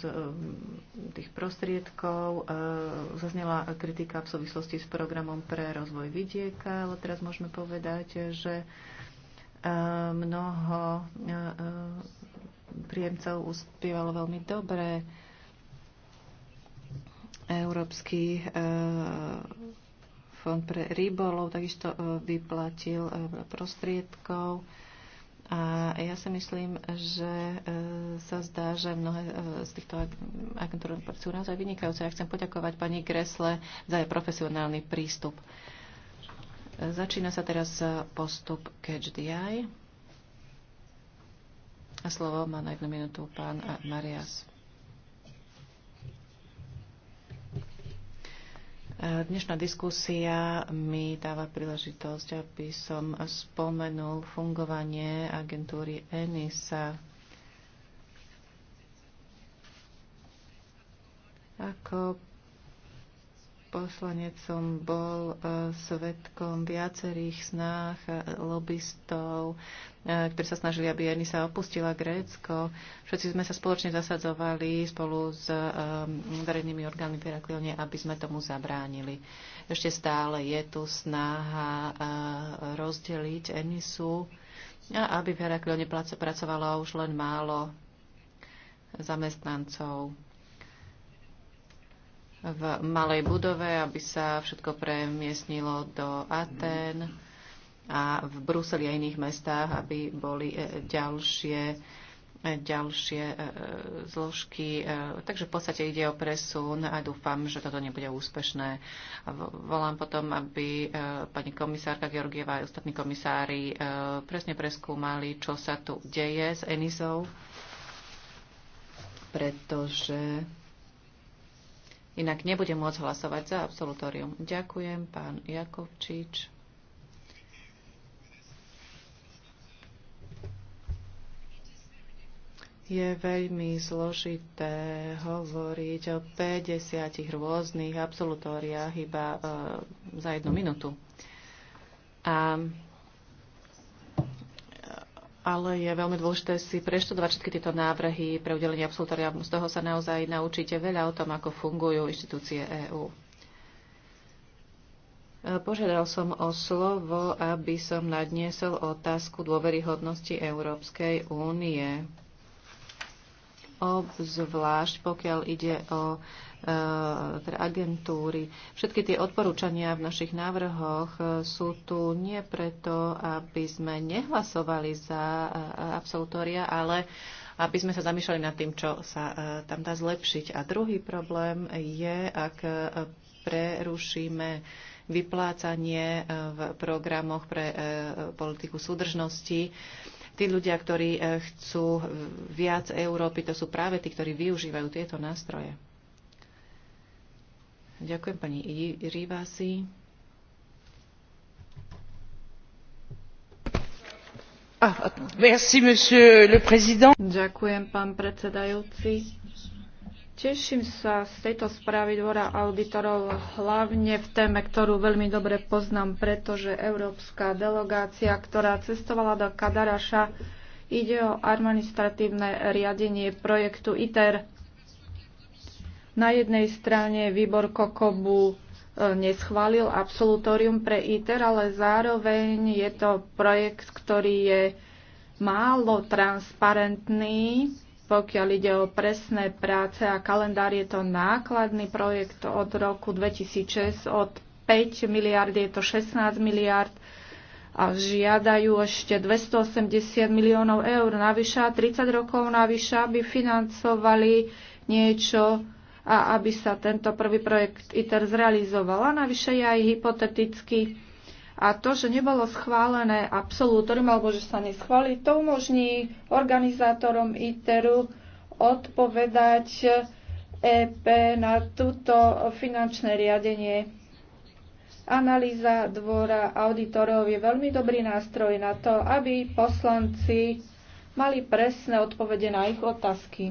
z mm, tých prostriedkov e, zaznela kritika v súvislosti s programom pre rozvoj vidieka, ale teraz môžeme povedať, že e, mnoho e, príjemcov uspievalo veľmi dobre. Európsky fond pre rybolov takisto vyplatil prostriedkov a ja si myslím, že e, sa zdá, že mnohé e, z týchto agentúr sú naozaj vynikajúce. Ja chcem poďakovať pani Gresle za jej profesionálny prístup. E, začína sa teraz postup Catch the Eye. A slovo má na jednu minútu pán Marias. Dnešná diskusia mi dáva príležitosť, aby som spomenul fungovanie agentúry ENISA. Ako poslanec som bol e, svetkom viacerých snách e, lobbystov, e, ktorí sa snažili, aby sa opustila Grécko. Všetci sme sa spoločne zasadzovali spolu s verejnými orgánmi v Heraklione, aby sme tomu zabránili. Ešte stále je tu snaha rozdeliť Enisu a aby v Heraklione pracovalo už len málo zamestnancov v malej budove, aby sa všetko premiestnilo do Aten a v Bruseli a iných mestách, aby boli e, ďalšie, e, ďalšie e, zložky. Takže v podstate ide o presun a dúfam, že toto nebude úspešné. Volám potom, aby pani komisárka Georgieva a ostatní komisári presne preskúmali, čo sa tu deje s ENISou. pretože Inak nebudem môcť hlasovať za absolutórium. Ďakujem, pán Jakovčič. Je veľmi zložité hovoriť o 50 rôznych absolutóriách iba e, za jednu minútu. A ale je veľmi dôležité si preštudovať všetky tieto návrhy pre udelenie absolutória. Z toho sa naozaj naučíte veľa o tom, ako fungujú inštitúcie EÚ. E, požiadal som o slovo, aby som nadniesol otázku dôveryhodnosti Európskej únie obzvlášť pokiaľ ide o e, teda agentúry. Všetky tie odporúčania v našich návrhoch e, sú tu nie preto, aby sme nehlasovali za e, absolutória, ale aby sme sa zamýšľali nad tým, čo sa tam dá zlepšiť. A druhý problém je, ak prerušíme vyplácanie v programoch pre politiku súdržnosti, Tí ľudia, ktorí e, chcú e, viac Európy, to sú práve tí, ktorí využívajú tieto nástroje. Ďakujem pani Rivasi. Ah, merci, monsieur le président. Ďakujem, pán predsedajúci Teším sa z tejto správy Dvora auditorov hlavne v téme, ktorú veľmi dobre poznám, pretože európska delegácia, ktorá cestovala do Kadaraša, ide o administratívne riadenie projektu ITER. Na jednej strane výbor Kokobu e, neschválil absolutórium pre ITER, ale zároveň je to projekt, ktorý je málo transparentný pokiaľ ide o presné práce a kalendár, je to nákladný projekt od roku 2006. Od 5 miliard je to 16 miliard a žiadajú ešte 280 miliónov eur navyša, 30 rokov navyša, aby financovali niečo a aby sa tento prvý projekt ITER zrealizoval. A navyše je aj hypoteticky a to, že nebolo schválené absolútorium, alebo že sa neschváli, to umožní organizátorom ITERu odpovedať EP na túto finančné riadenie. Analýza dvora auditorov je veľmi dobrý nástroj na to, aby poslanci mali presné odpovede na ich otázky.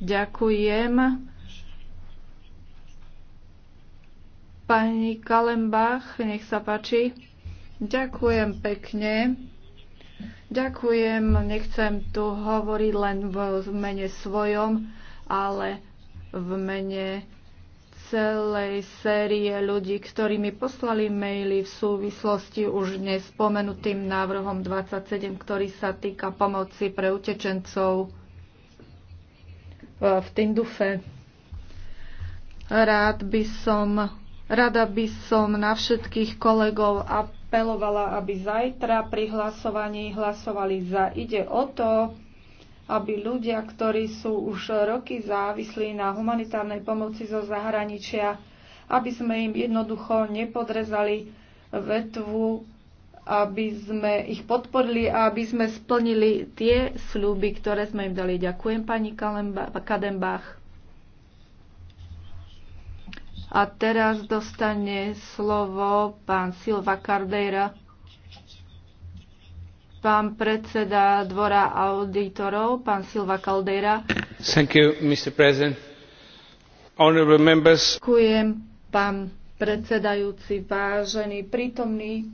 Ďakujem. Pani Kalembach, nech sa páči. Ďakujem pekne. Ďakujem, nechcem tu hovoriť len v mene svojom, ale v mene celej série ľudí, ktorí mi poslali maily v súvislosti už dnes spomenutým návrhom 27, ktorý sa týka pomoci pre utečencov eh, v Tindufe. Rád by som Rada by som na všetkých kolegov apelovala, aby zajtra pri hlasovaní hlasovali za. Ide o to, aby ľudia, ktorí sú už roky závislí na humanitárnej pomoci zo zahraničia, aby sme im jednoducho nepodrezali vetvu, aby sme ich podporili a aby sme splnili tie sľuby, ktoré sme im dali. Ďakujem pani Kadembach. A teraz dostane slovo pán Silva Cardeira, pán predseda Dvora auditorov, pán Silva Caldeira. Thank you, Mr. President. Honorable members. Ďakujem, pán predsedajúci, vážený prítomný.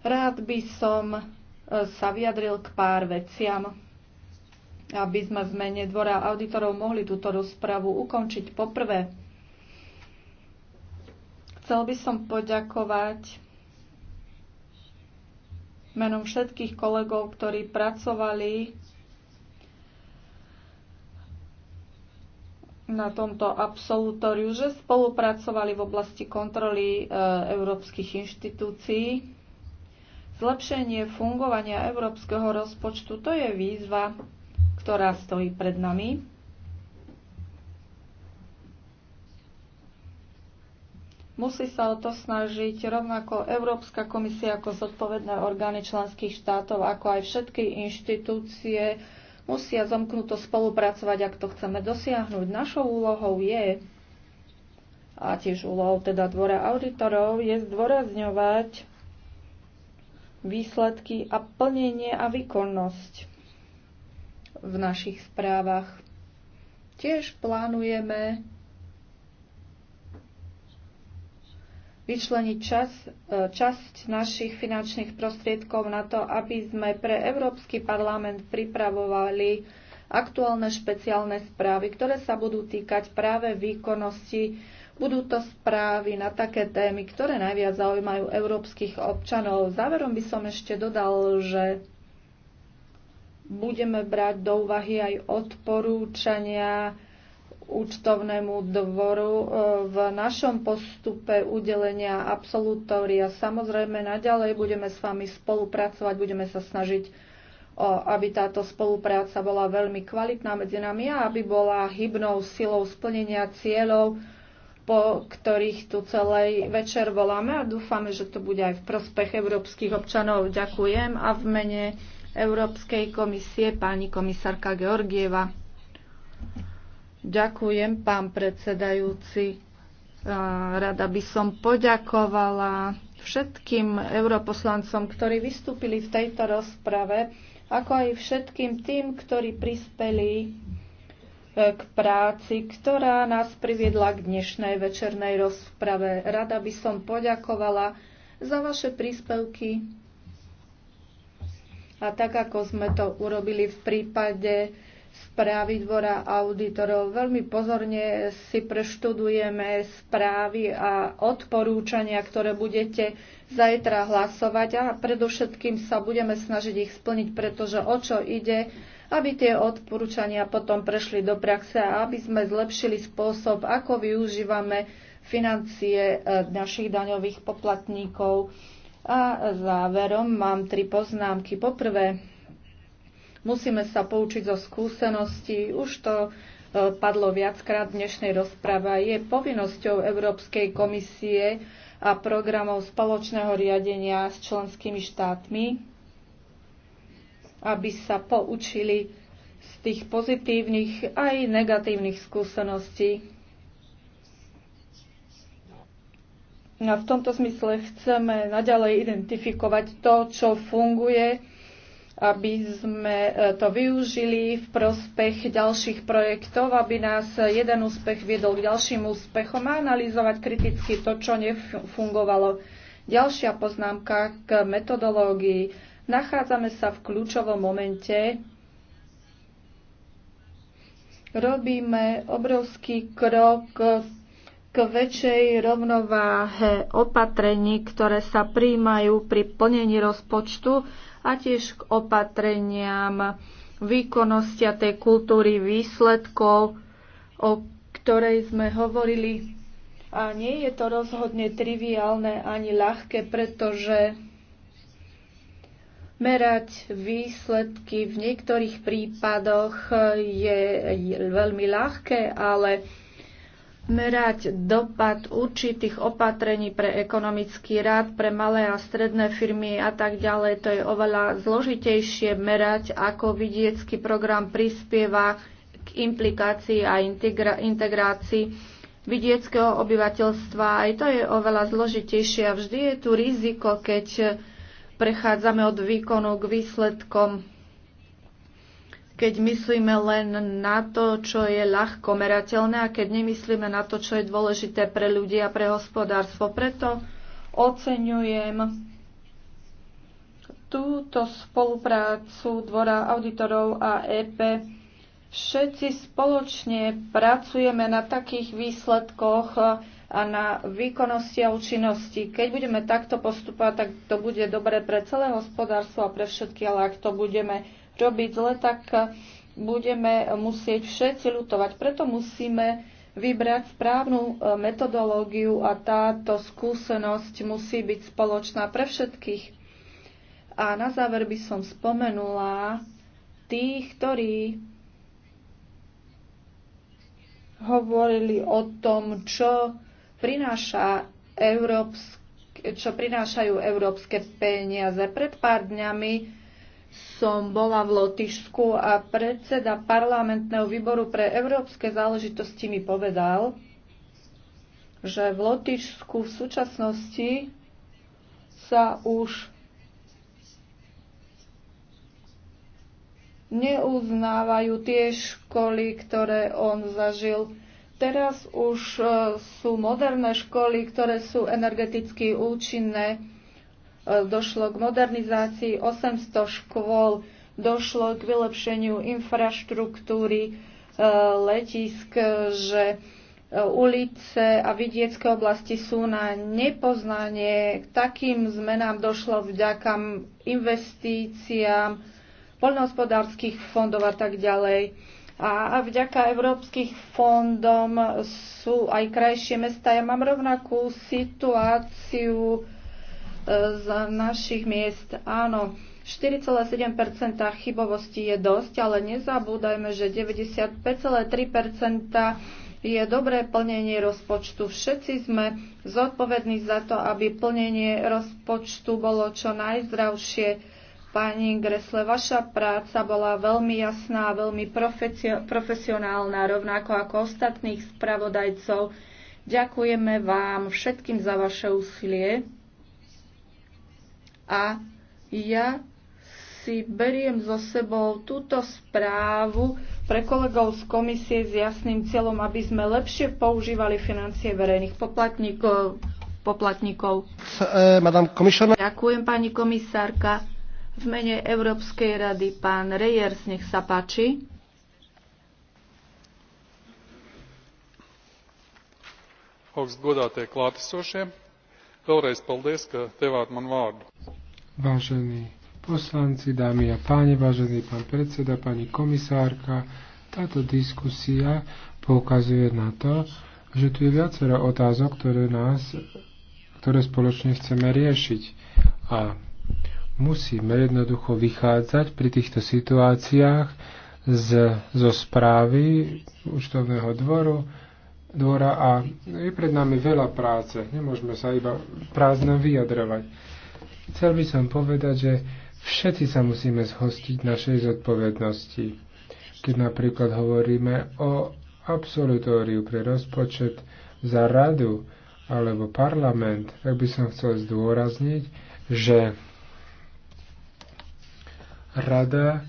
Rád by som e, sa vyjadril k pár veciam, aby sme v mene Dvora auditorov mohli túto rozpravu ukončiť. Poprvé, Chcel by som poďakovať menom všetkých kolegov, ktorí pracovali na tomto absolutóriu, že spolupracovali v oblasti kontroly e, európskych inštitúcií. Zlepšenie fungovania európskeho rozpočtu to je výzva, ktorá stojí pred nami. Musí sa o to snažiť rovnako Európska komisia ako zodpovedné orgány členských štátov, ako aj všetky inštitúcie musia zomknuto spolupracovať, ak to chceme dosiahnuť. Našou úlohou je, a tiež úlohou teda dvora auditorov, je zdôrazňovať výsledky a plnenie a výkonnosť v našich správach. Tiež plánujeme vyčleniť čas, e, časť našich finančných prostriedkov na to, aby sme pre Európsky parlament pripravovali aktuálne špeciálne správy, ktoré sa budú týkať práve výkonnosti. Budú to správy na také témy, ktoré najviac zaujímajú európskych občanov. Záverom by som ešte dodal, že budeme brať do úvahy aj odporúčania účtovnému dvoru e, v našom postupe udelenia absolutória. Samozrejme, naďalej budeme s vami spolupracovať, budeme sa snažiť, aby táto spolupráca bola veľmi kvalitná medzi nami a aby bola hybnou silou splnenia cieľov, po ktorých tu celej večer voláme a dúfame, že to bude aj v prospech európskych občanov. Ďakujem a v mene Európskej komisie pani komisárka Georgieva. Ďakujem, pán predsedajúci. Rada by som poďakovala všetkým europoslancom, ktorí vystúpili v tejto rozprave, ako aj všetkým tým, ktorí prispeli e, k práci, ktorá nás priviedla k dnešnej večernej rozprave. Rada by som poďakovala za vaše príspevky. A tak, ako sme to urobili v prípade správy dvora auditorov. Veľmi pozorne si preštudujeme správy a odporúčania, ktoré budete zajtra hlasovať a predovšetkým sa budeme snažiť ich splniť, pretože o čo ide, aby tie odporúčania potom prešli do praxe a aby sme zlepšili spôsob, ako využívame financie eh, našich daňových poplatníkov. A záverom mám tri poznámky. Poprvé, Musíme sa poučiť zo skúseností. Už to e, padlo viackrát v dnešnej rozprave. je povinnosťou Európskej komisie a programov spoločného riadenia s členskými štátmi, aby sa poučili z tých pozitívnych aj negatívnych skúseností. No a v tomto smysle chceme naďalej identifikovať to, čo funguje aby sme e, to využili v prospech ďalších projektov, aby nás jeden úspech viedol k ďalším úspechom a analyzovať kriticky to, čo nefungovalo. Ďalšia poznámka k metodológii. Nachádzame sa v kľúčovom momente. Robíme obrovský krok k väčšej rovnováhe opatrení, ktoré sa príjmajú pri plnení rozpočtu a tiež k opatreniam výkonnosti a tej kultúry výsledkov, o ktorej sme hovorili. A nie je to rozhodne triviálne ani ľahké, pretože merať výsledky v niektorých prípadoch je veľmi ľahké, ale merať dopad určitých opatrení pre ekonomický rád, pre malé a stredné firmy a tak ďalej. To je oveľa zložitejšie merať, ako vidiecký program prispieva k implikácii a integra- integrácii vidieckého obyvateľstva. Aj to je oveľa zložitejšie a vždy je tu riziko, keď prechádzame od výkonu k výsledkom keď myslíme len na to, čo je ľahko merateľné a keď nemyslíme na to, čo je dôležité pre ľudí a pre hospodárstvo. Preto oceňujem túto spoluprácu Dvora auditorov a EP. Všetci spoločne pracujeme na takých výsledkoch a na výkonnosti a účinnosti. Keď budeme takto postupovať, tak to bude dobre pre celé hospodárstvo a pre všetky, ale ak to budeme robiť zle, tak eh, budeme musieť všetci ľutovať. Preto musíme vybrať správnu eh, metodológiu a táto skúsenosť musí byť spoločná pre všetkých. A na záver by som spomenula tých, ktorí hovorili o tom, čo, prináša európsk, čo prinášajú európske peniaze. Pred pár dňami som bola v Lotyšsku a predseda parlamentného výboru pre európske záležitosti mi povedal, že v Lotyšsku v súčasnosti sa už neuznávajú tie školy, ktoré on zažil. Teraz už e, sú moderné školy, ktoré sú energeticky účinné E, došlo k modernizácii 800 škôl, došlo k vylepšeniu infraštruktúry e, letisk, že e, ulice a vidiecké oblasti sú na nepoznanie. K takým zmenám došlo vďaka investíciám, poľnohospodárskych fondov a tak ďalej. A vďaka európskych fondom sú aj krajšie mesta. Ja mám rovnakú situáciu z našich miest. Áno, 4,7 chybovosti je dosť, ale nezabúdajme, že 95,3 je dobré plnenie rozpočtu. Všetci sme zodpovední za to, aby plnenie rozpočtu bolo čo najzdravšie. Pani Gresle, vaša práca bola veľmi jasná, veľmi profesionálna, rovnako ako ostatných spravodajcov. Ďakujeme vám všetkým za vaše úsilie. A ja si beriem zo sebou túto správu pre kolegov z komisie s jasným cieľom, aby sme lepšie používali financie verejných poplatníkov. poplatníkov. E, Ďakujem, pani komisárka. V mene Európskej rady pán Rejers, nech sa páči. Augst klātesošie, vēlreiz paldies, ka devāt man vārdu vážení poslanci, dámy a páni, vážený pán predseda, pani komisárka, táto diskusia poukazuje na to, že tu je viacero otázok, ktoré nás, ktoré spoločne chceme riešiť. A musíme jednoducho vychádzať pri týchto situáciách z, zo správy účtovného dvoru, dvora a je pred nami veľa práce. Nemôžeme sa iba prázdne vyjadrovať. Chcel by som povedať, že všetci sa musíme zhostiť našej zodpovednosti. Keď napríklad hovoríme o absolutóriu pre rozpočet za radu alebo parlament, tak by som chcel zdôrazniť, že rada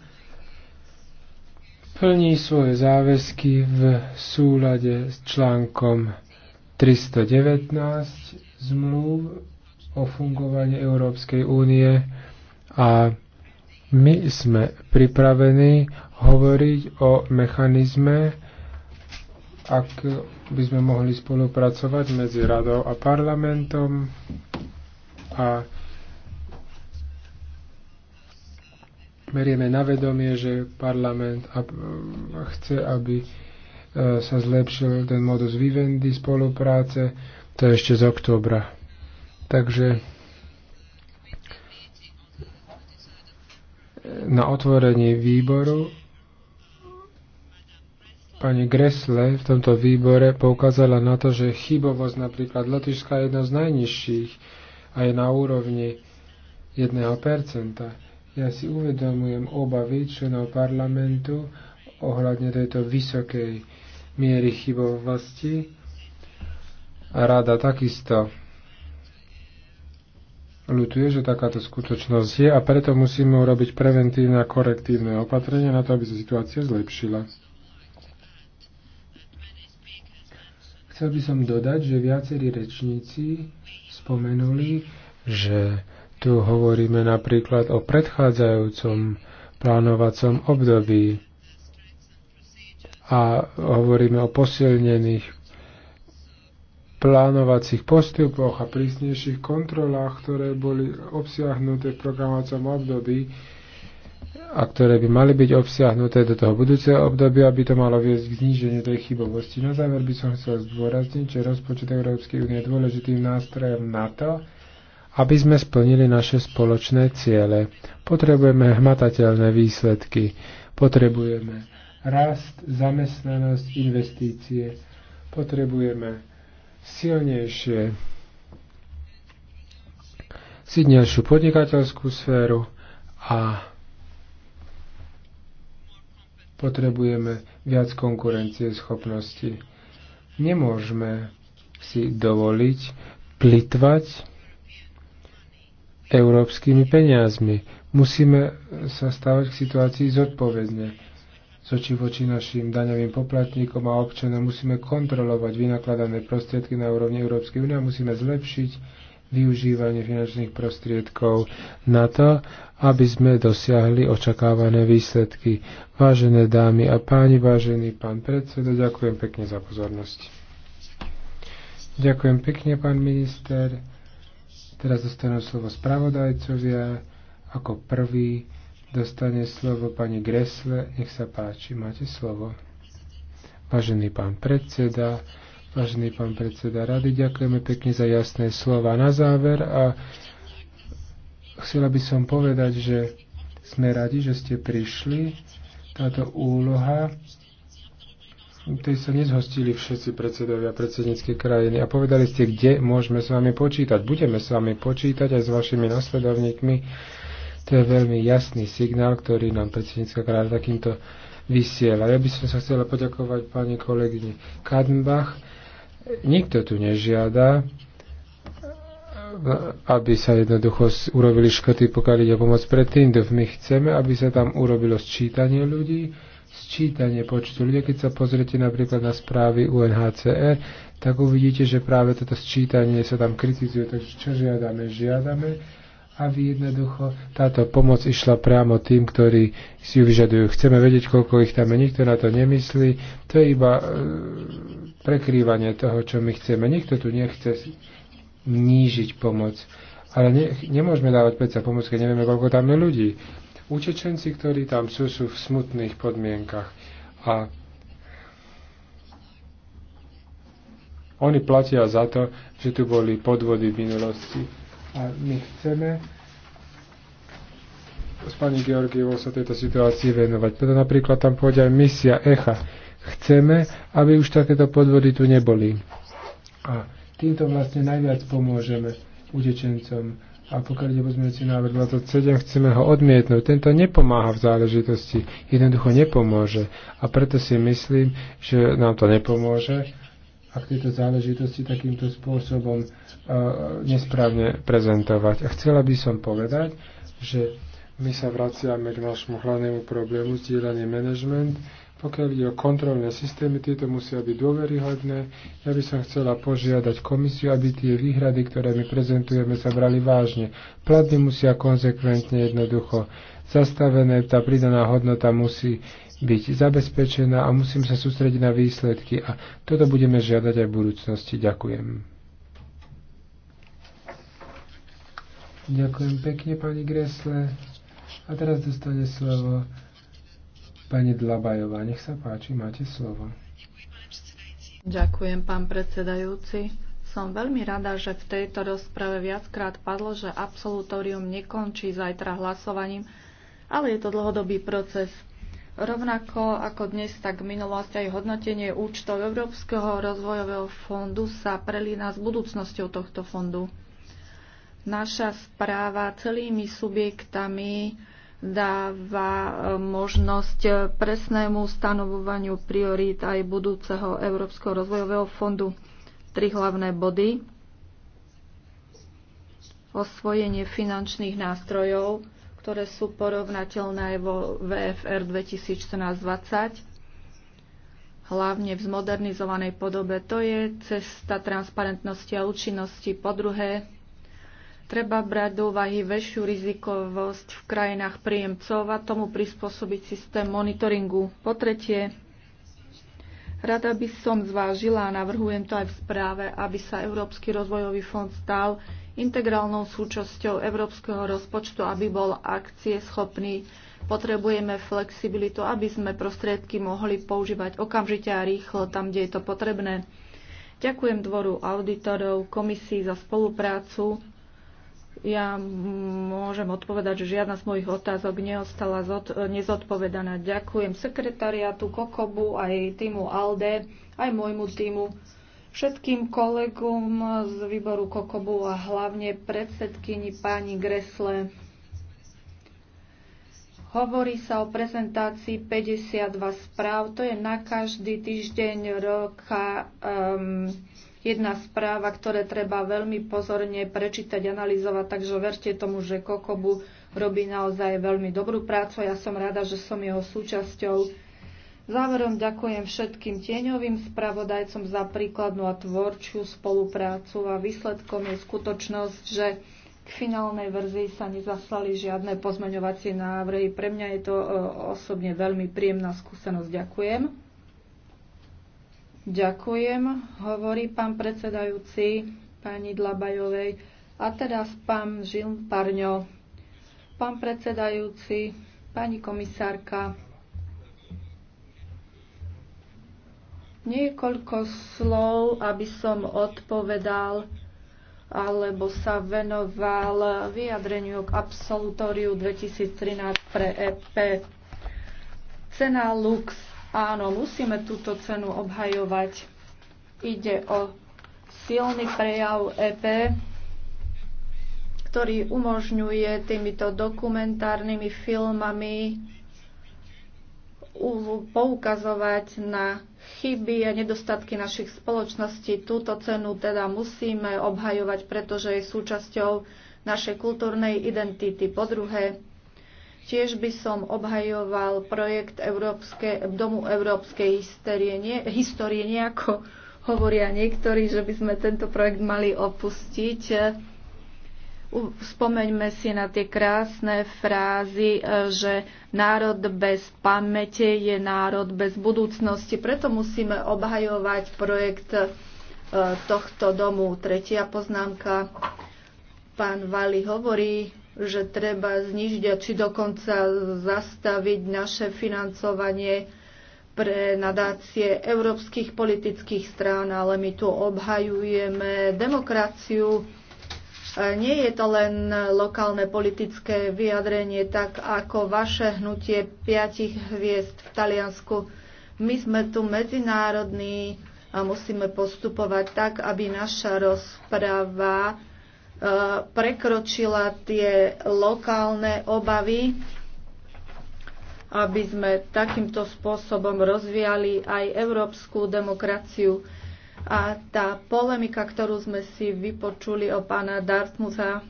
plní svoje záväzky v súlade s článkom 319 zmluv o fungovaní Európskej únie a my sme pripravení hovoriť o mechanizme, ak by sme mohli spolupracovať medzi radou a parlamentom a merieme na vedomie, že parlament chce, aby e, sa zlepšil ten modus vivendi spolupráce, to je ešte z októbra. Takže na otvorení výboru pani Gresle v tomto výbore poukázala na to, že chybovosť napríklad Lotyšská je jedna z najnižších a je na úrovni 1%. Ja si uvedomujem obavy členov parlamentu ohľadne tejto vysokej miery chybovosti a rada takisto ľutuje, že takáto skutočnosť je a preto musíme urobiť preventívne a korektívne opatrenia na to, aby sa situácia zlepšila. Chcel by som dodať, že viacerí rečníci spomenuli, že tu hovoríme napríklad o predchádzajúcom plánovacom období a hovoríme o posilnených plánovacích postupoch a prísnejších kontrolách, ktoré boli obsiahnuté v programovacom období a ktoré by mali byť obsiahnuté do toho budúceho obdobia, aby to malo viesť k zníženiu tej chybovosti. Na záver by som chcel zdôrazniť, že rozpočet Európskej únie je dôležitým nástrojom na to, aby sme splnili naše spoločné ciele. Potrebujeme hmatateľné výsledky. Potrebujeme rast, zamestnanosť, investície. Potrebujeme silnejšie, silnejšiu podnikateľskú sféru a potrebujeme viac konkurencie schopnosti. Nemôžeme si dovoliť plitvať európskymi peniazmi. Musíme sa stavať k situácii zodpovedne soči voči našim daňovým poplatníkom a občanom. Musíme kontrolovať vynakladané prostriedky na úrovni Európskej únie a musíme zlepšiť využívanie finančných prostriedkov na to, aby sme dosiahli očakávané výsledky. Vážené dámy a páni, vážený pán predseda, ďakujem pekne za pozornosť. Ďakujem pekne, pán minister. Teraz dostanú slovo spravodajcovia ako prvý Dostane slovo pani Gresle, nech sa páči, máte slovo. Vážený pán predseda, vážený pán predseda rady, ďakujeme pekne za jasné slova na záver a chcela by som povedať, že sme radi, že ste prišli. Táto úloha, tej sa nezhostili všetci predsedovia predsedníckej krajiny a povedali ste, kde môžeme s vami počítať. Budeme s vami počítať aj s vašimi nasledovníkmi to je veľmi jasný signál, ktorý nám predsednícka kráľa takýmto vysiela. Ja by som sa chcela poďakovať pani kolegyni Kadenbach. Nikto tu nežiada, aby sa jednoducho urobili škoty, pokiaľ ide pomoc pre Tindov. My chceme, aby sa tam urobilo sčítanie ľudí, sčítanie počtu ľudí. Keď sa pozriete napríklad na správy UNHCR, e, tak uvidíte, že práve toto sčítanie sa tam kritizuje. Takže čo žiadame? Žiadame, aby jednoducho táto pomoc išla priamo tým, ktorí si ju vyžadujú. Chceme vedieť, koľko ich tam je. Nikto na to nemyslí. To je iba e, prekrývanie toho, čo my chceme. Nikto tu nechce nížiť pomoc. Ale ne, nemôžeme dávať peca pomoc, keď nevieme, koľko tam je ľudí. Učečenci, ktorí tam sú, sú v smutných podmienkach. A oni platia za to, že tu boli podvody v minulosti a my chceme s pani Georgievou sa tejto situácii venovať. Preto napríklad tam pôjde aj misia ECHA. Chceme, aby už takéto podvody tu neboli. A týmto vlastne najviac pomôžeme utečencom. A pokiaľ ide pozmeňujúci návrh 27, chceme ho odmietnúť. Tento nepomáha v záležitosti, jednoducho nepomôže. A preto si myslím, že nám to nepomôže v tieto záležitosti takýmto spôsobom uh, nesprávne prezentovať. A chcela by som povedať, že my sa vraciame k našmu hlavnému problému zdieľanie management. Pokiaľ ide o kontrolné systémy, tieto musia byť dôveryhodné. Ja by som chcela požiadať komisiu, aby tie výhrady, ktoré my prezentujeme, sa brali vážne. Platby musia konsekventne jednoducho zastavené, tá pridaná hodnota musí byť zabezpečená a musím sa sústrediť na výsledky. A toto budeme žiadať aj v budúcnosti. Ďakujem. Ďakujem pekne, pani Gresle. A teraz dostane slovo pani Dlabajová. Nech sa páči, máte slovo. Ďakujem, pán predsedajúci. Som veľmi rada, že v tejto rozprave viackrát padlo, že absolutórium nekončí zajtra hlasovaním, ale je to dlhodobý proces. Rovnako ako dnes, tak v minulosti aj hodnotenie účtov Európskeho rozvojového fondu sa prelína s budúcnosťou tohto fondu. Naša správa celými subjektami dáva e, možnosť presnému stanovovaniu priorít aj budúceho Európskeho rozvojového fondu. Tri hlavné body. Osvojenie finančných nástrojov, ktoré sú porovnateľné aj vo VFR 2014 20 hlavne v zmodernizovanej podobe. To je cesta transparentnosti a účinnosti. Po druhé, treba brať do úvahy väčšiu rizikovosť v krajinách príjemcov a tomu prispôsobiť systém monitoringu. Po tretie, rada by som zvážila a navrhujem to aj v správe, aby sa Európsky rozvojový fond stal integrálnou súčasťou európskeho rozpočtu, aby bol schopný. Potrebujeme flexibilitu, aby sme prostriedky mohli používať okamžite a rýchlo tam, kde je to potrebné. Ďakujem dvoru auditorov, komisii za spoluprácu. Ja môžem odpovedať, že žiadna z mojich otázok neostala nezodpovedaná. Ďakujem sekretariatu Kokobu, aj týmu ALDE, aj môjmu týmu všetkým kolegom z výboru Kokobu a hlavne predsedkyni pani Gresle. Hovorí sa o prezentácii 52 správ, to je na každý týždeň roka um, jedna správa, ktoré treba veľmi pozorne prečítať, analyzovať, takže verte tomu, že Kokobu robí naozaj veľmi dobrú prácu. Ja som rada, že som jeho súčasťou. Záverom ďakujem všetkým tieňovým spravodajcom za príkladnú a tvorčiu spoluprácu a výsledkom je skutočnosť, že k finálnej verzii sa nezaslali žiadne pozmeňovacie návrhy. Pre mňa je to e, osobne veľmi príjemná skúsenosť. Ďakujem. Ďakujem, hovorí pán predsedajúci pani Dlabajovej. A teraz pán Žil Parňo. Pán predsedajúci, pani komisárka, Niekoľko slov, aby som odpovedal alebo sa venoval vyjadreniu k absolutóriu 2013 pre EP. Cena Lux. Áno, musíme túto cenu obhajovať. Ide o silný prejav EP, ktorý umožňuje týmito dokumentárnymi filmami poukazovať na chyby a nedostatky našich spoločností. Túto cenu teda musíme obhajovať, pretože je súčasťou našej kultúrnej identity. Po druhé, tiež by som obhajoval projekt Európske, Domu Európskej histórie, nie, histórie nejako hovoria niektorí, že by sme tento projekt mali opustiť Spomeňme si na tie krásne frázy, e, že národ bez pamäte je národ bez budúcnosti. Preto musíme obhajovať projekt e, tohto domu. Tretia poznámka. Pán Vali hovorí, že treba znižiť a či dokonca zastaviť naše financovanie pre nadácie európskych politických strán, ale my tu obhajujeme demokraciu E, nie je to len lokálne politické vyjadrenie, tak ako vaše hnutie piatich hviezd v Taliansku. My sme tu medzinárodní a musíme postupovať tak, aby naša rozprava e, prekročila tie lokálne obavy, aby sme takýmto spôsobom rozvíjali aj európsku demokraciu. A tá polemika, ktorú sme si vypočuli o pána Dartmusa,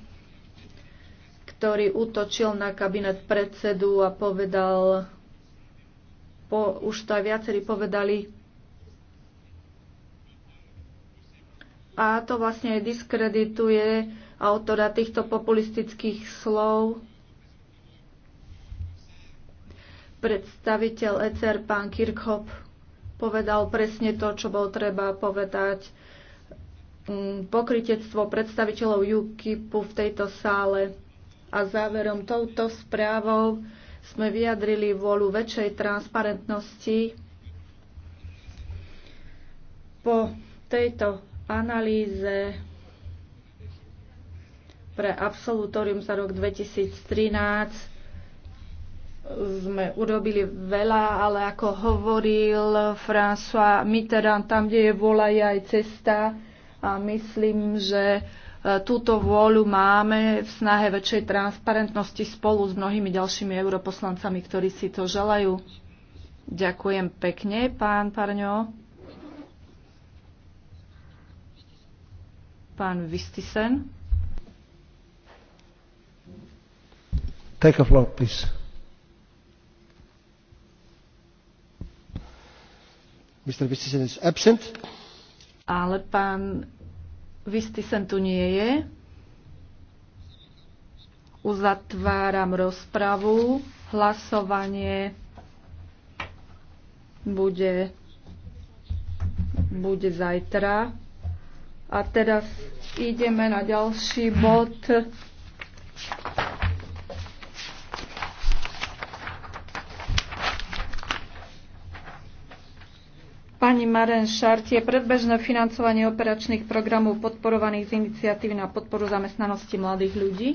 ktorý útočil na kabinet predsedu a povedal, po, už to aj viacerí povedali, a to vlastne diskredituje autora týchto populistických slov, predstaviteľ ECR pán Kirchhoff povedal presne to, čo bol treba povedať. Mm, pokrytectvo predstaviteľov UKIPu v tejto sále a záverom touto správou sme vyjadrili vôľu väčšej transparentnosti. Po tejto analýze pre absolutórium za rok 2013 sme urobili veľa, ale ako hovoril François Mitterrand, tam, kde je vola, je aj cesta a myslím, že e, túto vôľu máme v snahe väčšej transparentnosti spolu s mnohými ďalšími europoslancami, ktorí si to želajú. Ďakujem pekne, pán Parňo. Pán Vistisen. Take a floor, please. Mr. Vistisen is absent. Ale pán Vistisen tu nie je. Uzatváram rozpravu. Hlasovanie bude, bude zajtra. A teraz ideme na ďalší bod. Pani Maren Šartie, predbežné financovanie operačných programov podporovaných z iniciatívy na podporu zamestnanosti mladých ľudí.